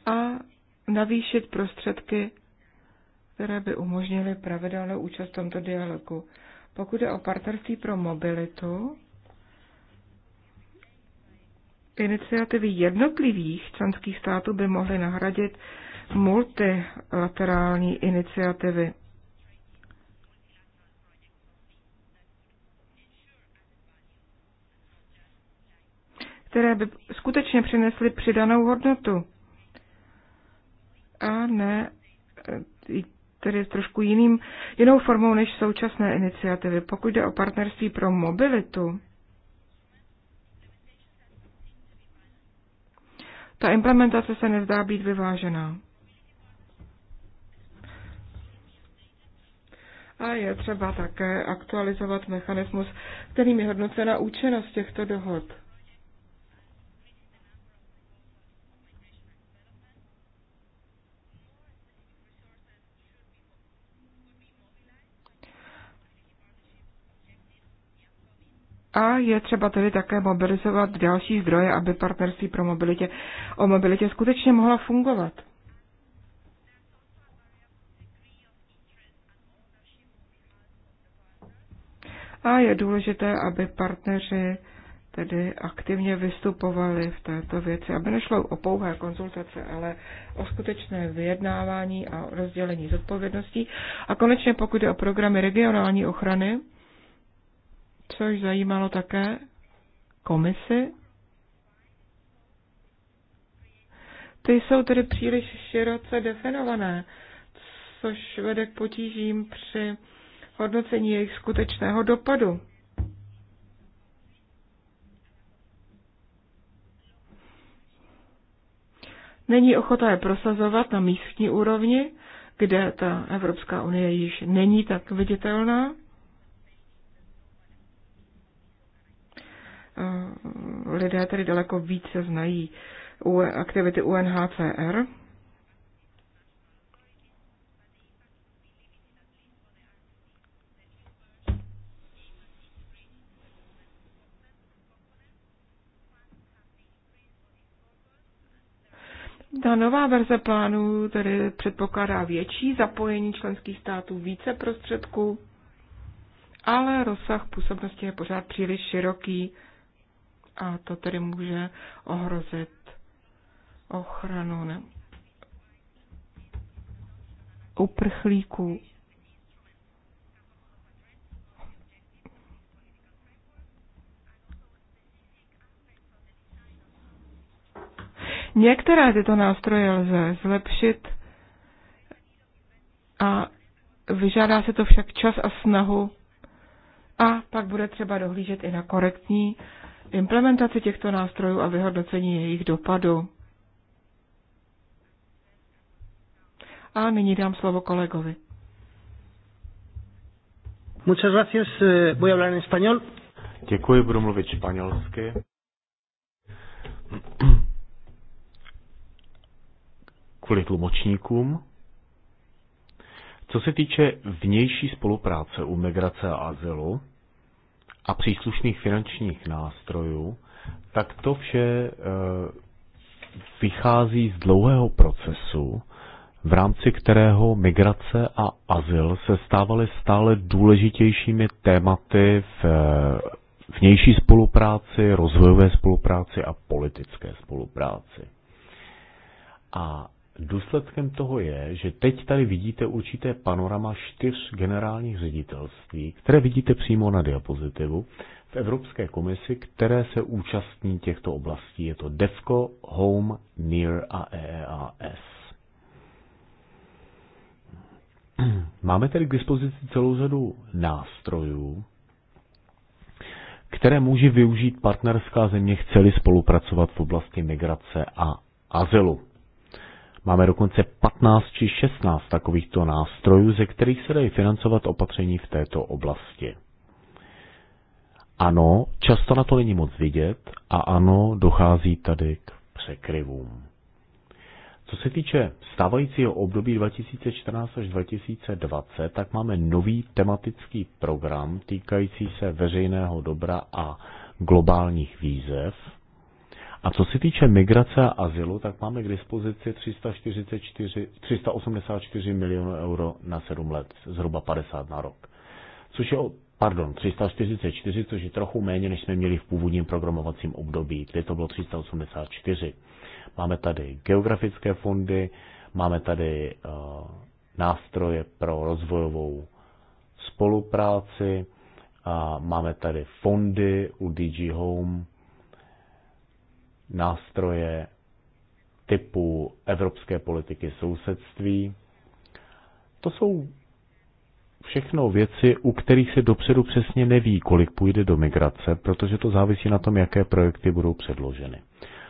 a navýšit prostředky, které by umožnily pravidelnou účast v tomto dialogu. Pokud je o partnerství pro mobilitu, iniciativy jednotlivých členských států by mohly nahradit multilaterální iniciativy. které by skutečně přinesly přidanou hodnotu a ne e, tedy trošku jiným, jinou formou než současné iniciativy. Pokud jde o partnerství pro mobilitu, ta implementace se nezdá být vyvážená. A je třeba také aktualizovat mechanismus, kterým je hodnocena účinnost těchto dohod. A je třeba tedy také mobilizovat další zdroje, aby partnerství pro mobilitě, o mobilitě skutečně mohla fungovat. A je důležité, aby partneři tedy aktivně vystupovali v této věci, aby nešlo o pouhé konzultace, ale o skutečné vyjednávání a rozdělení zodpovědností. A konečně pokud je o programy regionální ochrany, což zajímalo také komisy. Ty jsou tedy příliš široce definované, což vede k potížím při hodnocení jejich skutečného dopadu. Není ochota je prosazovat na místní úrovni, kde ta Evropská unie již není tak viditelná. Eh, lidé tedy daleko více znají aktivity UNHCR. Ta nová verze plánu tedy předpokládá větší zapojení členských států, více prostředků, ale rozsah působnosti je pořád příliš široký a to tedy může ohrozit ochranu ne? uprchlíků. Některé tyto nástroje lze zlepšit a vyžádá se to však čas a snahu a pak bude třeba dohlížet i na korektní implementaci těchto nástrojů a vyhodnocení jejich dopadu. A nyní dám slovo kolegovi. Muchas gracias. Eh, voy a hablar en español. Děkuji, budu mluvit španělsky. Kvůli tlumočníkům. Co se týče vnější spolupráce u migrace a azylu, a příslušných finančních nástrojů, tak to vše e, vychází z dlouhého procesu, v rámci kterého migrace a azyl se stávaly stále důležitějšími tématy v e, vnější spolupráci, rozvojové spolupráci a politické spolupráci. A Důsledkem toho je, že teď tady vidíte určité panorama čtyř generálních ředitelství, které vidíte přímo na diapozitivu v Evropské komisi, které se účastní těchto oblastí. Je to DEFCO, HOME, NEAR a EEAS. E Máme tedy k dispozici celou řadu nástrojů, které může využít partnerská země, chceli spolupracovat v oblasti migrace a azylu. Máme dokonce 15 či 16 takovýchto nástrojů, ze kterých se dají financovat opatření v této oblasti. Ano, často na to není moc vidět a ano, dochází tady k překryvům. Co se týče stávajícího období 2014 až 2020, tak máme nový tematický program týkající se veřejného dobra a globálních výzev, a co se týče migrace a azylu, tak máme k dispozici 344, 384 milionů euro na 7 let, zhruba 50 na rok. Což je, pardon, 344, což je trochu méně, než jsme měli v původním programovacím období, kdy to bylo 384. Máme tady geografické fondy, máme tady uh, nástroje pro rozvojovou spolupráci, a máme tady fondy u DG Home, nástroje typu evropské politiky sousedství. To jsou všechno věci, u kterých se dopředu přesně neví, kolik půjde do migrace, protože to závisí na tom, jaké projekty budou předloženy.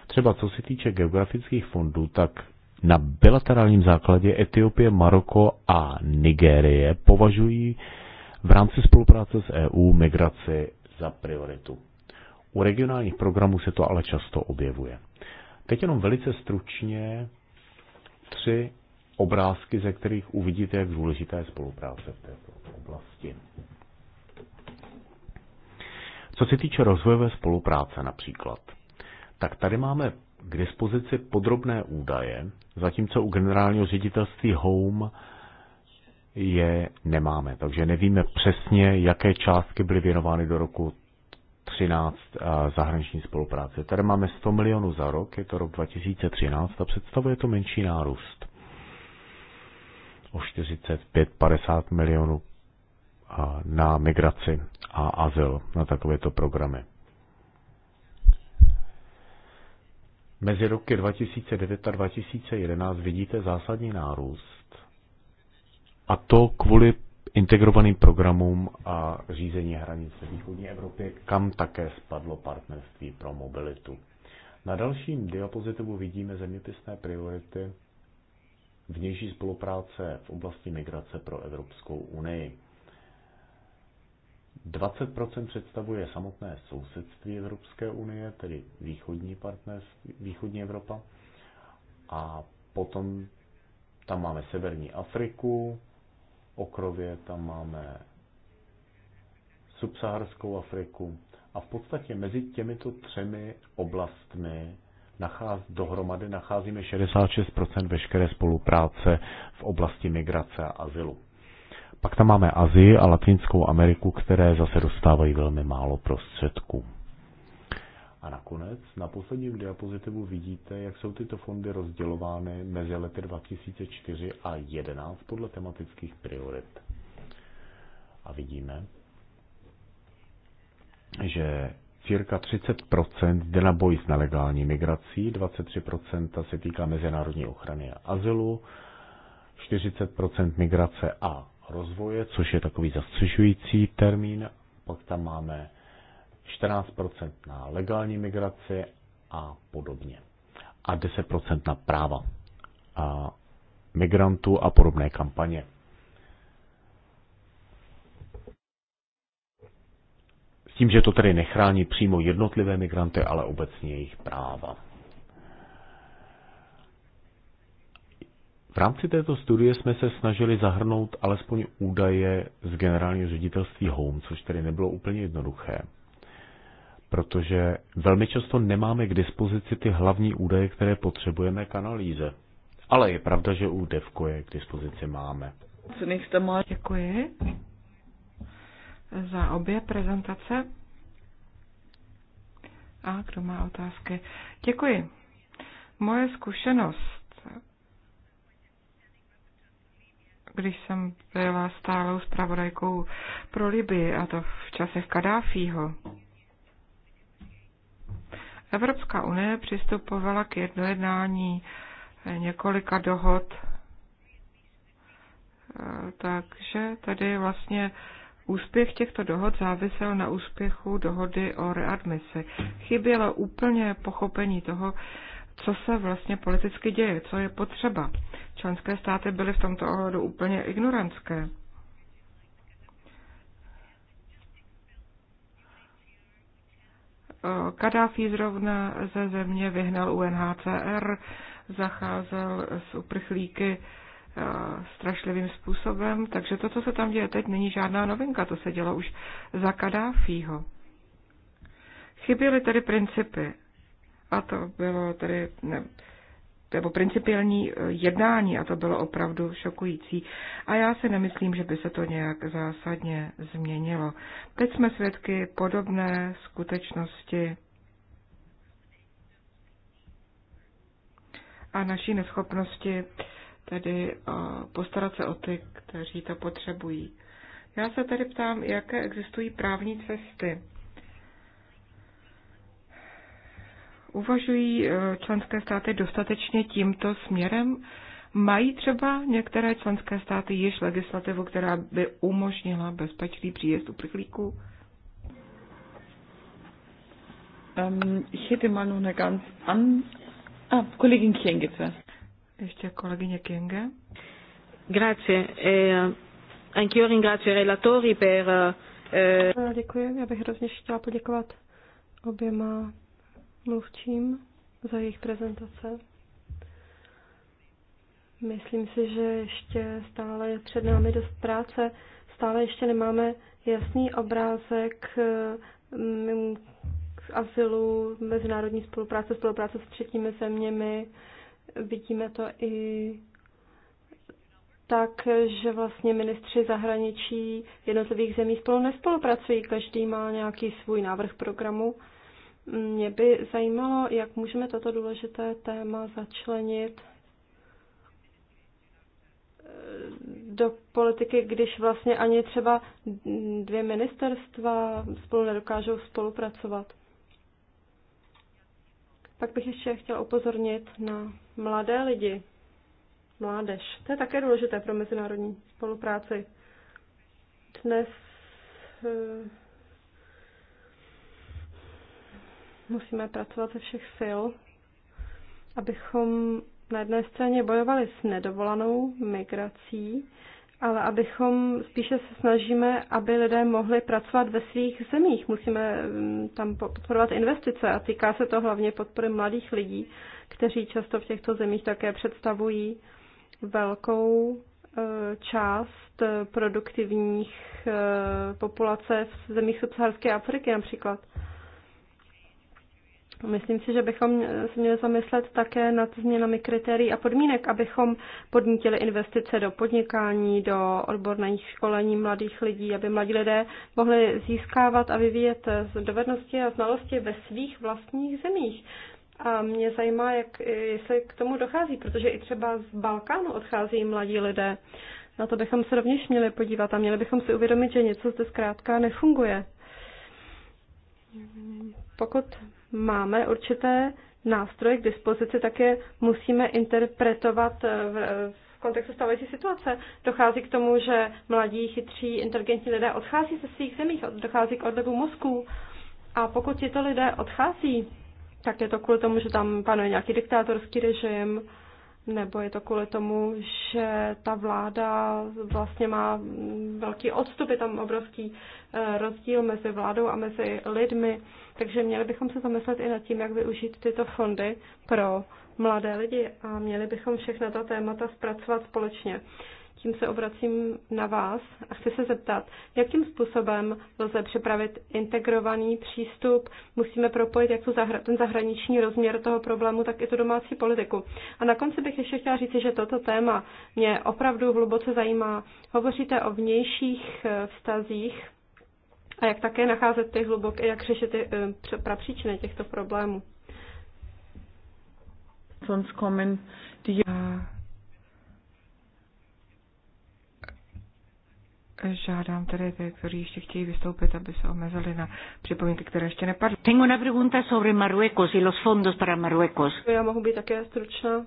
Třeba co se týče geografických fondů, tak na bilaterálním základě Etiopie, Maroko a Nigérie považují v rámci spolupráce s EU migraci za prioritu. U regionálních programů se to ale často objevuje. Teď jenom velice stručně tři obrázky, ze kterých uvidíte, jak důležitá je spolupráce v této oblasti. Co se týče rozvojové spolupráce například, tak tady máme k dispozici podrobné údaje, zatímco u generálního ředitelství Home je nemáme, takže nevíme přesně, jaké částky byly věnovány do roku 2013 zahraniční spolupráce. Tady máme 100 milionů za rok, je to rok 2013 a představuje to menší nárůst. O 45-50 milionů na migraci a azyl na takovéto programy. Mezi roky 2009 a 2011 vidíte zásadní nárůst. A to kvůli integrovaným programům a řízení hranic v východní Evropě, kam také spadlo partnerství pro mobilitu. Na dalším diapozitivu vidíme zeměpisné priority vnější spolupráce v oblasti migrace pro Evropskou unii. 20% představuje samotné sousedství Evropské unie, tedy východní partnerství, východní Evropa. A potom tam máme severní Afriku, okrově, tam máme subsaharskou Afriku. A v podstatě mezi těmito třemi oblastmi nacház, dohromady nacházíme 66% veškeré spolupráce v oblasti migrace a azylu. Pak tam máme Azii a Latinskou Ameriku, které zase dostávají velmi málo prostředků. A nakonec na posledním diapozitivu vidíte, jak jsou tyto fondy rozdělovány mezi lety 2004 a 2011 podle tematických priorit. A vidíme, že cirka 30% jde na boj s nelegální migrací, 23% se týká mezinárodní ochrany a azylu, 40% migrace a rozvoje, což je takový zastřešující termín, pak tam máme 14% na legální migraci a podobně. A 10% na práva a migrantů a podobné kampaně. S tím, že to tedy nechrání přímo jednotlivé migranty, ale obecně jejich práva. V rámci této studie jsme se snažili zahrnout alespoň údaje z generálního ředitelství Home, což tedy nebylo úplně jednoduché protože velmi často nemáme k dispozici ty hlavní údaje, které potřebujeme k analýze. Ale je pravda, že u DEVKO je k dispozici máme. děkuji za obě prezentace. A kdo má otázky? Děkuji. Moje zkušenost, když jsem byla stálou zpravodajkou pro Libii, a to v časech Kadáfího, Evropská unie přistupovala k jednojednání eh, několika dohod, eh, takže tady vlastně Úspěch těchto dohod závisel na úspěchu dohody o readmisi. Chybělo úplně pochopení toho, co se vlastně politicky děje, co je potřeba. Členské státy byly v tomto ohledu úplně ignorantské. Kadáfi zrovna ze země vyhnal UNHCR, zacházel s uprchlíky eh, strašlivým způsobem, takže to, co se tam děje teď, není žádná novinka, to se dělo už za Kadáfího. Chyběly tedy principy, a to bylo tedy ne, nebo principiální eh, jednání a to bylo opravdu šokující. A já si nemyslím, že by se to nějak zásadně změnilo. Teď jsme svědky podobné skutečnosti a naší neschopnosti tedy eh, postarat se o ty, kteří to potřebují. Já se tedy ptám, jaké existují právní cesty Uvažují eh, členské státy dostatečně tímto směrem? Mají třeba některé členské státy již legislativu, která by umožnila bezpečný příjezd uprchlíků? Um, Ještě kolegyně Kienge. Grazie. E, anch'io ringrazio i relatori per... E... Děkuji, já bych hrozně chtěla poděkovat oběma mluvčím za jejich prezentace. Myslím si, že ještě stále je před námi dost práce. Stále ještě nemáme jasný obrázek mm, k asilu, mezinárodní spolupráce, spolupráce s třetími zeměmi. Vidíme to i tak, že vlastně ministři zahraničí jednotlivých zemí spolu nespolupracují. Každý má nějaký svůj návrh programu mě by zajímalo, jak můžeme toto důležité téma začlenit eh, do politiky, když vlastně ani třeba dvě ministerstva spolu nedokážou spolupracovat. Pak bych ještě chtěla upozornit na mladé lidi, mládež. To je také důležité pro mezinárodní spolupráci. Dnes eh, Musíme pracovat ze všech sil, abychom na jedné straně bojovali s nedovolanou migrací, ale abychom spíše se snažíme, aby lidé mohli pracovat ve svých zemích. Musíme mm, tam podporovat investice a týká se to hlavně podpory mladých lidí, kteří často v těchto zemích také představují velkou e, část e, produktivních e, populace v zemích subsaharské Afriky například. Myslím si, že bychom se měli zamyslet také nad změnami kritérií a podmínek, abychom podnítili investice do podnikání, do odborných školení mladých lidí, aby mladí lidé mohli získávat a vyvíjet dovednosti a znalosti ve svých vlastních zemích. A mě zajímá, jak, jestli k tomu dochází, protože i třeba z Balkánu odchází mladí lidé. Na to bychom se rovněž měli podívat a měli bychom si uvědomit, že něco zde zkrátka nefunguje. Pokud máme určité nástroje k dispozici, tak je musíme interpretovat eh, v, eh, v kontextu stávající situace. Dochází k tomu, že mladí, chytří, inteligentní lidé odchází ze svých zemí, dochází k odlivu mozků. A pokud tito lidé odchází, tak je to kvůli tomu, že tam panuje nějaký diktátorský režim, nebo je to kvůli tomu, že ta vláda vlastně má velký odstup, je tam obrovský eh, rozdíl mezi vládou a mezi lidmi, takže měli bychom se zamyslet i nad tím, jak využít tyto fondy pro mladé lidi a měli bychom všechna ta témata zpracovat společně tím se obracím na vás a chci se zeptat, jakým způsobem lze připravit integrovaný přístup. Musíme propojit jak tu zahra- ten zahraniční rozměr toho problému, tak i tu domácí politiku. A na konci bych ještě chtěla říci, že toto téma mě opravdu hluboce zajímá. Hovoříte o vnějších eh, vztazích a jak také nacházet ty hluboké, jak řešit ty prapříčiny eh, těchto problémů. Sonst kommen die Žádám tedy ty, kteří ještě chtějí vystoupit, aby se omezili na připomínky, které ještě nepadly. Tengo una pregunta sobre Marruecos y los fondos para Marruecos. Já mohu být také stručná.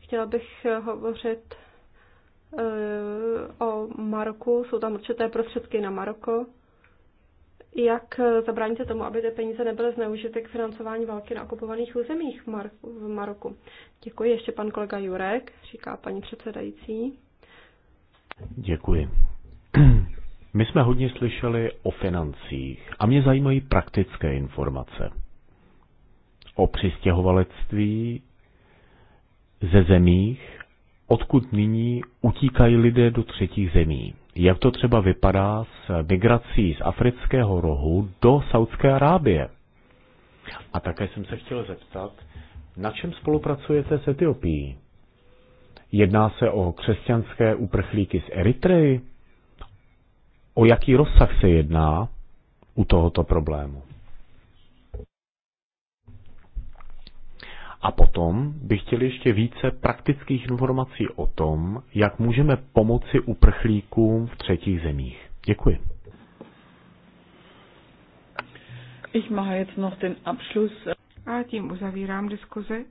Chtěla bych eh, hovořit uh, o Maroku. Jsou tam určité prostředky na Maroko. Jak eh, zabráníte tomu, aby ty peníze nebyly zneužity k financování války na okupovaných územích v, Mar- v Maroku? Děkuji ještě pan kolega Jurek, říká paní předsedající. Děkuji. My jsme hodně slyšeli o financích a mě zajímají praktické informace. O přistěhovalectví ze zemích, odkud nyní utíkají lidé do třetích zemí. Jak to třeba vypadá s migrací z afrického rohu do Saudské Arábie? A také jsem se chtěl zeptat, na čem spolupracujete s Etiopií? Jedná se o křesťanské uprchlíky z Eritreji? o jaký rozsah se jedná u tohoto problému. A potom bych chtěl ještě více praktických informací o tom, jak můžeme pomoci uprchlíkům v třetích zemích. Děkuji. Ich mache jetzt noch den Abschluss. A tím uzavírám diskuzi.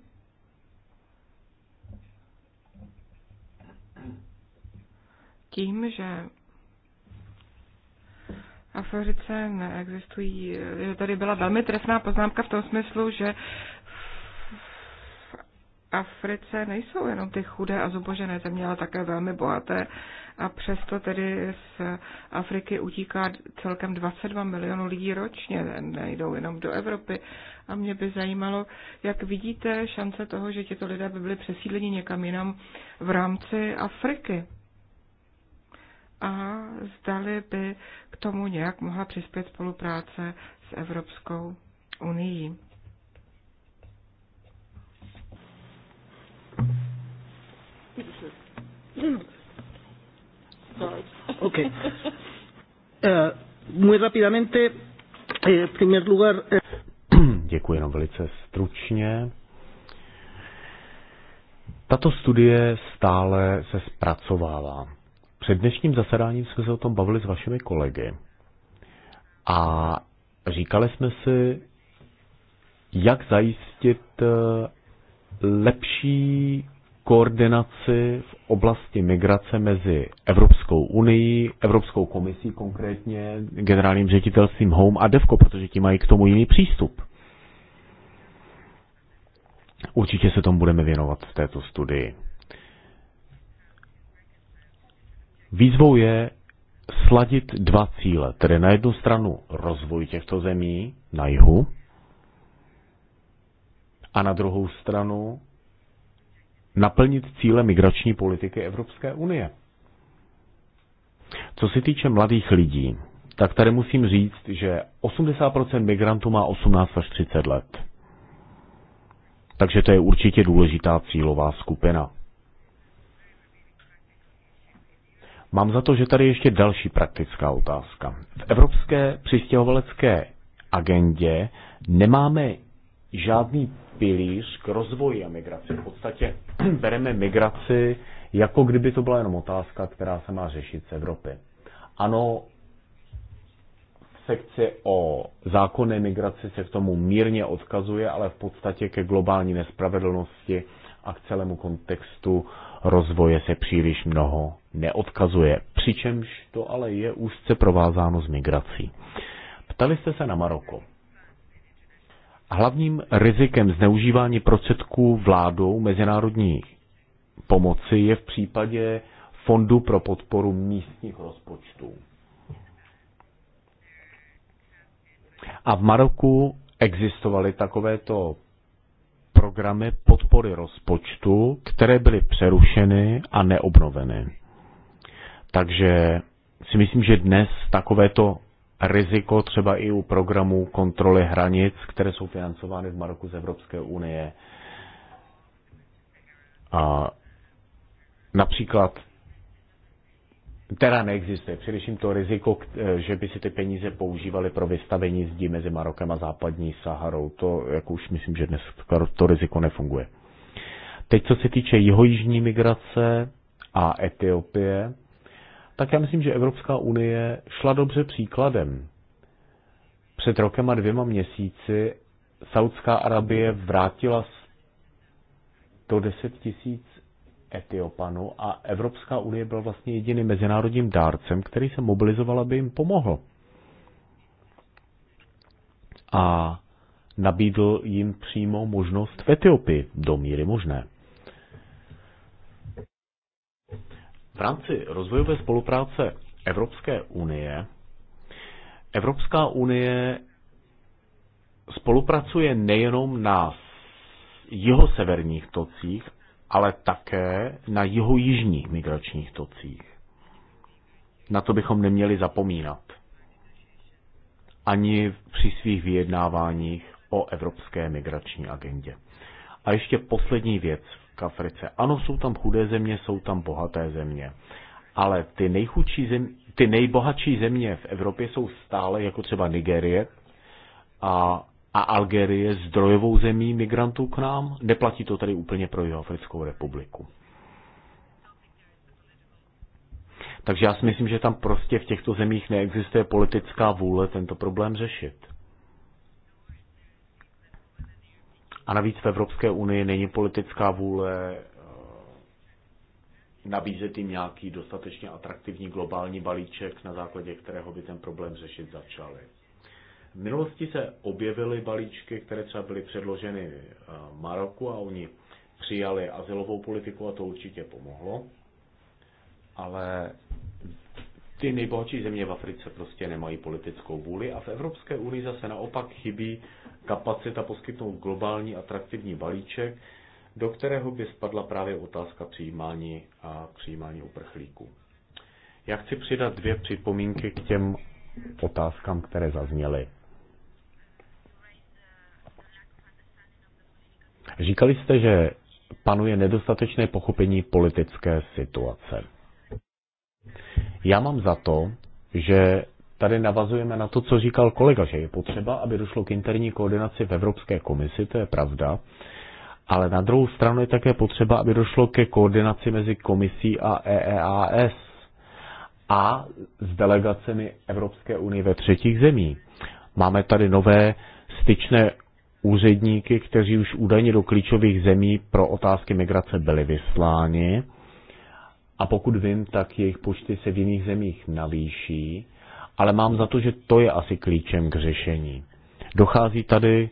Tím, že Africe neexistují, tady byla velmi trefná poznámka v tom smyslu, že v Africe nejsou jenom ty chudé a zubožené země, ale také velmi bohaté a přesto tedy z Afriky utíká celkem 22 milionů lidí ročně, nejdou jenom do Evropy. A mě by zajímalo, jak vidíte šance toho, že těto lidé by byli přesídleni někam jinam v rámci Afriky a zdali by k tomu nějak mohla přispět spolupráce s Evropskou unii. Okay. Uh, muy rápidamente, eh, primer lugar. Eh... Děkuji jenom velice stručně. Tato studie stále se zpracovává. Před dnešním zasedáním jsme se o tom bavili s vašimi kolegy a říkali jsme si, jak zajistit eh, lepší koordinaci v oblasti migrace mezi Evropskou unii, Evropskou komisí konkrétně, generálním ředitelstvím Home a DEVCO, protože ti mají k tomu jiný přístup. Určitě se tomu budeme věnovat v této studii. Výzvou je sladit dva cíle, tedy na jednu stranu rozvoj těchto zemí na jihu a na druhou stranu naplnit cíle migrační politiky Evropské unie. Co se týče mladých lidí, tak tady musím říct, že 80% migrantů má 18 až 30 let. Takže to je určitě důležitá cílová skupina. Mám za to, že tady ještě další praktická otázka. V evropské přistěhovalecké agendě nemáme žádný pilíř k rozvoji a migraci. V podstatě bereme migraci, jako kdyby to byla jenom otázka, která se má řešit z Evropy. Ano, sekce o zákonné migraci se k tomu mírně odkazuje, ale v podstatě ke globální nespravedlnosti a k celému kontextu uh, rozvoje se příliš mnoho neodkazuje, přičemž to ale je úzce provázáno s migrací. Ptali jste se na Maroko. Hlavním rizikem zneužívání prostředků vládou mezinárodní pomoci je v případě Fondu pro podporu místních rozpočtů. A v Maroku existovaly takovéto programy podpory rozpočtu, které byly přerušeny a neobnoveny. Takže si myslím, že dnes takovéto riziko třeba i u programů kontroly hranic, které jsou financovány v Maroku z Evropské unie. A například která neexistuje. Především to riziko, eh, že by si ty peníze používaly pro vystavení zdi mezi Marokem a západní Saharou, to jak už myslím, že dnes to riziko nefunguje. Teď, co se týče jihojižní migrace a Etiopie, tak já myslím, že Evropská unie šla dobře příkladem. Před rokem a dvěma měsíci Saudská Arabie vrátila 110 tisíc Etiopanu a Evropská unie byla vlastně jediným mezinárodním dárcem, který se mobilizoval, aby jim pomohl. A nabídl jim přímo možnost v Etiopii, do míry možné. V rámci rozvojové spolupráce Evropské unie Evropská unie spolupracuje nejenom na jeho severních tocích, ale také na jihojižních migračních tocích. Na to bychom neměli zapomínat. Ani při svých vyjednáváních o evropské migrační agendě. A ještě poslední věc k Africe. Ano, jsou tam chudé země, jsou tam bohaté země. Ale ty, nejchudší země, ty nejbohatší země v Evropě jsou stále, jako třeba Nigérie, a a Algérie zdrojovou zemí migrantů k nám? Neplatí to tady úplně pro Jihoafrickou republiku. Takže já si myslím, že tam prostě v těchto zemích neexistuje politická vůle tento problém řešit. A navíc v Evropské unii není politická vůle eh, nabízet jim nějaký dostatečně atraktivní globální balíček, na základě kterého by ten problém řešit začali. V minulosti se objevily balíčky, které třeba byly předloženy eh, Maroku a oni přijali asilovou politiku a to určitě pomohlo. Ale ty nejbohatší země v Africe prostě nemají politickou vůli a v Evropské unii zase naopak chybí kapacita poskytnout globální atraktivní balíček, do kterého by spadla právě otázka přijímání a přijímání uprchlíků. Já chci přidat dvě připomínky k těm otázkám, které zazněly. Říkali jste, že panuje nedostatečné pochopení politické situace. Já mám za to, že tady navazujeme na to, co říkal kolega, že je potřeba, aby došlo k interní koordinaci v Evropské komisi, to je pravda, ale na druhou stranu je také potřeba, aby došlo ke koordinaci mezi komisí a EEAS a s delegacemi Evropské unie ve třetích zemí. Máme tady nové styčné úředníky, kteří už údajně do klíčových zemí pro otázky migrace byli vysláni. A pokud vím, tak jejich počty se v jiných zemích navýší, ale mám za to, že to je asi klíčem k řešení. Dochází tady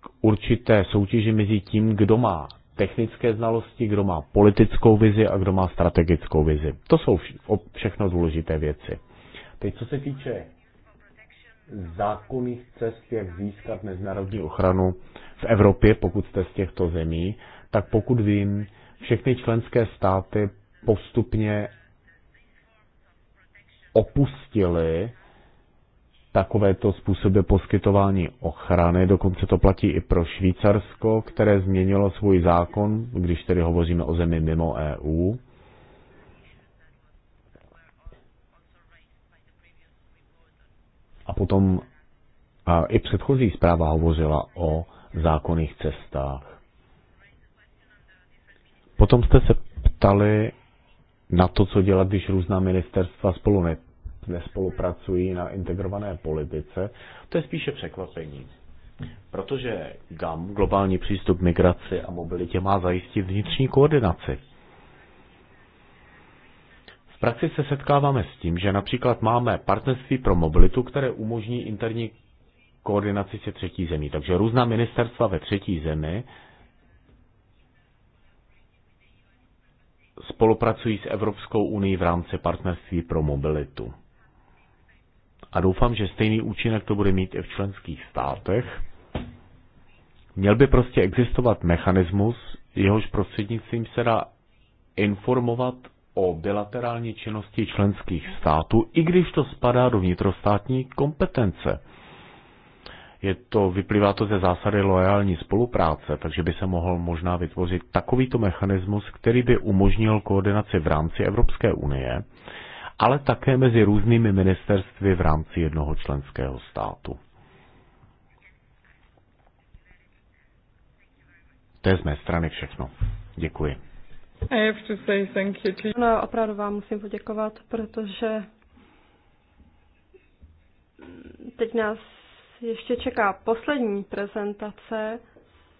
k určité soutěži mezi tím, kdo má technické znalosti, kdo má politickou vizi a kdo má strategickou vizi. To jsou všechno důležité věci. Teď co se týče zákonných cest, jak získat mezinárodní ochranu v Evropě, pokud jste z těchto zemí, tak pokud vím, všechny členské státy postupně opustily takovéto způsoby poskytování ochrany. Dokonce to platí i pro Švýcarsko, které změnilo svůj zákon, když tedy hovoříme o zemi mimo EU. potom a i předchozí zpráva hovořila o zákonných cestách. Potom jste se ptali na to, co dělat, když různá ministerstva spolu ne, nespolupracují na integrované politice. To je spíše překvapení. Protože GAM, globální přístup migraci a mobilitě, má zajistit vnitřní koordinaci. V praxi se setkáváme s tím, že například máme partnerství pro mobilitu, které umožní interní koordinaci se třetí zemí. Takže různá ministerstva ve třetí zemi spolupracují s Evropskou unii v rámci partnerství pro mobilitu. A doufám, že stejný účinek to bude mít i v členských státech. Měl by prostě existovat mechanismus, jehož prostřednictvím se dá informovat o bilaterální činnosti členských států, i když to spadá do vnitrostátní kompetence. Je to, vyplývá to ze zásady loajální spolupráce, takže by se mohl možná vytvořit takovýto mechanismus, který by umožnil koordinaci v rámci Evropské unie, ale také mezi různými ministerstvy v rámci jednoho členského státu. To je z mé strany všechno. Děkuji. I have to say thank you to... No, opravdu vám musím poděkovat, protože teď nás ještě čeká poslední prezentace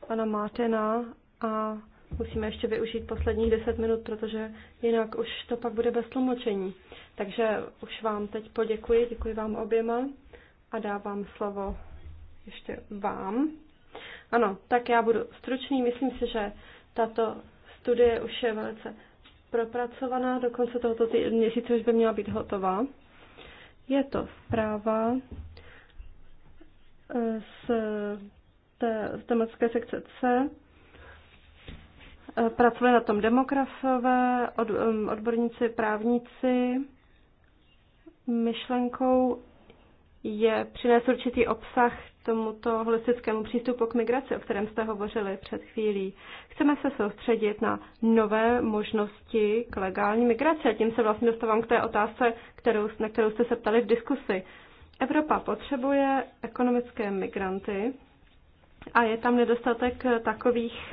pana Mátena a musíme ještě využít posledních 10 minut, protože jinak už to pak bude bez tlumočení. Takže už vám teď poděkuji, děkuji vám oběma a dávám slovo ještě vám. Ano, tak já budu stručný. Myslím si, že tato studie už je velice propracovaná, do konce tohoto měsíce už by měla být hotová. Je to zpráva eh, z té tematické sekce C. Eh, pracuje na tom demografové, od, odborníci, právníci. Myšlenkou je přinést určitý obsah tomuto holistickému přístupu k migraci, o kterém jste hovořili před chvílí. Chceme se soustředit na nové možnosti k legální migraci. A tím se vlastně dostávám k té otázce, kterou, na kterou jste se ptali v diskusi. Evropa potřebuje ekonomické migranty a je tam nedostatek takových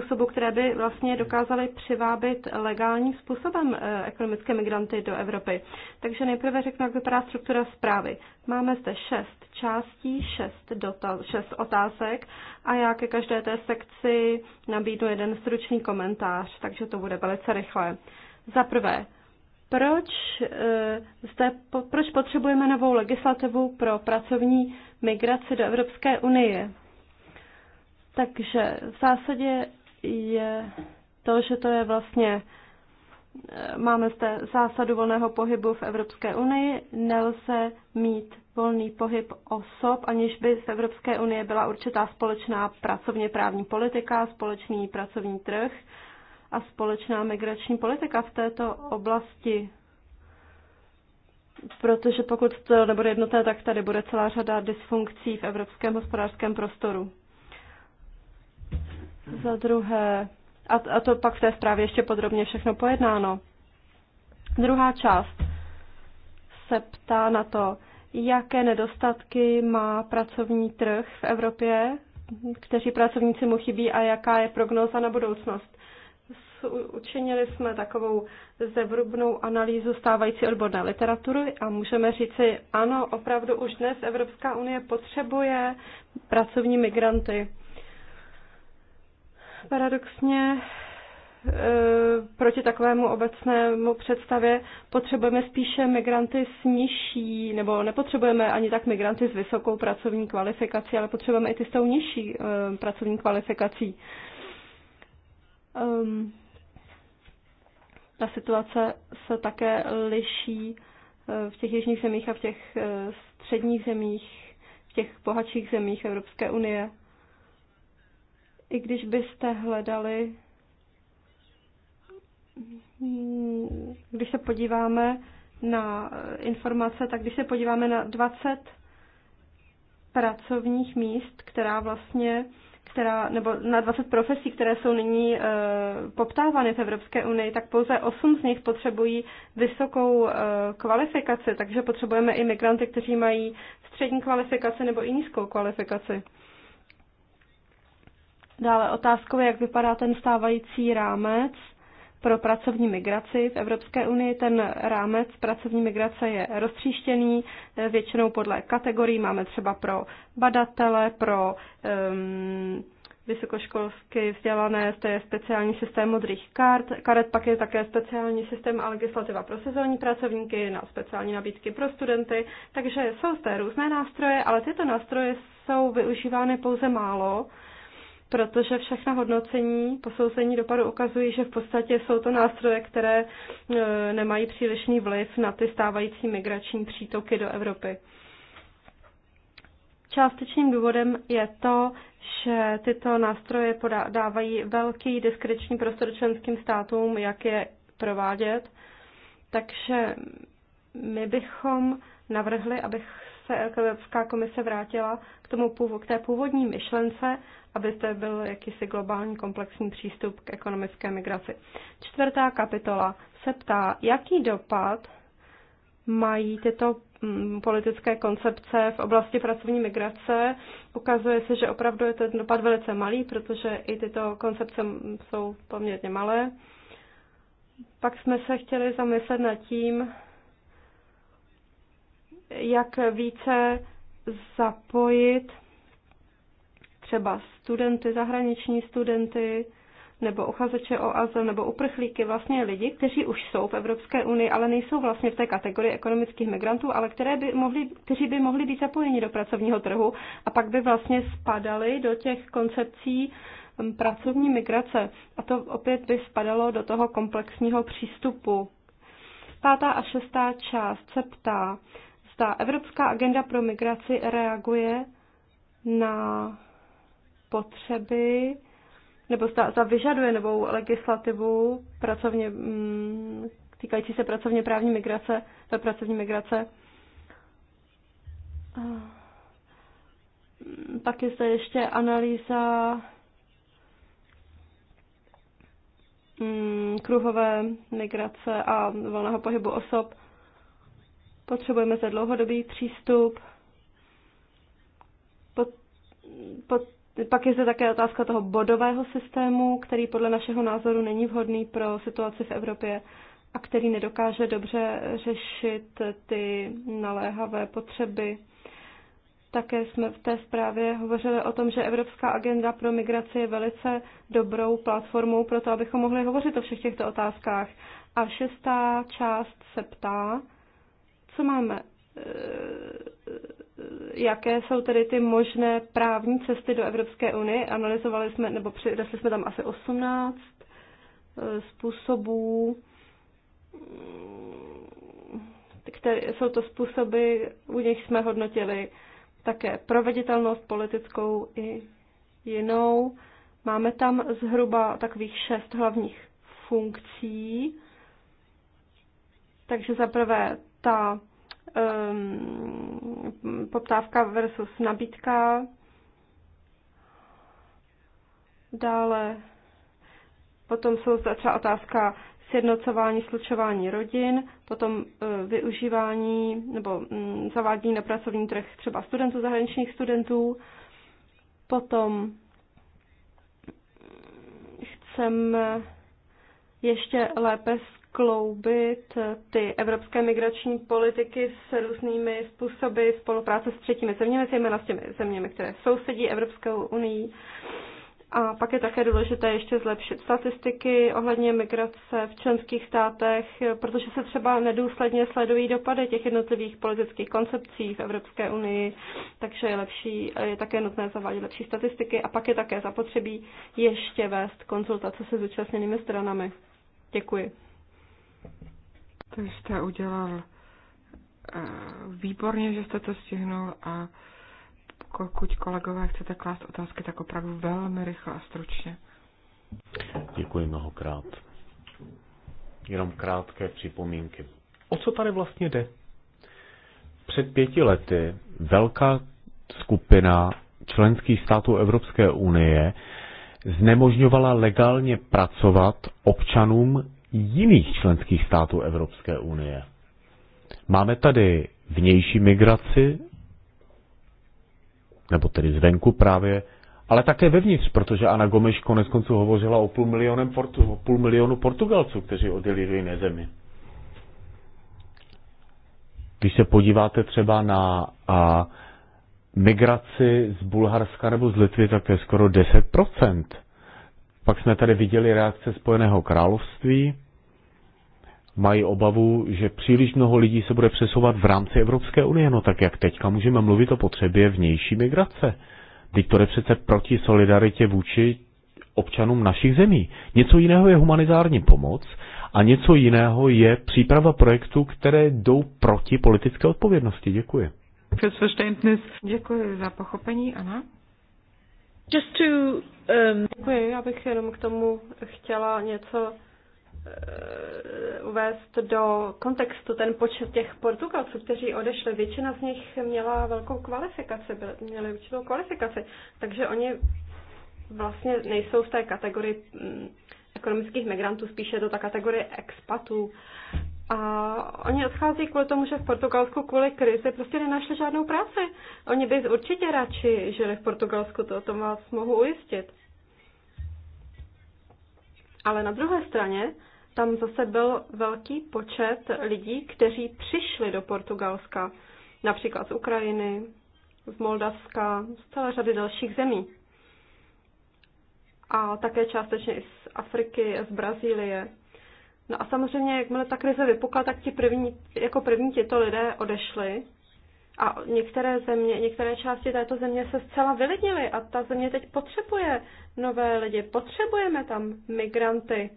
způsobu, které by vlastně dokázaly přivábit legálním způsobem eh, ekonomické migranty do Evropy. Takže nejprve řeknu, jak vypadá struktura zprávy. Máme zde šest částí, šest, dotaz, šest otázek a já ke každé té sekci nabídnu jeden stručný komentář, takže to bude velice rychlé. Za prvé, proč, eh, zde, proč potřebujeme novou legislativu pro pracovní migraci do Evropské unie? Takže v zásadě je to, že to je vlastně eh, máme zde zásadu volného pohybu v Evropské unii. Nelze mít volný pohyb osob, aniž by z Evropské unie byla určitá společná pracovně právní politika, společný pracovní trh a společná migrační politika v této oblasti. Protože pokud to nebude jednotné, tak tady bude celá řada dysfunkcí v evropském hospodářském prostoru. Za druhé, a, a to pak v té zprávě ještě podrobně všechno pojednáno. Druhá část se ptá na to, jaké nedostatky má pracovní trh v Evropě, kteří pracovníci mu chybí a jaká je prognóza na budoucnost. Učinili jsme takovou zevrubnou analýzu stávající odborné literatury a můžeme říci, ano, opravdu už dnes Evropská unie potřebuje pracovní migranty. Paradoxně e, proti takovému obecnému představě potřebujeme spíše migranty s nižší, nebo nepotřebujeme ani tak migranty s vysokou pracovní kvalifikací, ale potřebujeme i ty s tou nižší e, pracovní kvalifikací. Um, ta situace se také liší e, v těch jižních zemích a v těch středních zemích, v těch bohatších zemích Evropské unie i když byste hledali, když se podíváme na informace, tak když se podíváme na 20 pracovních míst, která vlastně, která, nebo na 20 profesí, které jsou nyní e, poptávány v Evropské unii, tak pouze 8 z nich potřebují vysokou e, kvalifikaci, takže potřebujeme i migranty, kteří mají střední kvalifikaci nebo i nízkou kvalifikaci. Dále otázkou jak vypadá ten stávající rámec pro pracovní migraci v Evropské unii. Ten rámec pracovní migrace je roztříštěný, eh, většinou podle kategorií. Máme třeba pro badatele, pro um, vysokoškolsky vzdělané, to je speciální systém modrých kart, karet, pak je také speciální systém a legislativa pro sezónní pracovníky, na speciální nabídky pro studenty, takže jsou zde různé nástroje, ale tyto nástroje jsou využívány pouze málo protože všechna hodnocení, posouzení dopadu ukazují, že v podstatě jsou to nástroje, které e, nemají přílišný vliv na ty stávající migrační přítoky do Evropy. Částečným důvodem je to, že tyto nástroje dávají velký diskreční prostor členským státům, jak je provádět. Takže my bychom navrhli, abych se Evropská komise vrátila k, tomu, k té původní myšlence, aby to byl jakýsi globální komplexní přístup k ekonomické migraci. Čtvrtá kapitola se ptá, jaký dopad mají tyto mm, politické koncepce v oblasti pracovní migrace. Ukazuje se, že opravdu je ten dopad velice malý, protože i tyto koncepce jsou poměrně malé. Pak jsme se chtěli zamyslet nad tím, jak více zapojit třeba studenty, zahraniční studenty, nebo uchazeče o azyl, nebo uprchlíky, vlastně lidi, kteří už jsou v Evropské unii, ale nejsou vlastně v té kategorii ekonomických migrantů, ale které by mohli, kteří by mohli být zapojeni do pracovního trhu a pak by vlastně spadali do těch koncepcí hm, pracovní migrace. A to opět by spadalo do toho komplexního přístupu. Pátá a šestá část se ptá, ta Evropská agenda pro migraci reaguje na potřeby nebo zda, zda vyžaduje novou legislativu pracovně, mm, týkající se pracovně právní migrace, ta pracovní migrace. Pak je zde ještě analýza mm, kruhové migrace a volného pohybu osob. Potřebujeme za dlouhodobý přístup. Pot, pot, pak je zde také otázka toho bodového systému, který podle našeho názoru není vhodný pro situaci v Evropě a který nedokáže dobře řešit ty naléhavé potřeby. Také jsme v té zprávě hovořili o tom, že Evropská agenda pro migraci je velice dobrou platformou pro to, abychom mohli hovořit o všech těchto otázkách. A šestá část se ptá, co máme, e, e, jaké jsou tedy ty možné právní cesty do Evropské unie. Analyzovali jsme, nebo přidali jsme tam asi 18 e, způsobů, které, jsou to způsoby, u nich jsme hodnotili také proveditelnost politickou i jinou. Máme tam zhruba takových šest hlavních funkcí. Takže za prvé ta um, poptávka versus nabídka. Dále potom jsou zde třeba otázka sjednocování, slučování rodin, potom e, využívání nebo mm, zavádění na pracovní trh třeba studentů, zahraničních studentů, potom chceme ještě lépe skloubit ty evropské migrační politiky s různými způsoby spolupráce s třetími zeměmi, zejména s těmi zeměmi, které sousedí Evropskou unii. A pak je také důležité ještě zlepšit statistiky ohledně migrace v členských státech, protože se třeba nedůsledně sledují dopady těch jednotlivých politických koncepcí v Evropské unii, takže je, lepší, je také nutné zavádět lepší statistiky a pak je také zapotřebí ještě vést konzultace se zúčastněnými stranami. Děkuji. To jste udělal eh, výborně, že jste to stihnul a pokud kolegové chcete klást otázky, tak opravdu velmi rychle a stručně. Děkuji mnohokrát. Jenom krátké připomínky. O co tady vlastně jde? Před pěti lety velká skupina členských států Evropské unie znemožňovala legálně pracovat občanům jiných členských států Evropské unie. Máme tady vnější migraci, nebo tedy zvenku právě, ale také vevnitř, protože Ana Gomeš konec konců hovořila o půl, portu, o půl milionu Portugalců, kteří odjeli do jiné zemi. Když se podíváte třeba na a, migraci z Bulharska nebo z Litvy, tak to je skoro 10%. Pak jsme tady viděli reakce Spojeného království, mají obavu, že příliš mnoho lidí se bude přesouvat v rámci Evropské unie. No tak jak teďka můžeme mluvit o potřebě vnější migrace? Teď to jde přece proti solidaritě vůči občanům našich zemí. Něco jiného je humanitární pomoc a něco jiného je příprava projektů, které jdou proti politické odpovědnosti. Děkuji. Děkuji za pochopení, Ana. Just to, um... Děkuji, já bych jenom k tomu chtěla něco Eh, uvést do kontextu ten počet těch Portugalců, kteří odešli. Většina z nich měla velkou kvalifikaci, měli určitou kvalifikaci, takže oni vlastně nejsou v té kategorii mm, ekonomických migrantů, spíše do ta kategorie expatů. A oni odchází kvůli tomu, že v Portugalsku kvůli krizi prostě nenašli žádnou práci. Oni by určitě radši žili v Portugalsku, to o tom vás mohu ujistit. Ale na druhé straně tam zase byl velký počet lidí, kteří přišli do Portugalska, například z Ukrajiny, z Moldavska, z celé řady dalších zemí. A také částečně i z Afriky, z Brazílie. No a samozřejmě, jakmile ta krize vypukla, tak ti první, jako první tyto lidé odešli a některé země, některé části této země se zcela vylidnily a ta země teď potřebuje nové lidi, potřebujeme tam migranty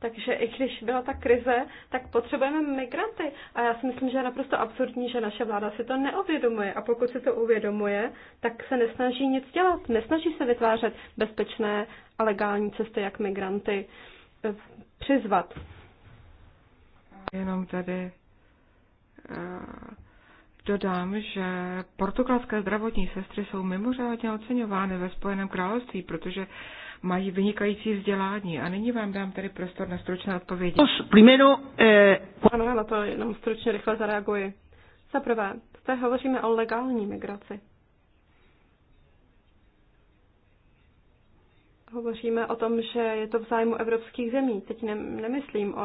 takže i když byla ta krize, tak potřebujeme migranty. A já si myslím, že je naprosto absurdní, že naše vláda si to neuvědomuje. A pokud si to uvědomuje, tak se nesnaží nic dělat. Nesnaží se vytvářet bezpečné a legální cesty, jak migranty eh, přizvat. Jenom tady eh, Dodám, že portugalské zdravotní sestry jsou mimořádně oceňovány ve Spojeném království, protože mají vynikající vzdělání. A nyní vám dám tady prostor na stručné odpovědi. Primero, eh... Ano, na to jenom stručně rychle zareaguji. Za prvé, zde hovoříme o legální migraci. hovoříme o tom, že je to v zájmu evropských zemí. Teď ne, nemyslím, o,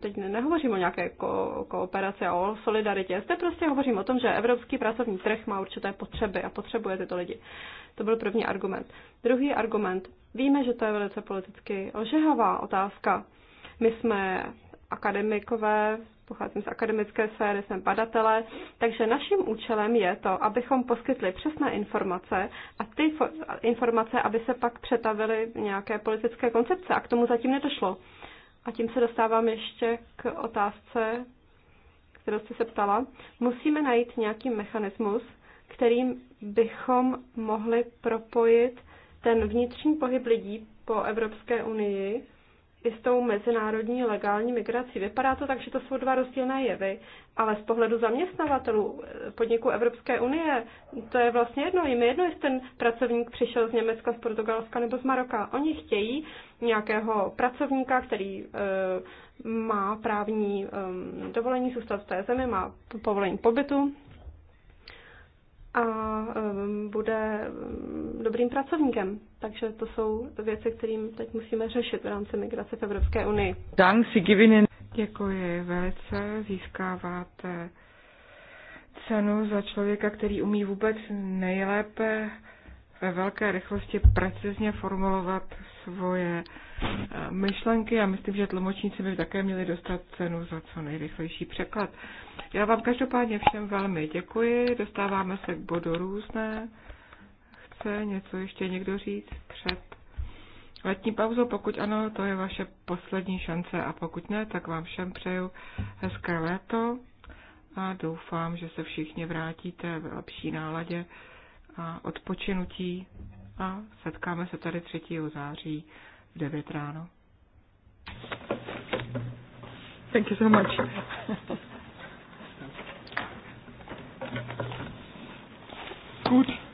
teď nehovořím o nějaké ko, kooperaci a o solidaritě. Zde prostě hovořím o tom, že evropský pracovní trh má určité potřeby a potřebuje tyto lidi. To byl první argument. Druhý argument. Víme, že to je velice politicky ožehavá otázka. My jsme akademikové, pocházím z akademické sféry, jsem badatele, takže naším účelem je to, abychom poskytli přesné informace a ty informace, aby se pak přetavily v nějaké politické koncepce a k tomu zatím nedošlo. A tím se dostávám ještě k otázce, kterou jste se ptala. Musíme najít nějaký mechanismus, kterým bychom mohli propojit ten vnitřní pohyb lidí po Evropské unii i s tou mezinárodní legální migrací. Vypadá to tak, že to jsou dva rozdílné jevy, ale z pohledu zaměstnavatelů eh, podniků Evropské unie to je vlastně jedno. Jim je jedno, jestli ten pracovník přišel z Německa, z Portugalska nebo z Maroka. Oni chtějí nějakého pracovníka, který e, má právní e, dovolení zůstat v té zemi, má povolení pobytu a um, bude um, dobrým pracovníkem. Takže to jsou věci, kterým teď musíme řešit v rámci migrace v Evropské unii. Děkuji velice. Získáváte cenu za člověka, který umí vůbec nejlépe ve velké rychlosti precizně formulovat svoje myšlenky. Já myslím, že tlumočníci by také měli dostat cenu za co nejrychlejší překlad. Já vám každopádně všem velmi děkuji. Dostáváme se k bodu různé. Chce něco ještě někdo říct před letní pauzou? Pokud ano, to je vaše poslední šance a pokud ne, tak vám všem přeju hezké léto a doufám, že se všichni vrátíte v lepší náladě a odpočinutí a setkáme se tady 3. září v 9 ráno. Thank you so much. Gut.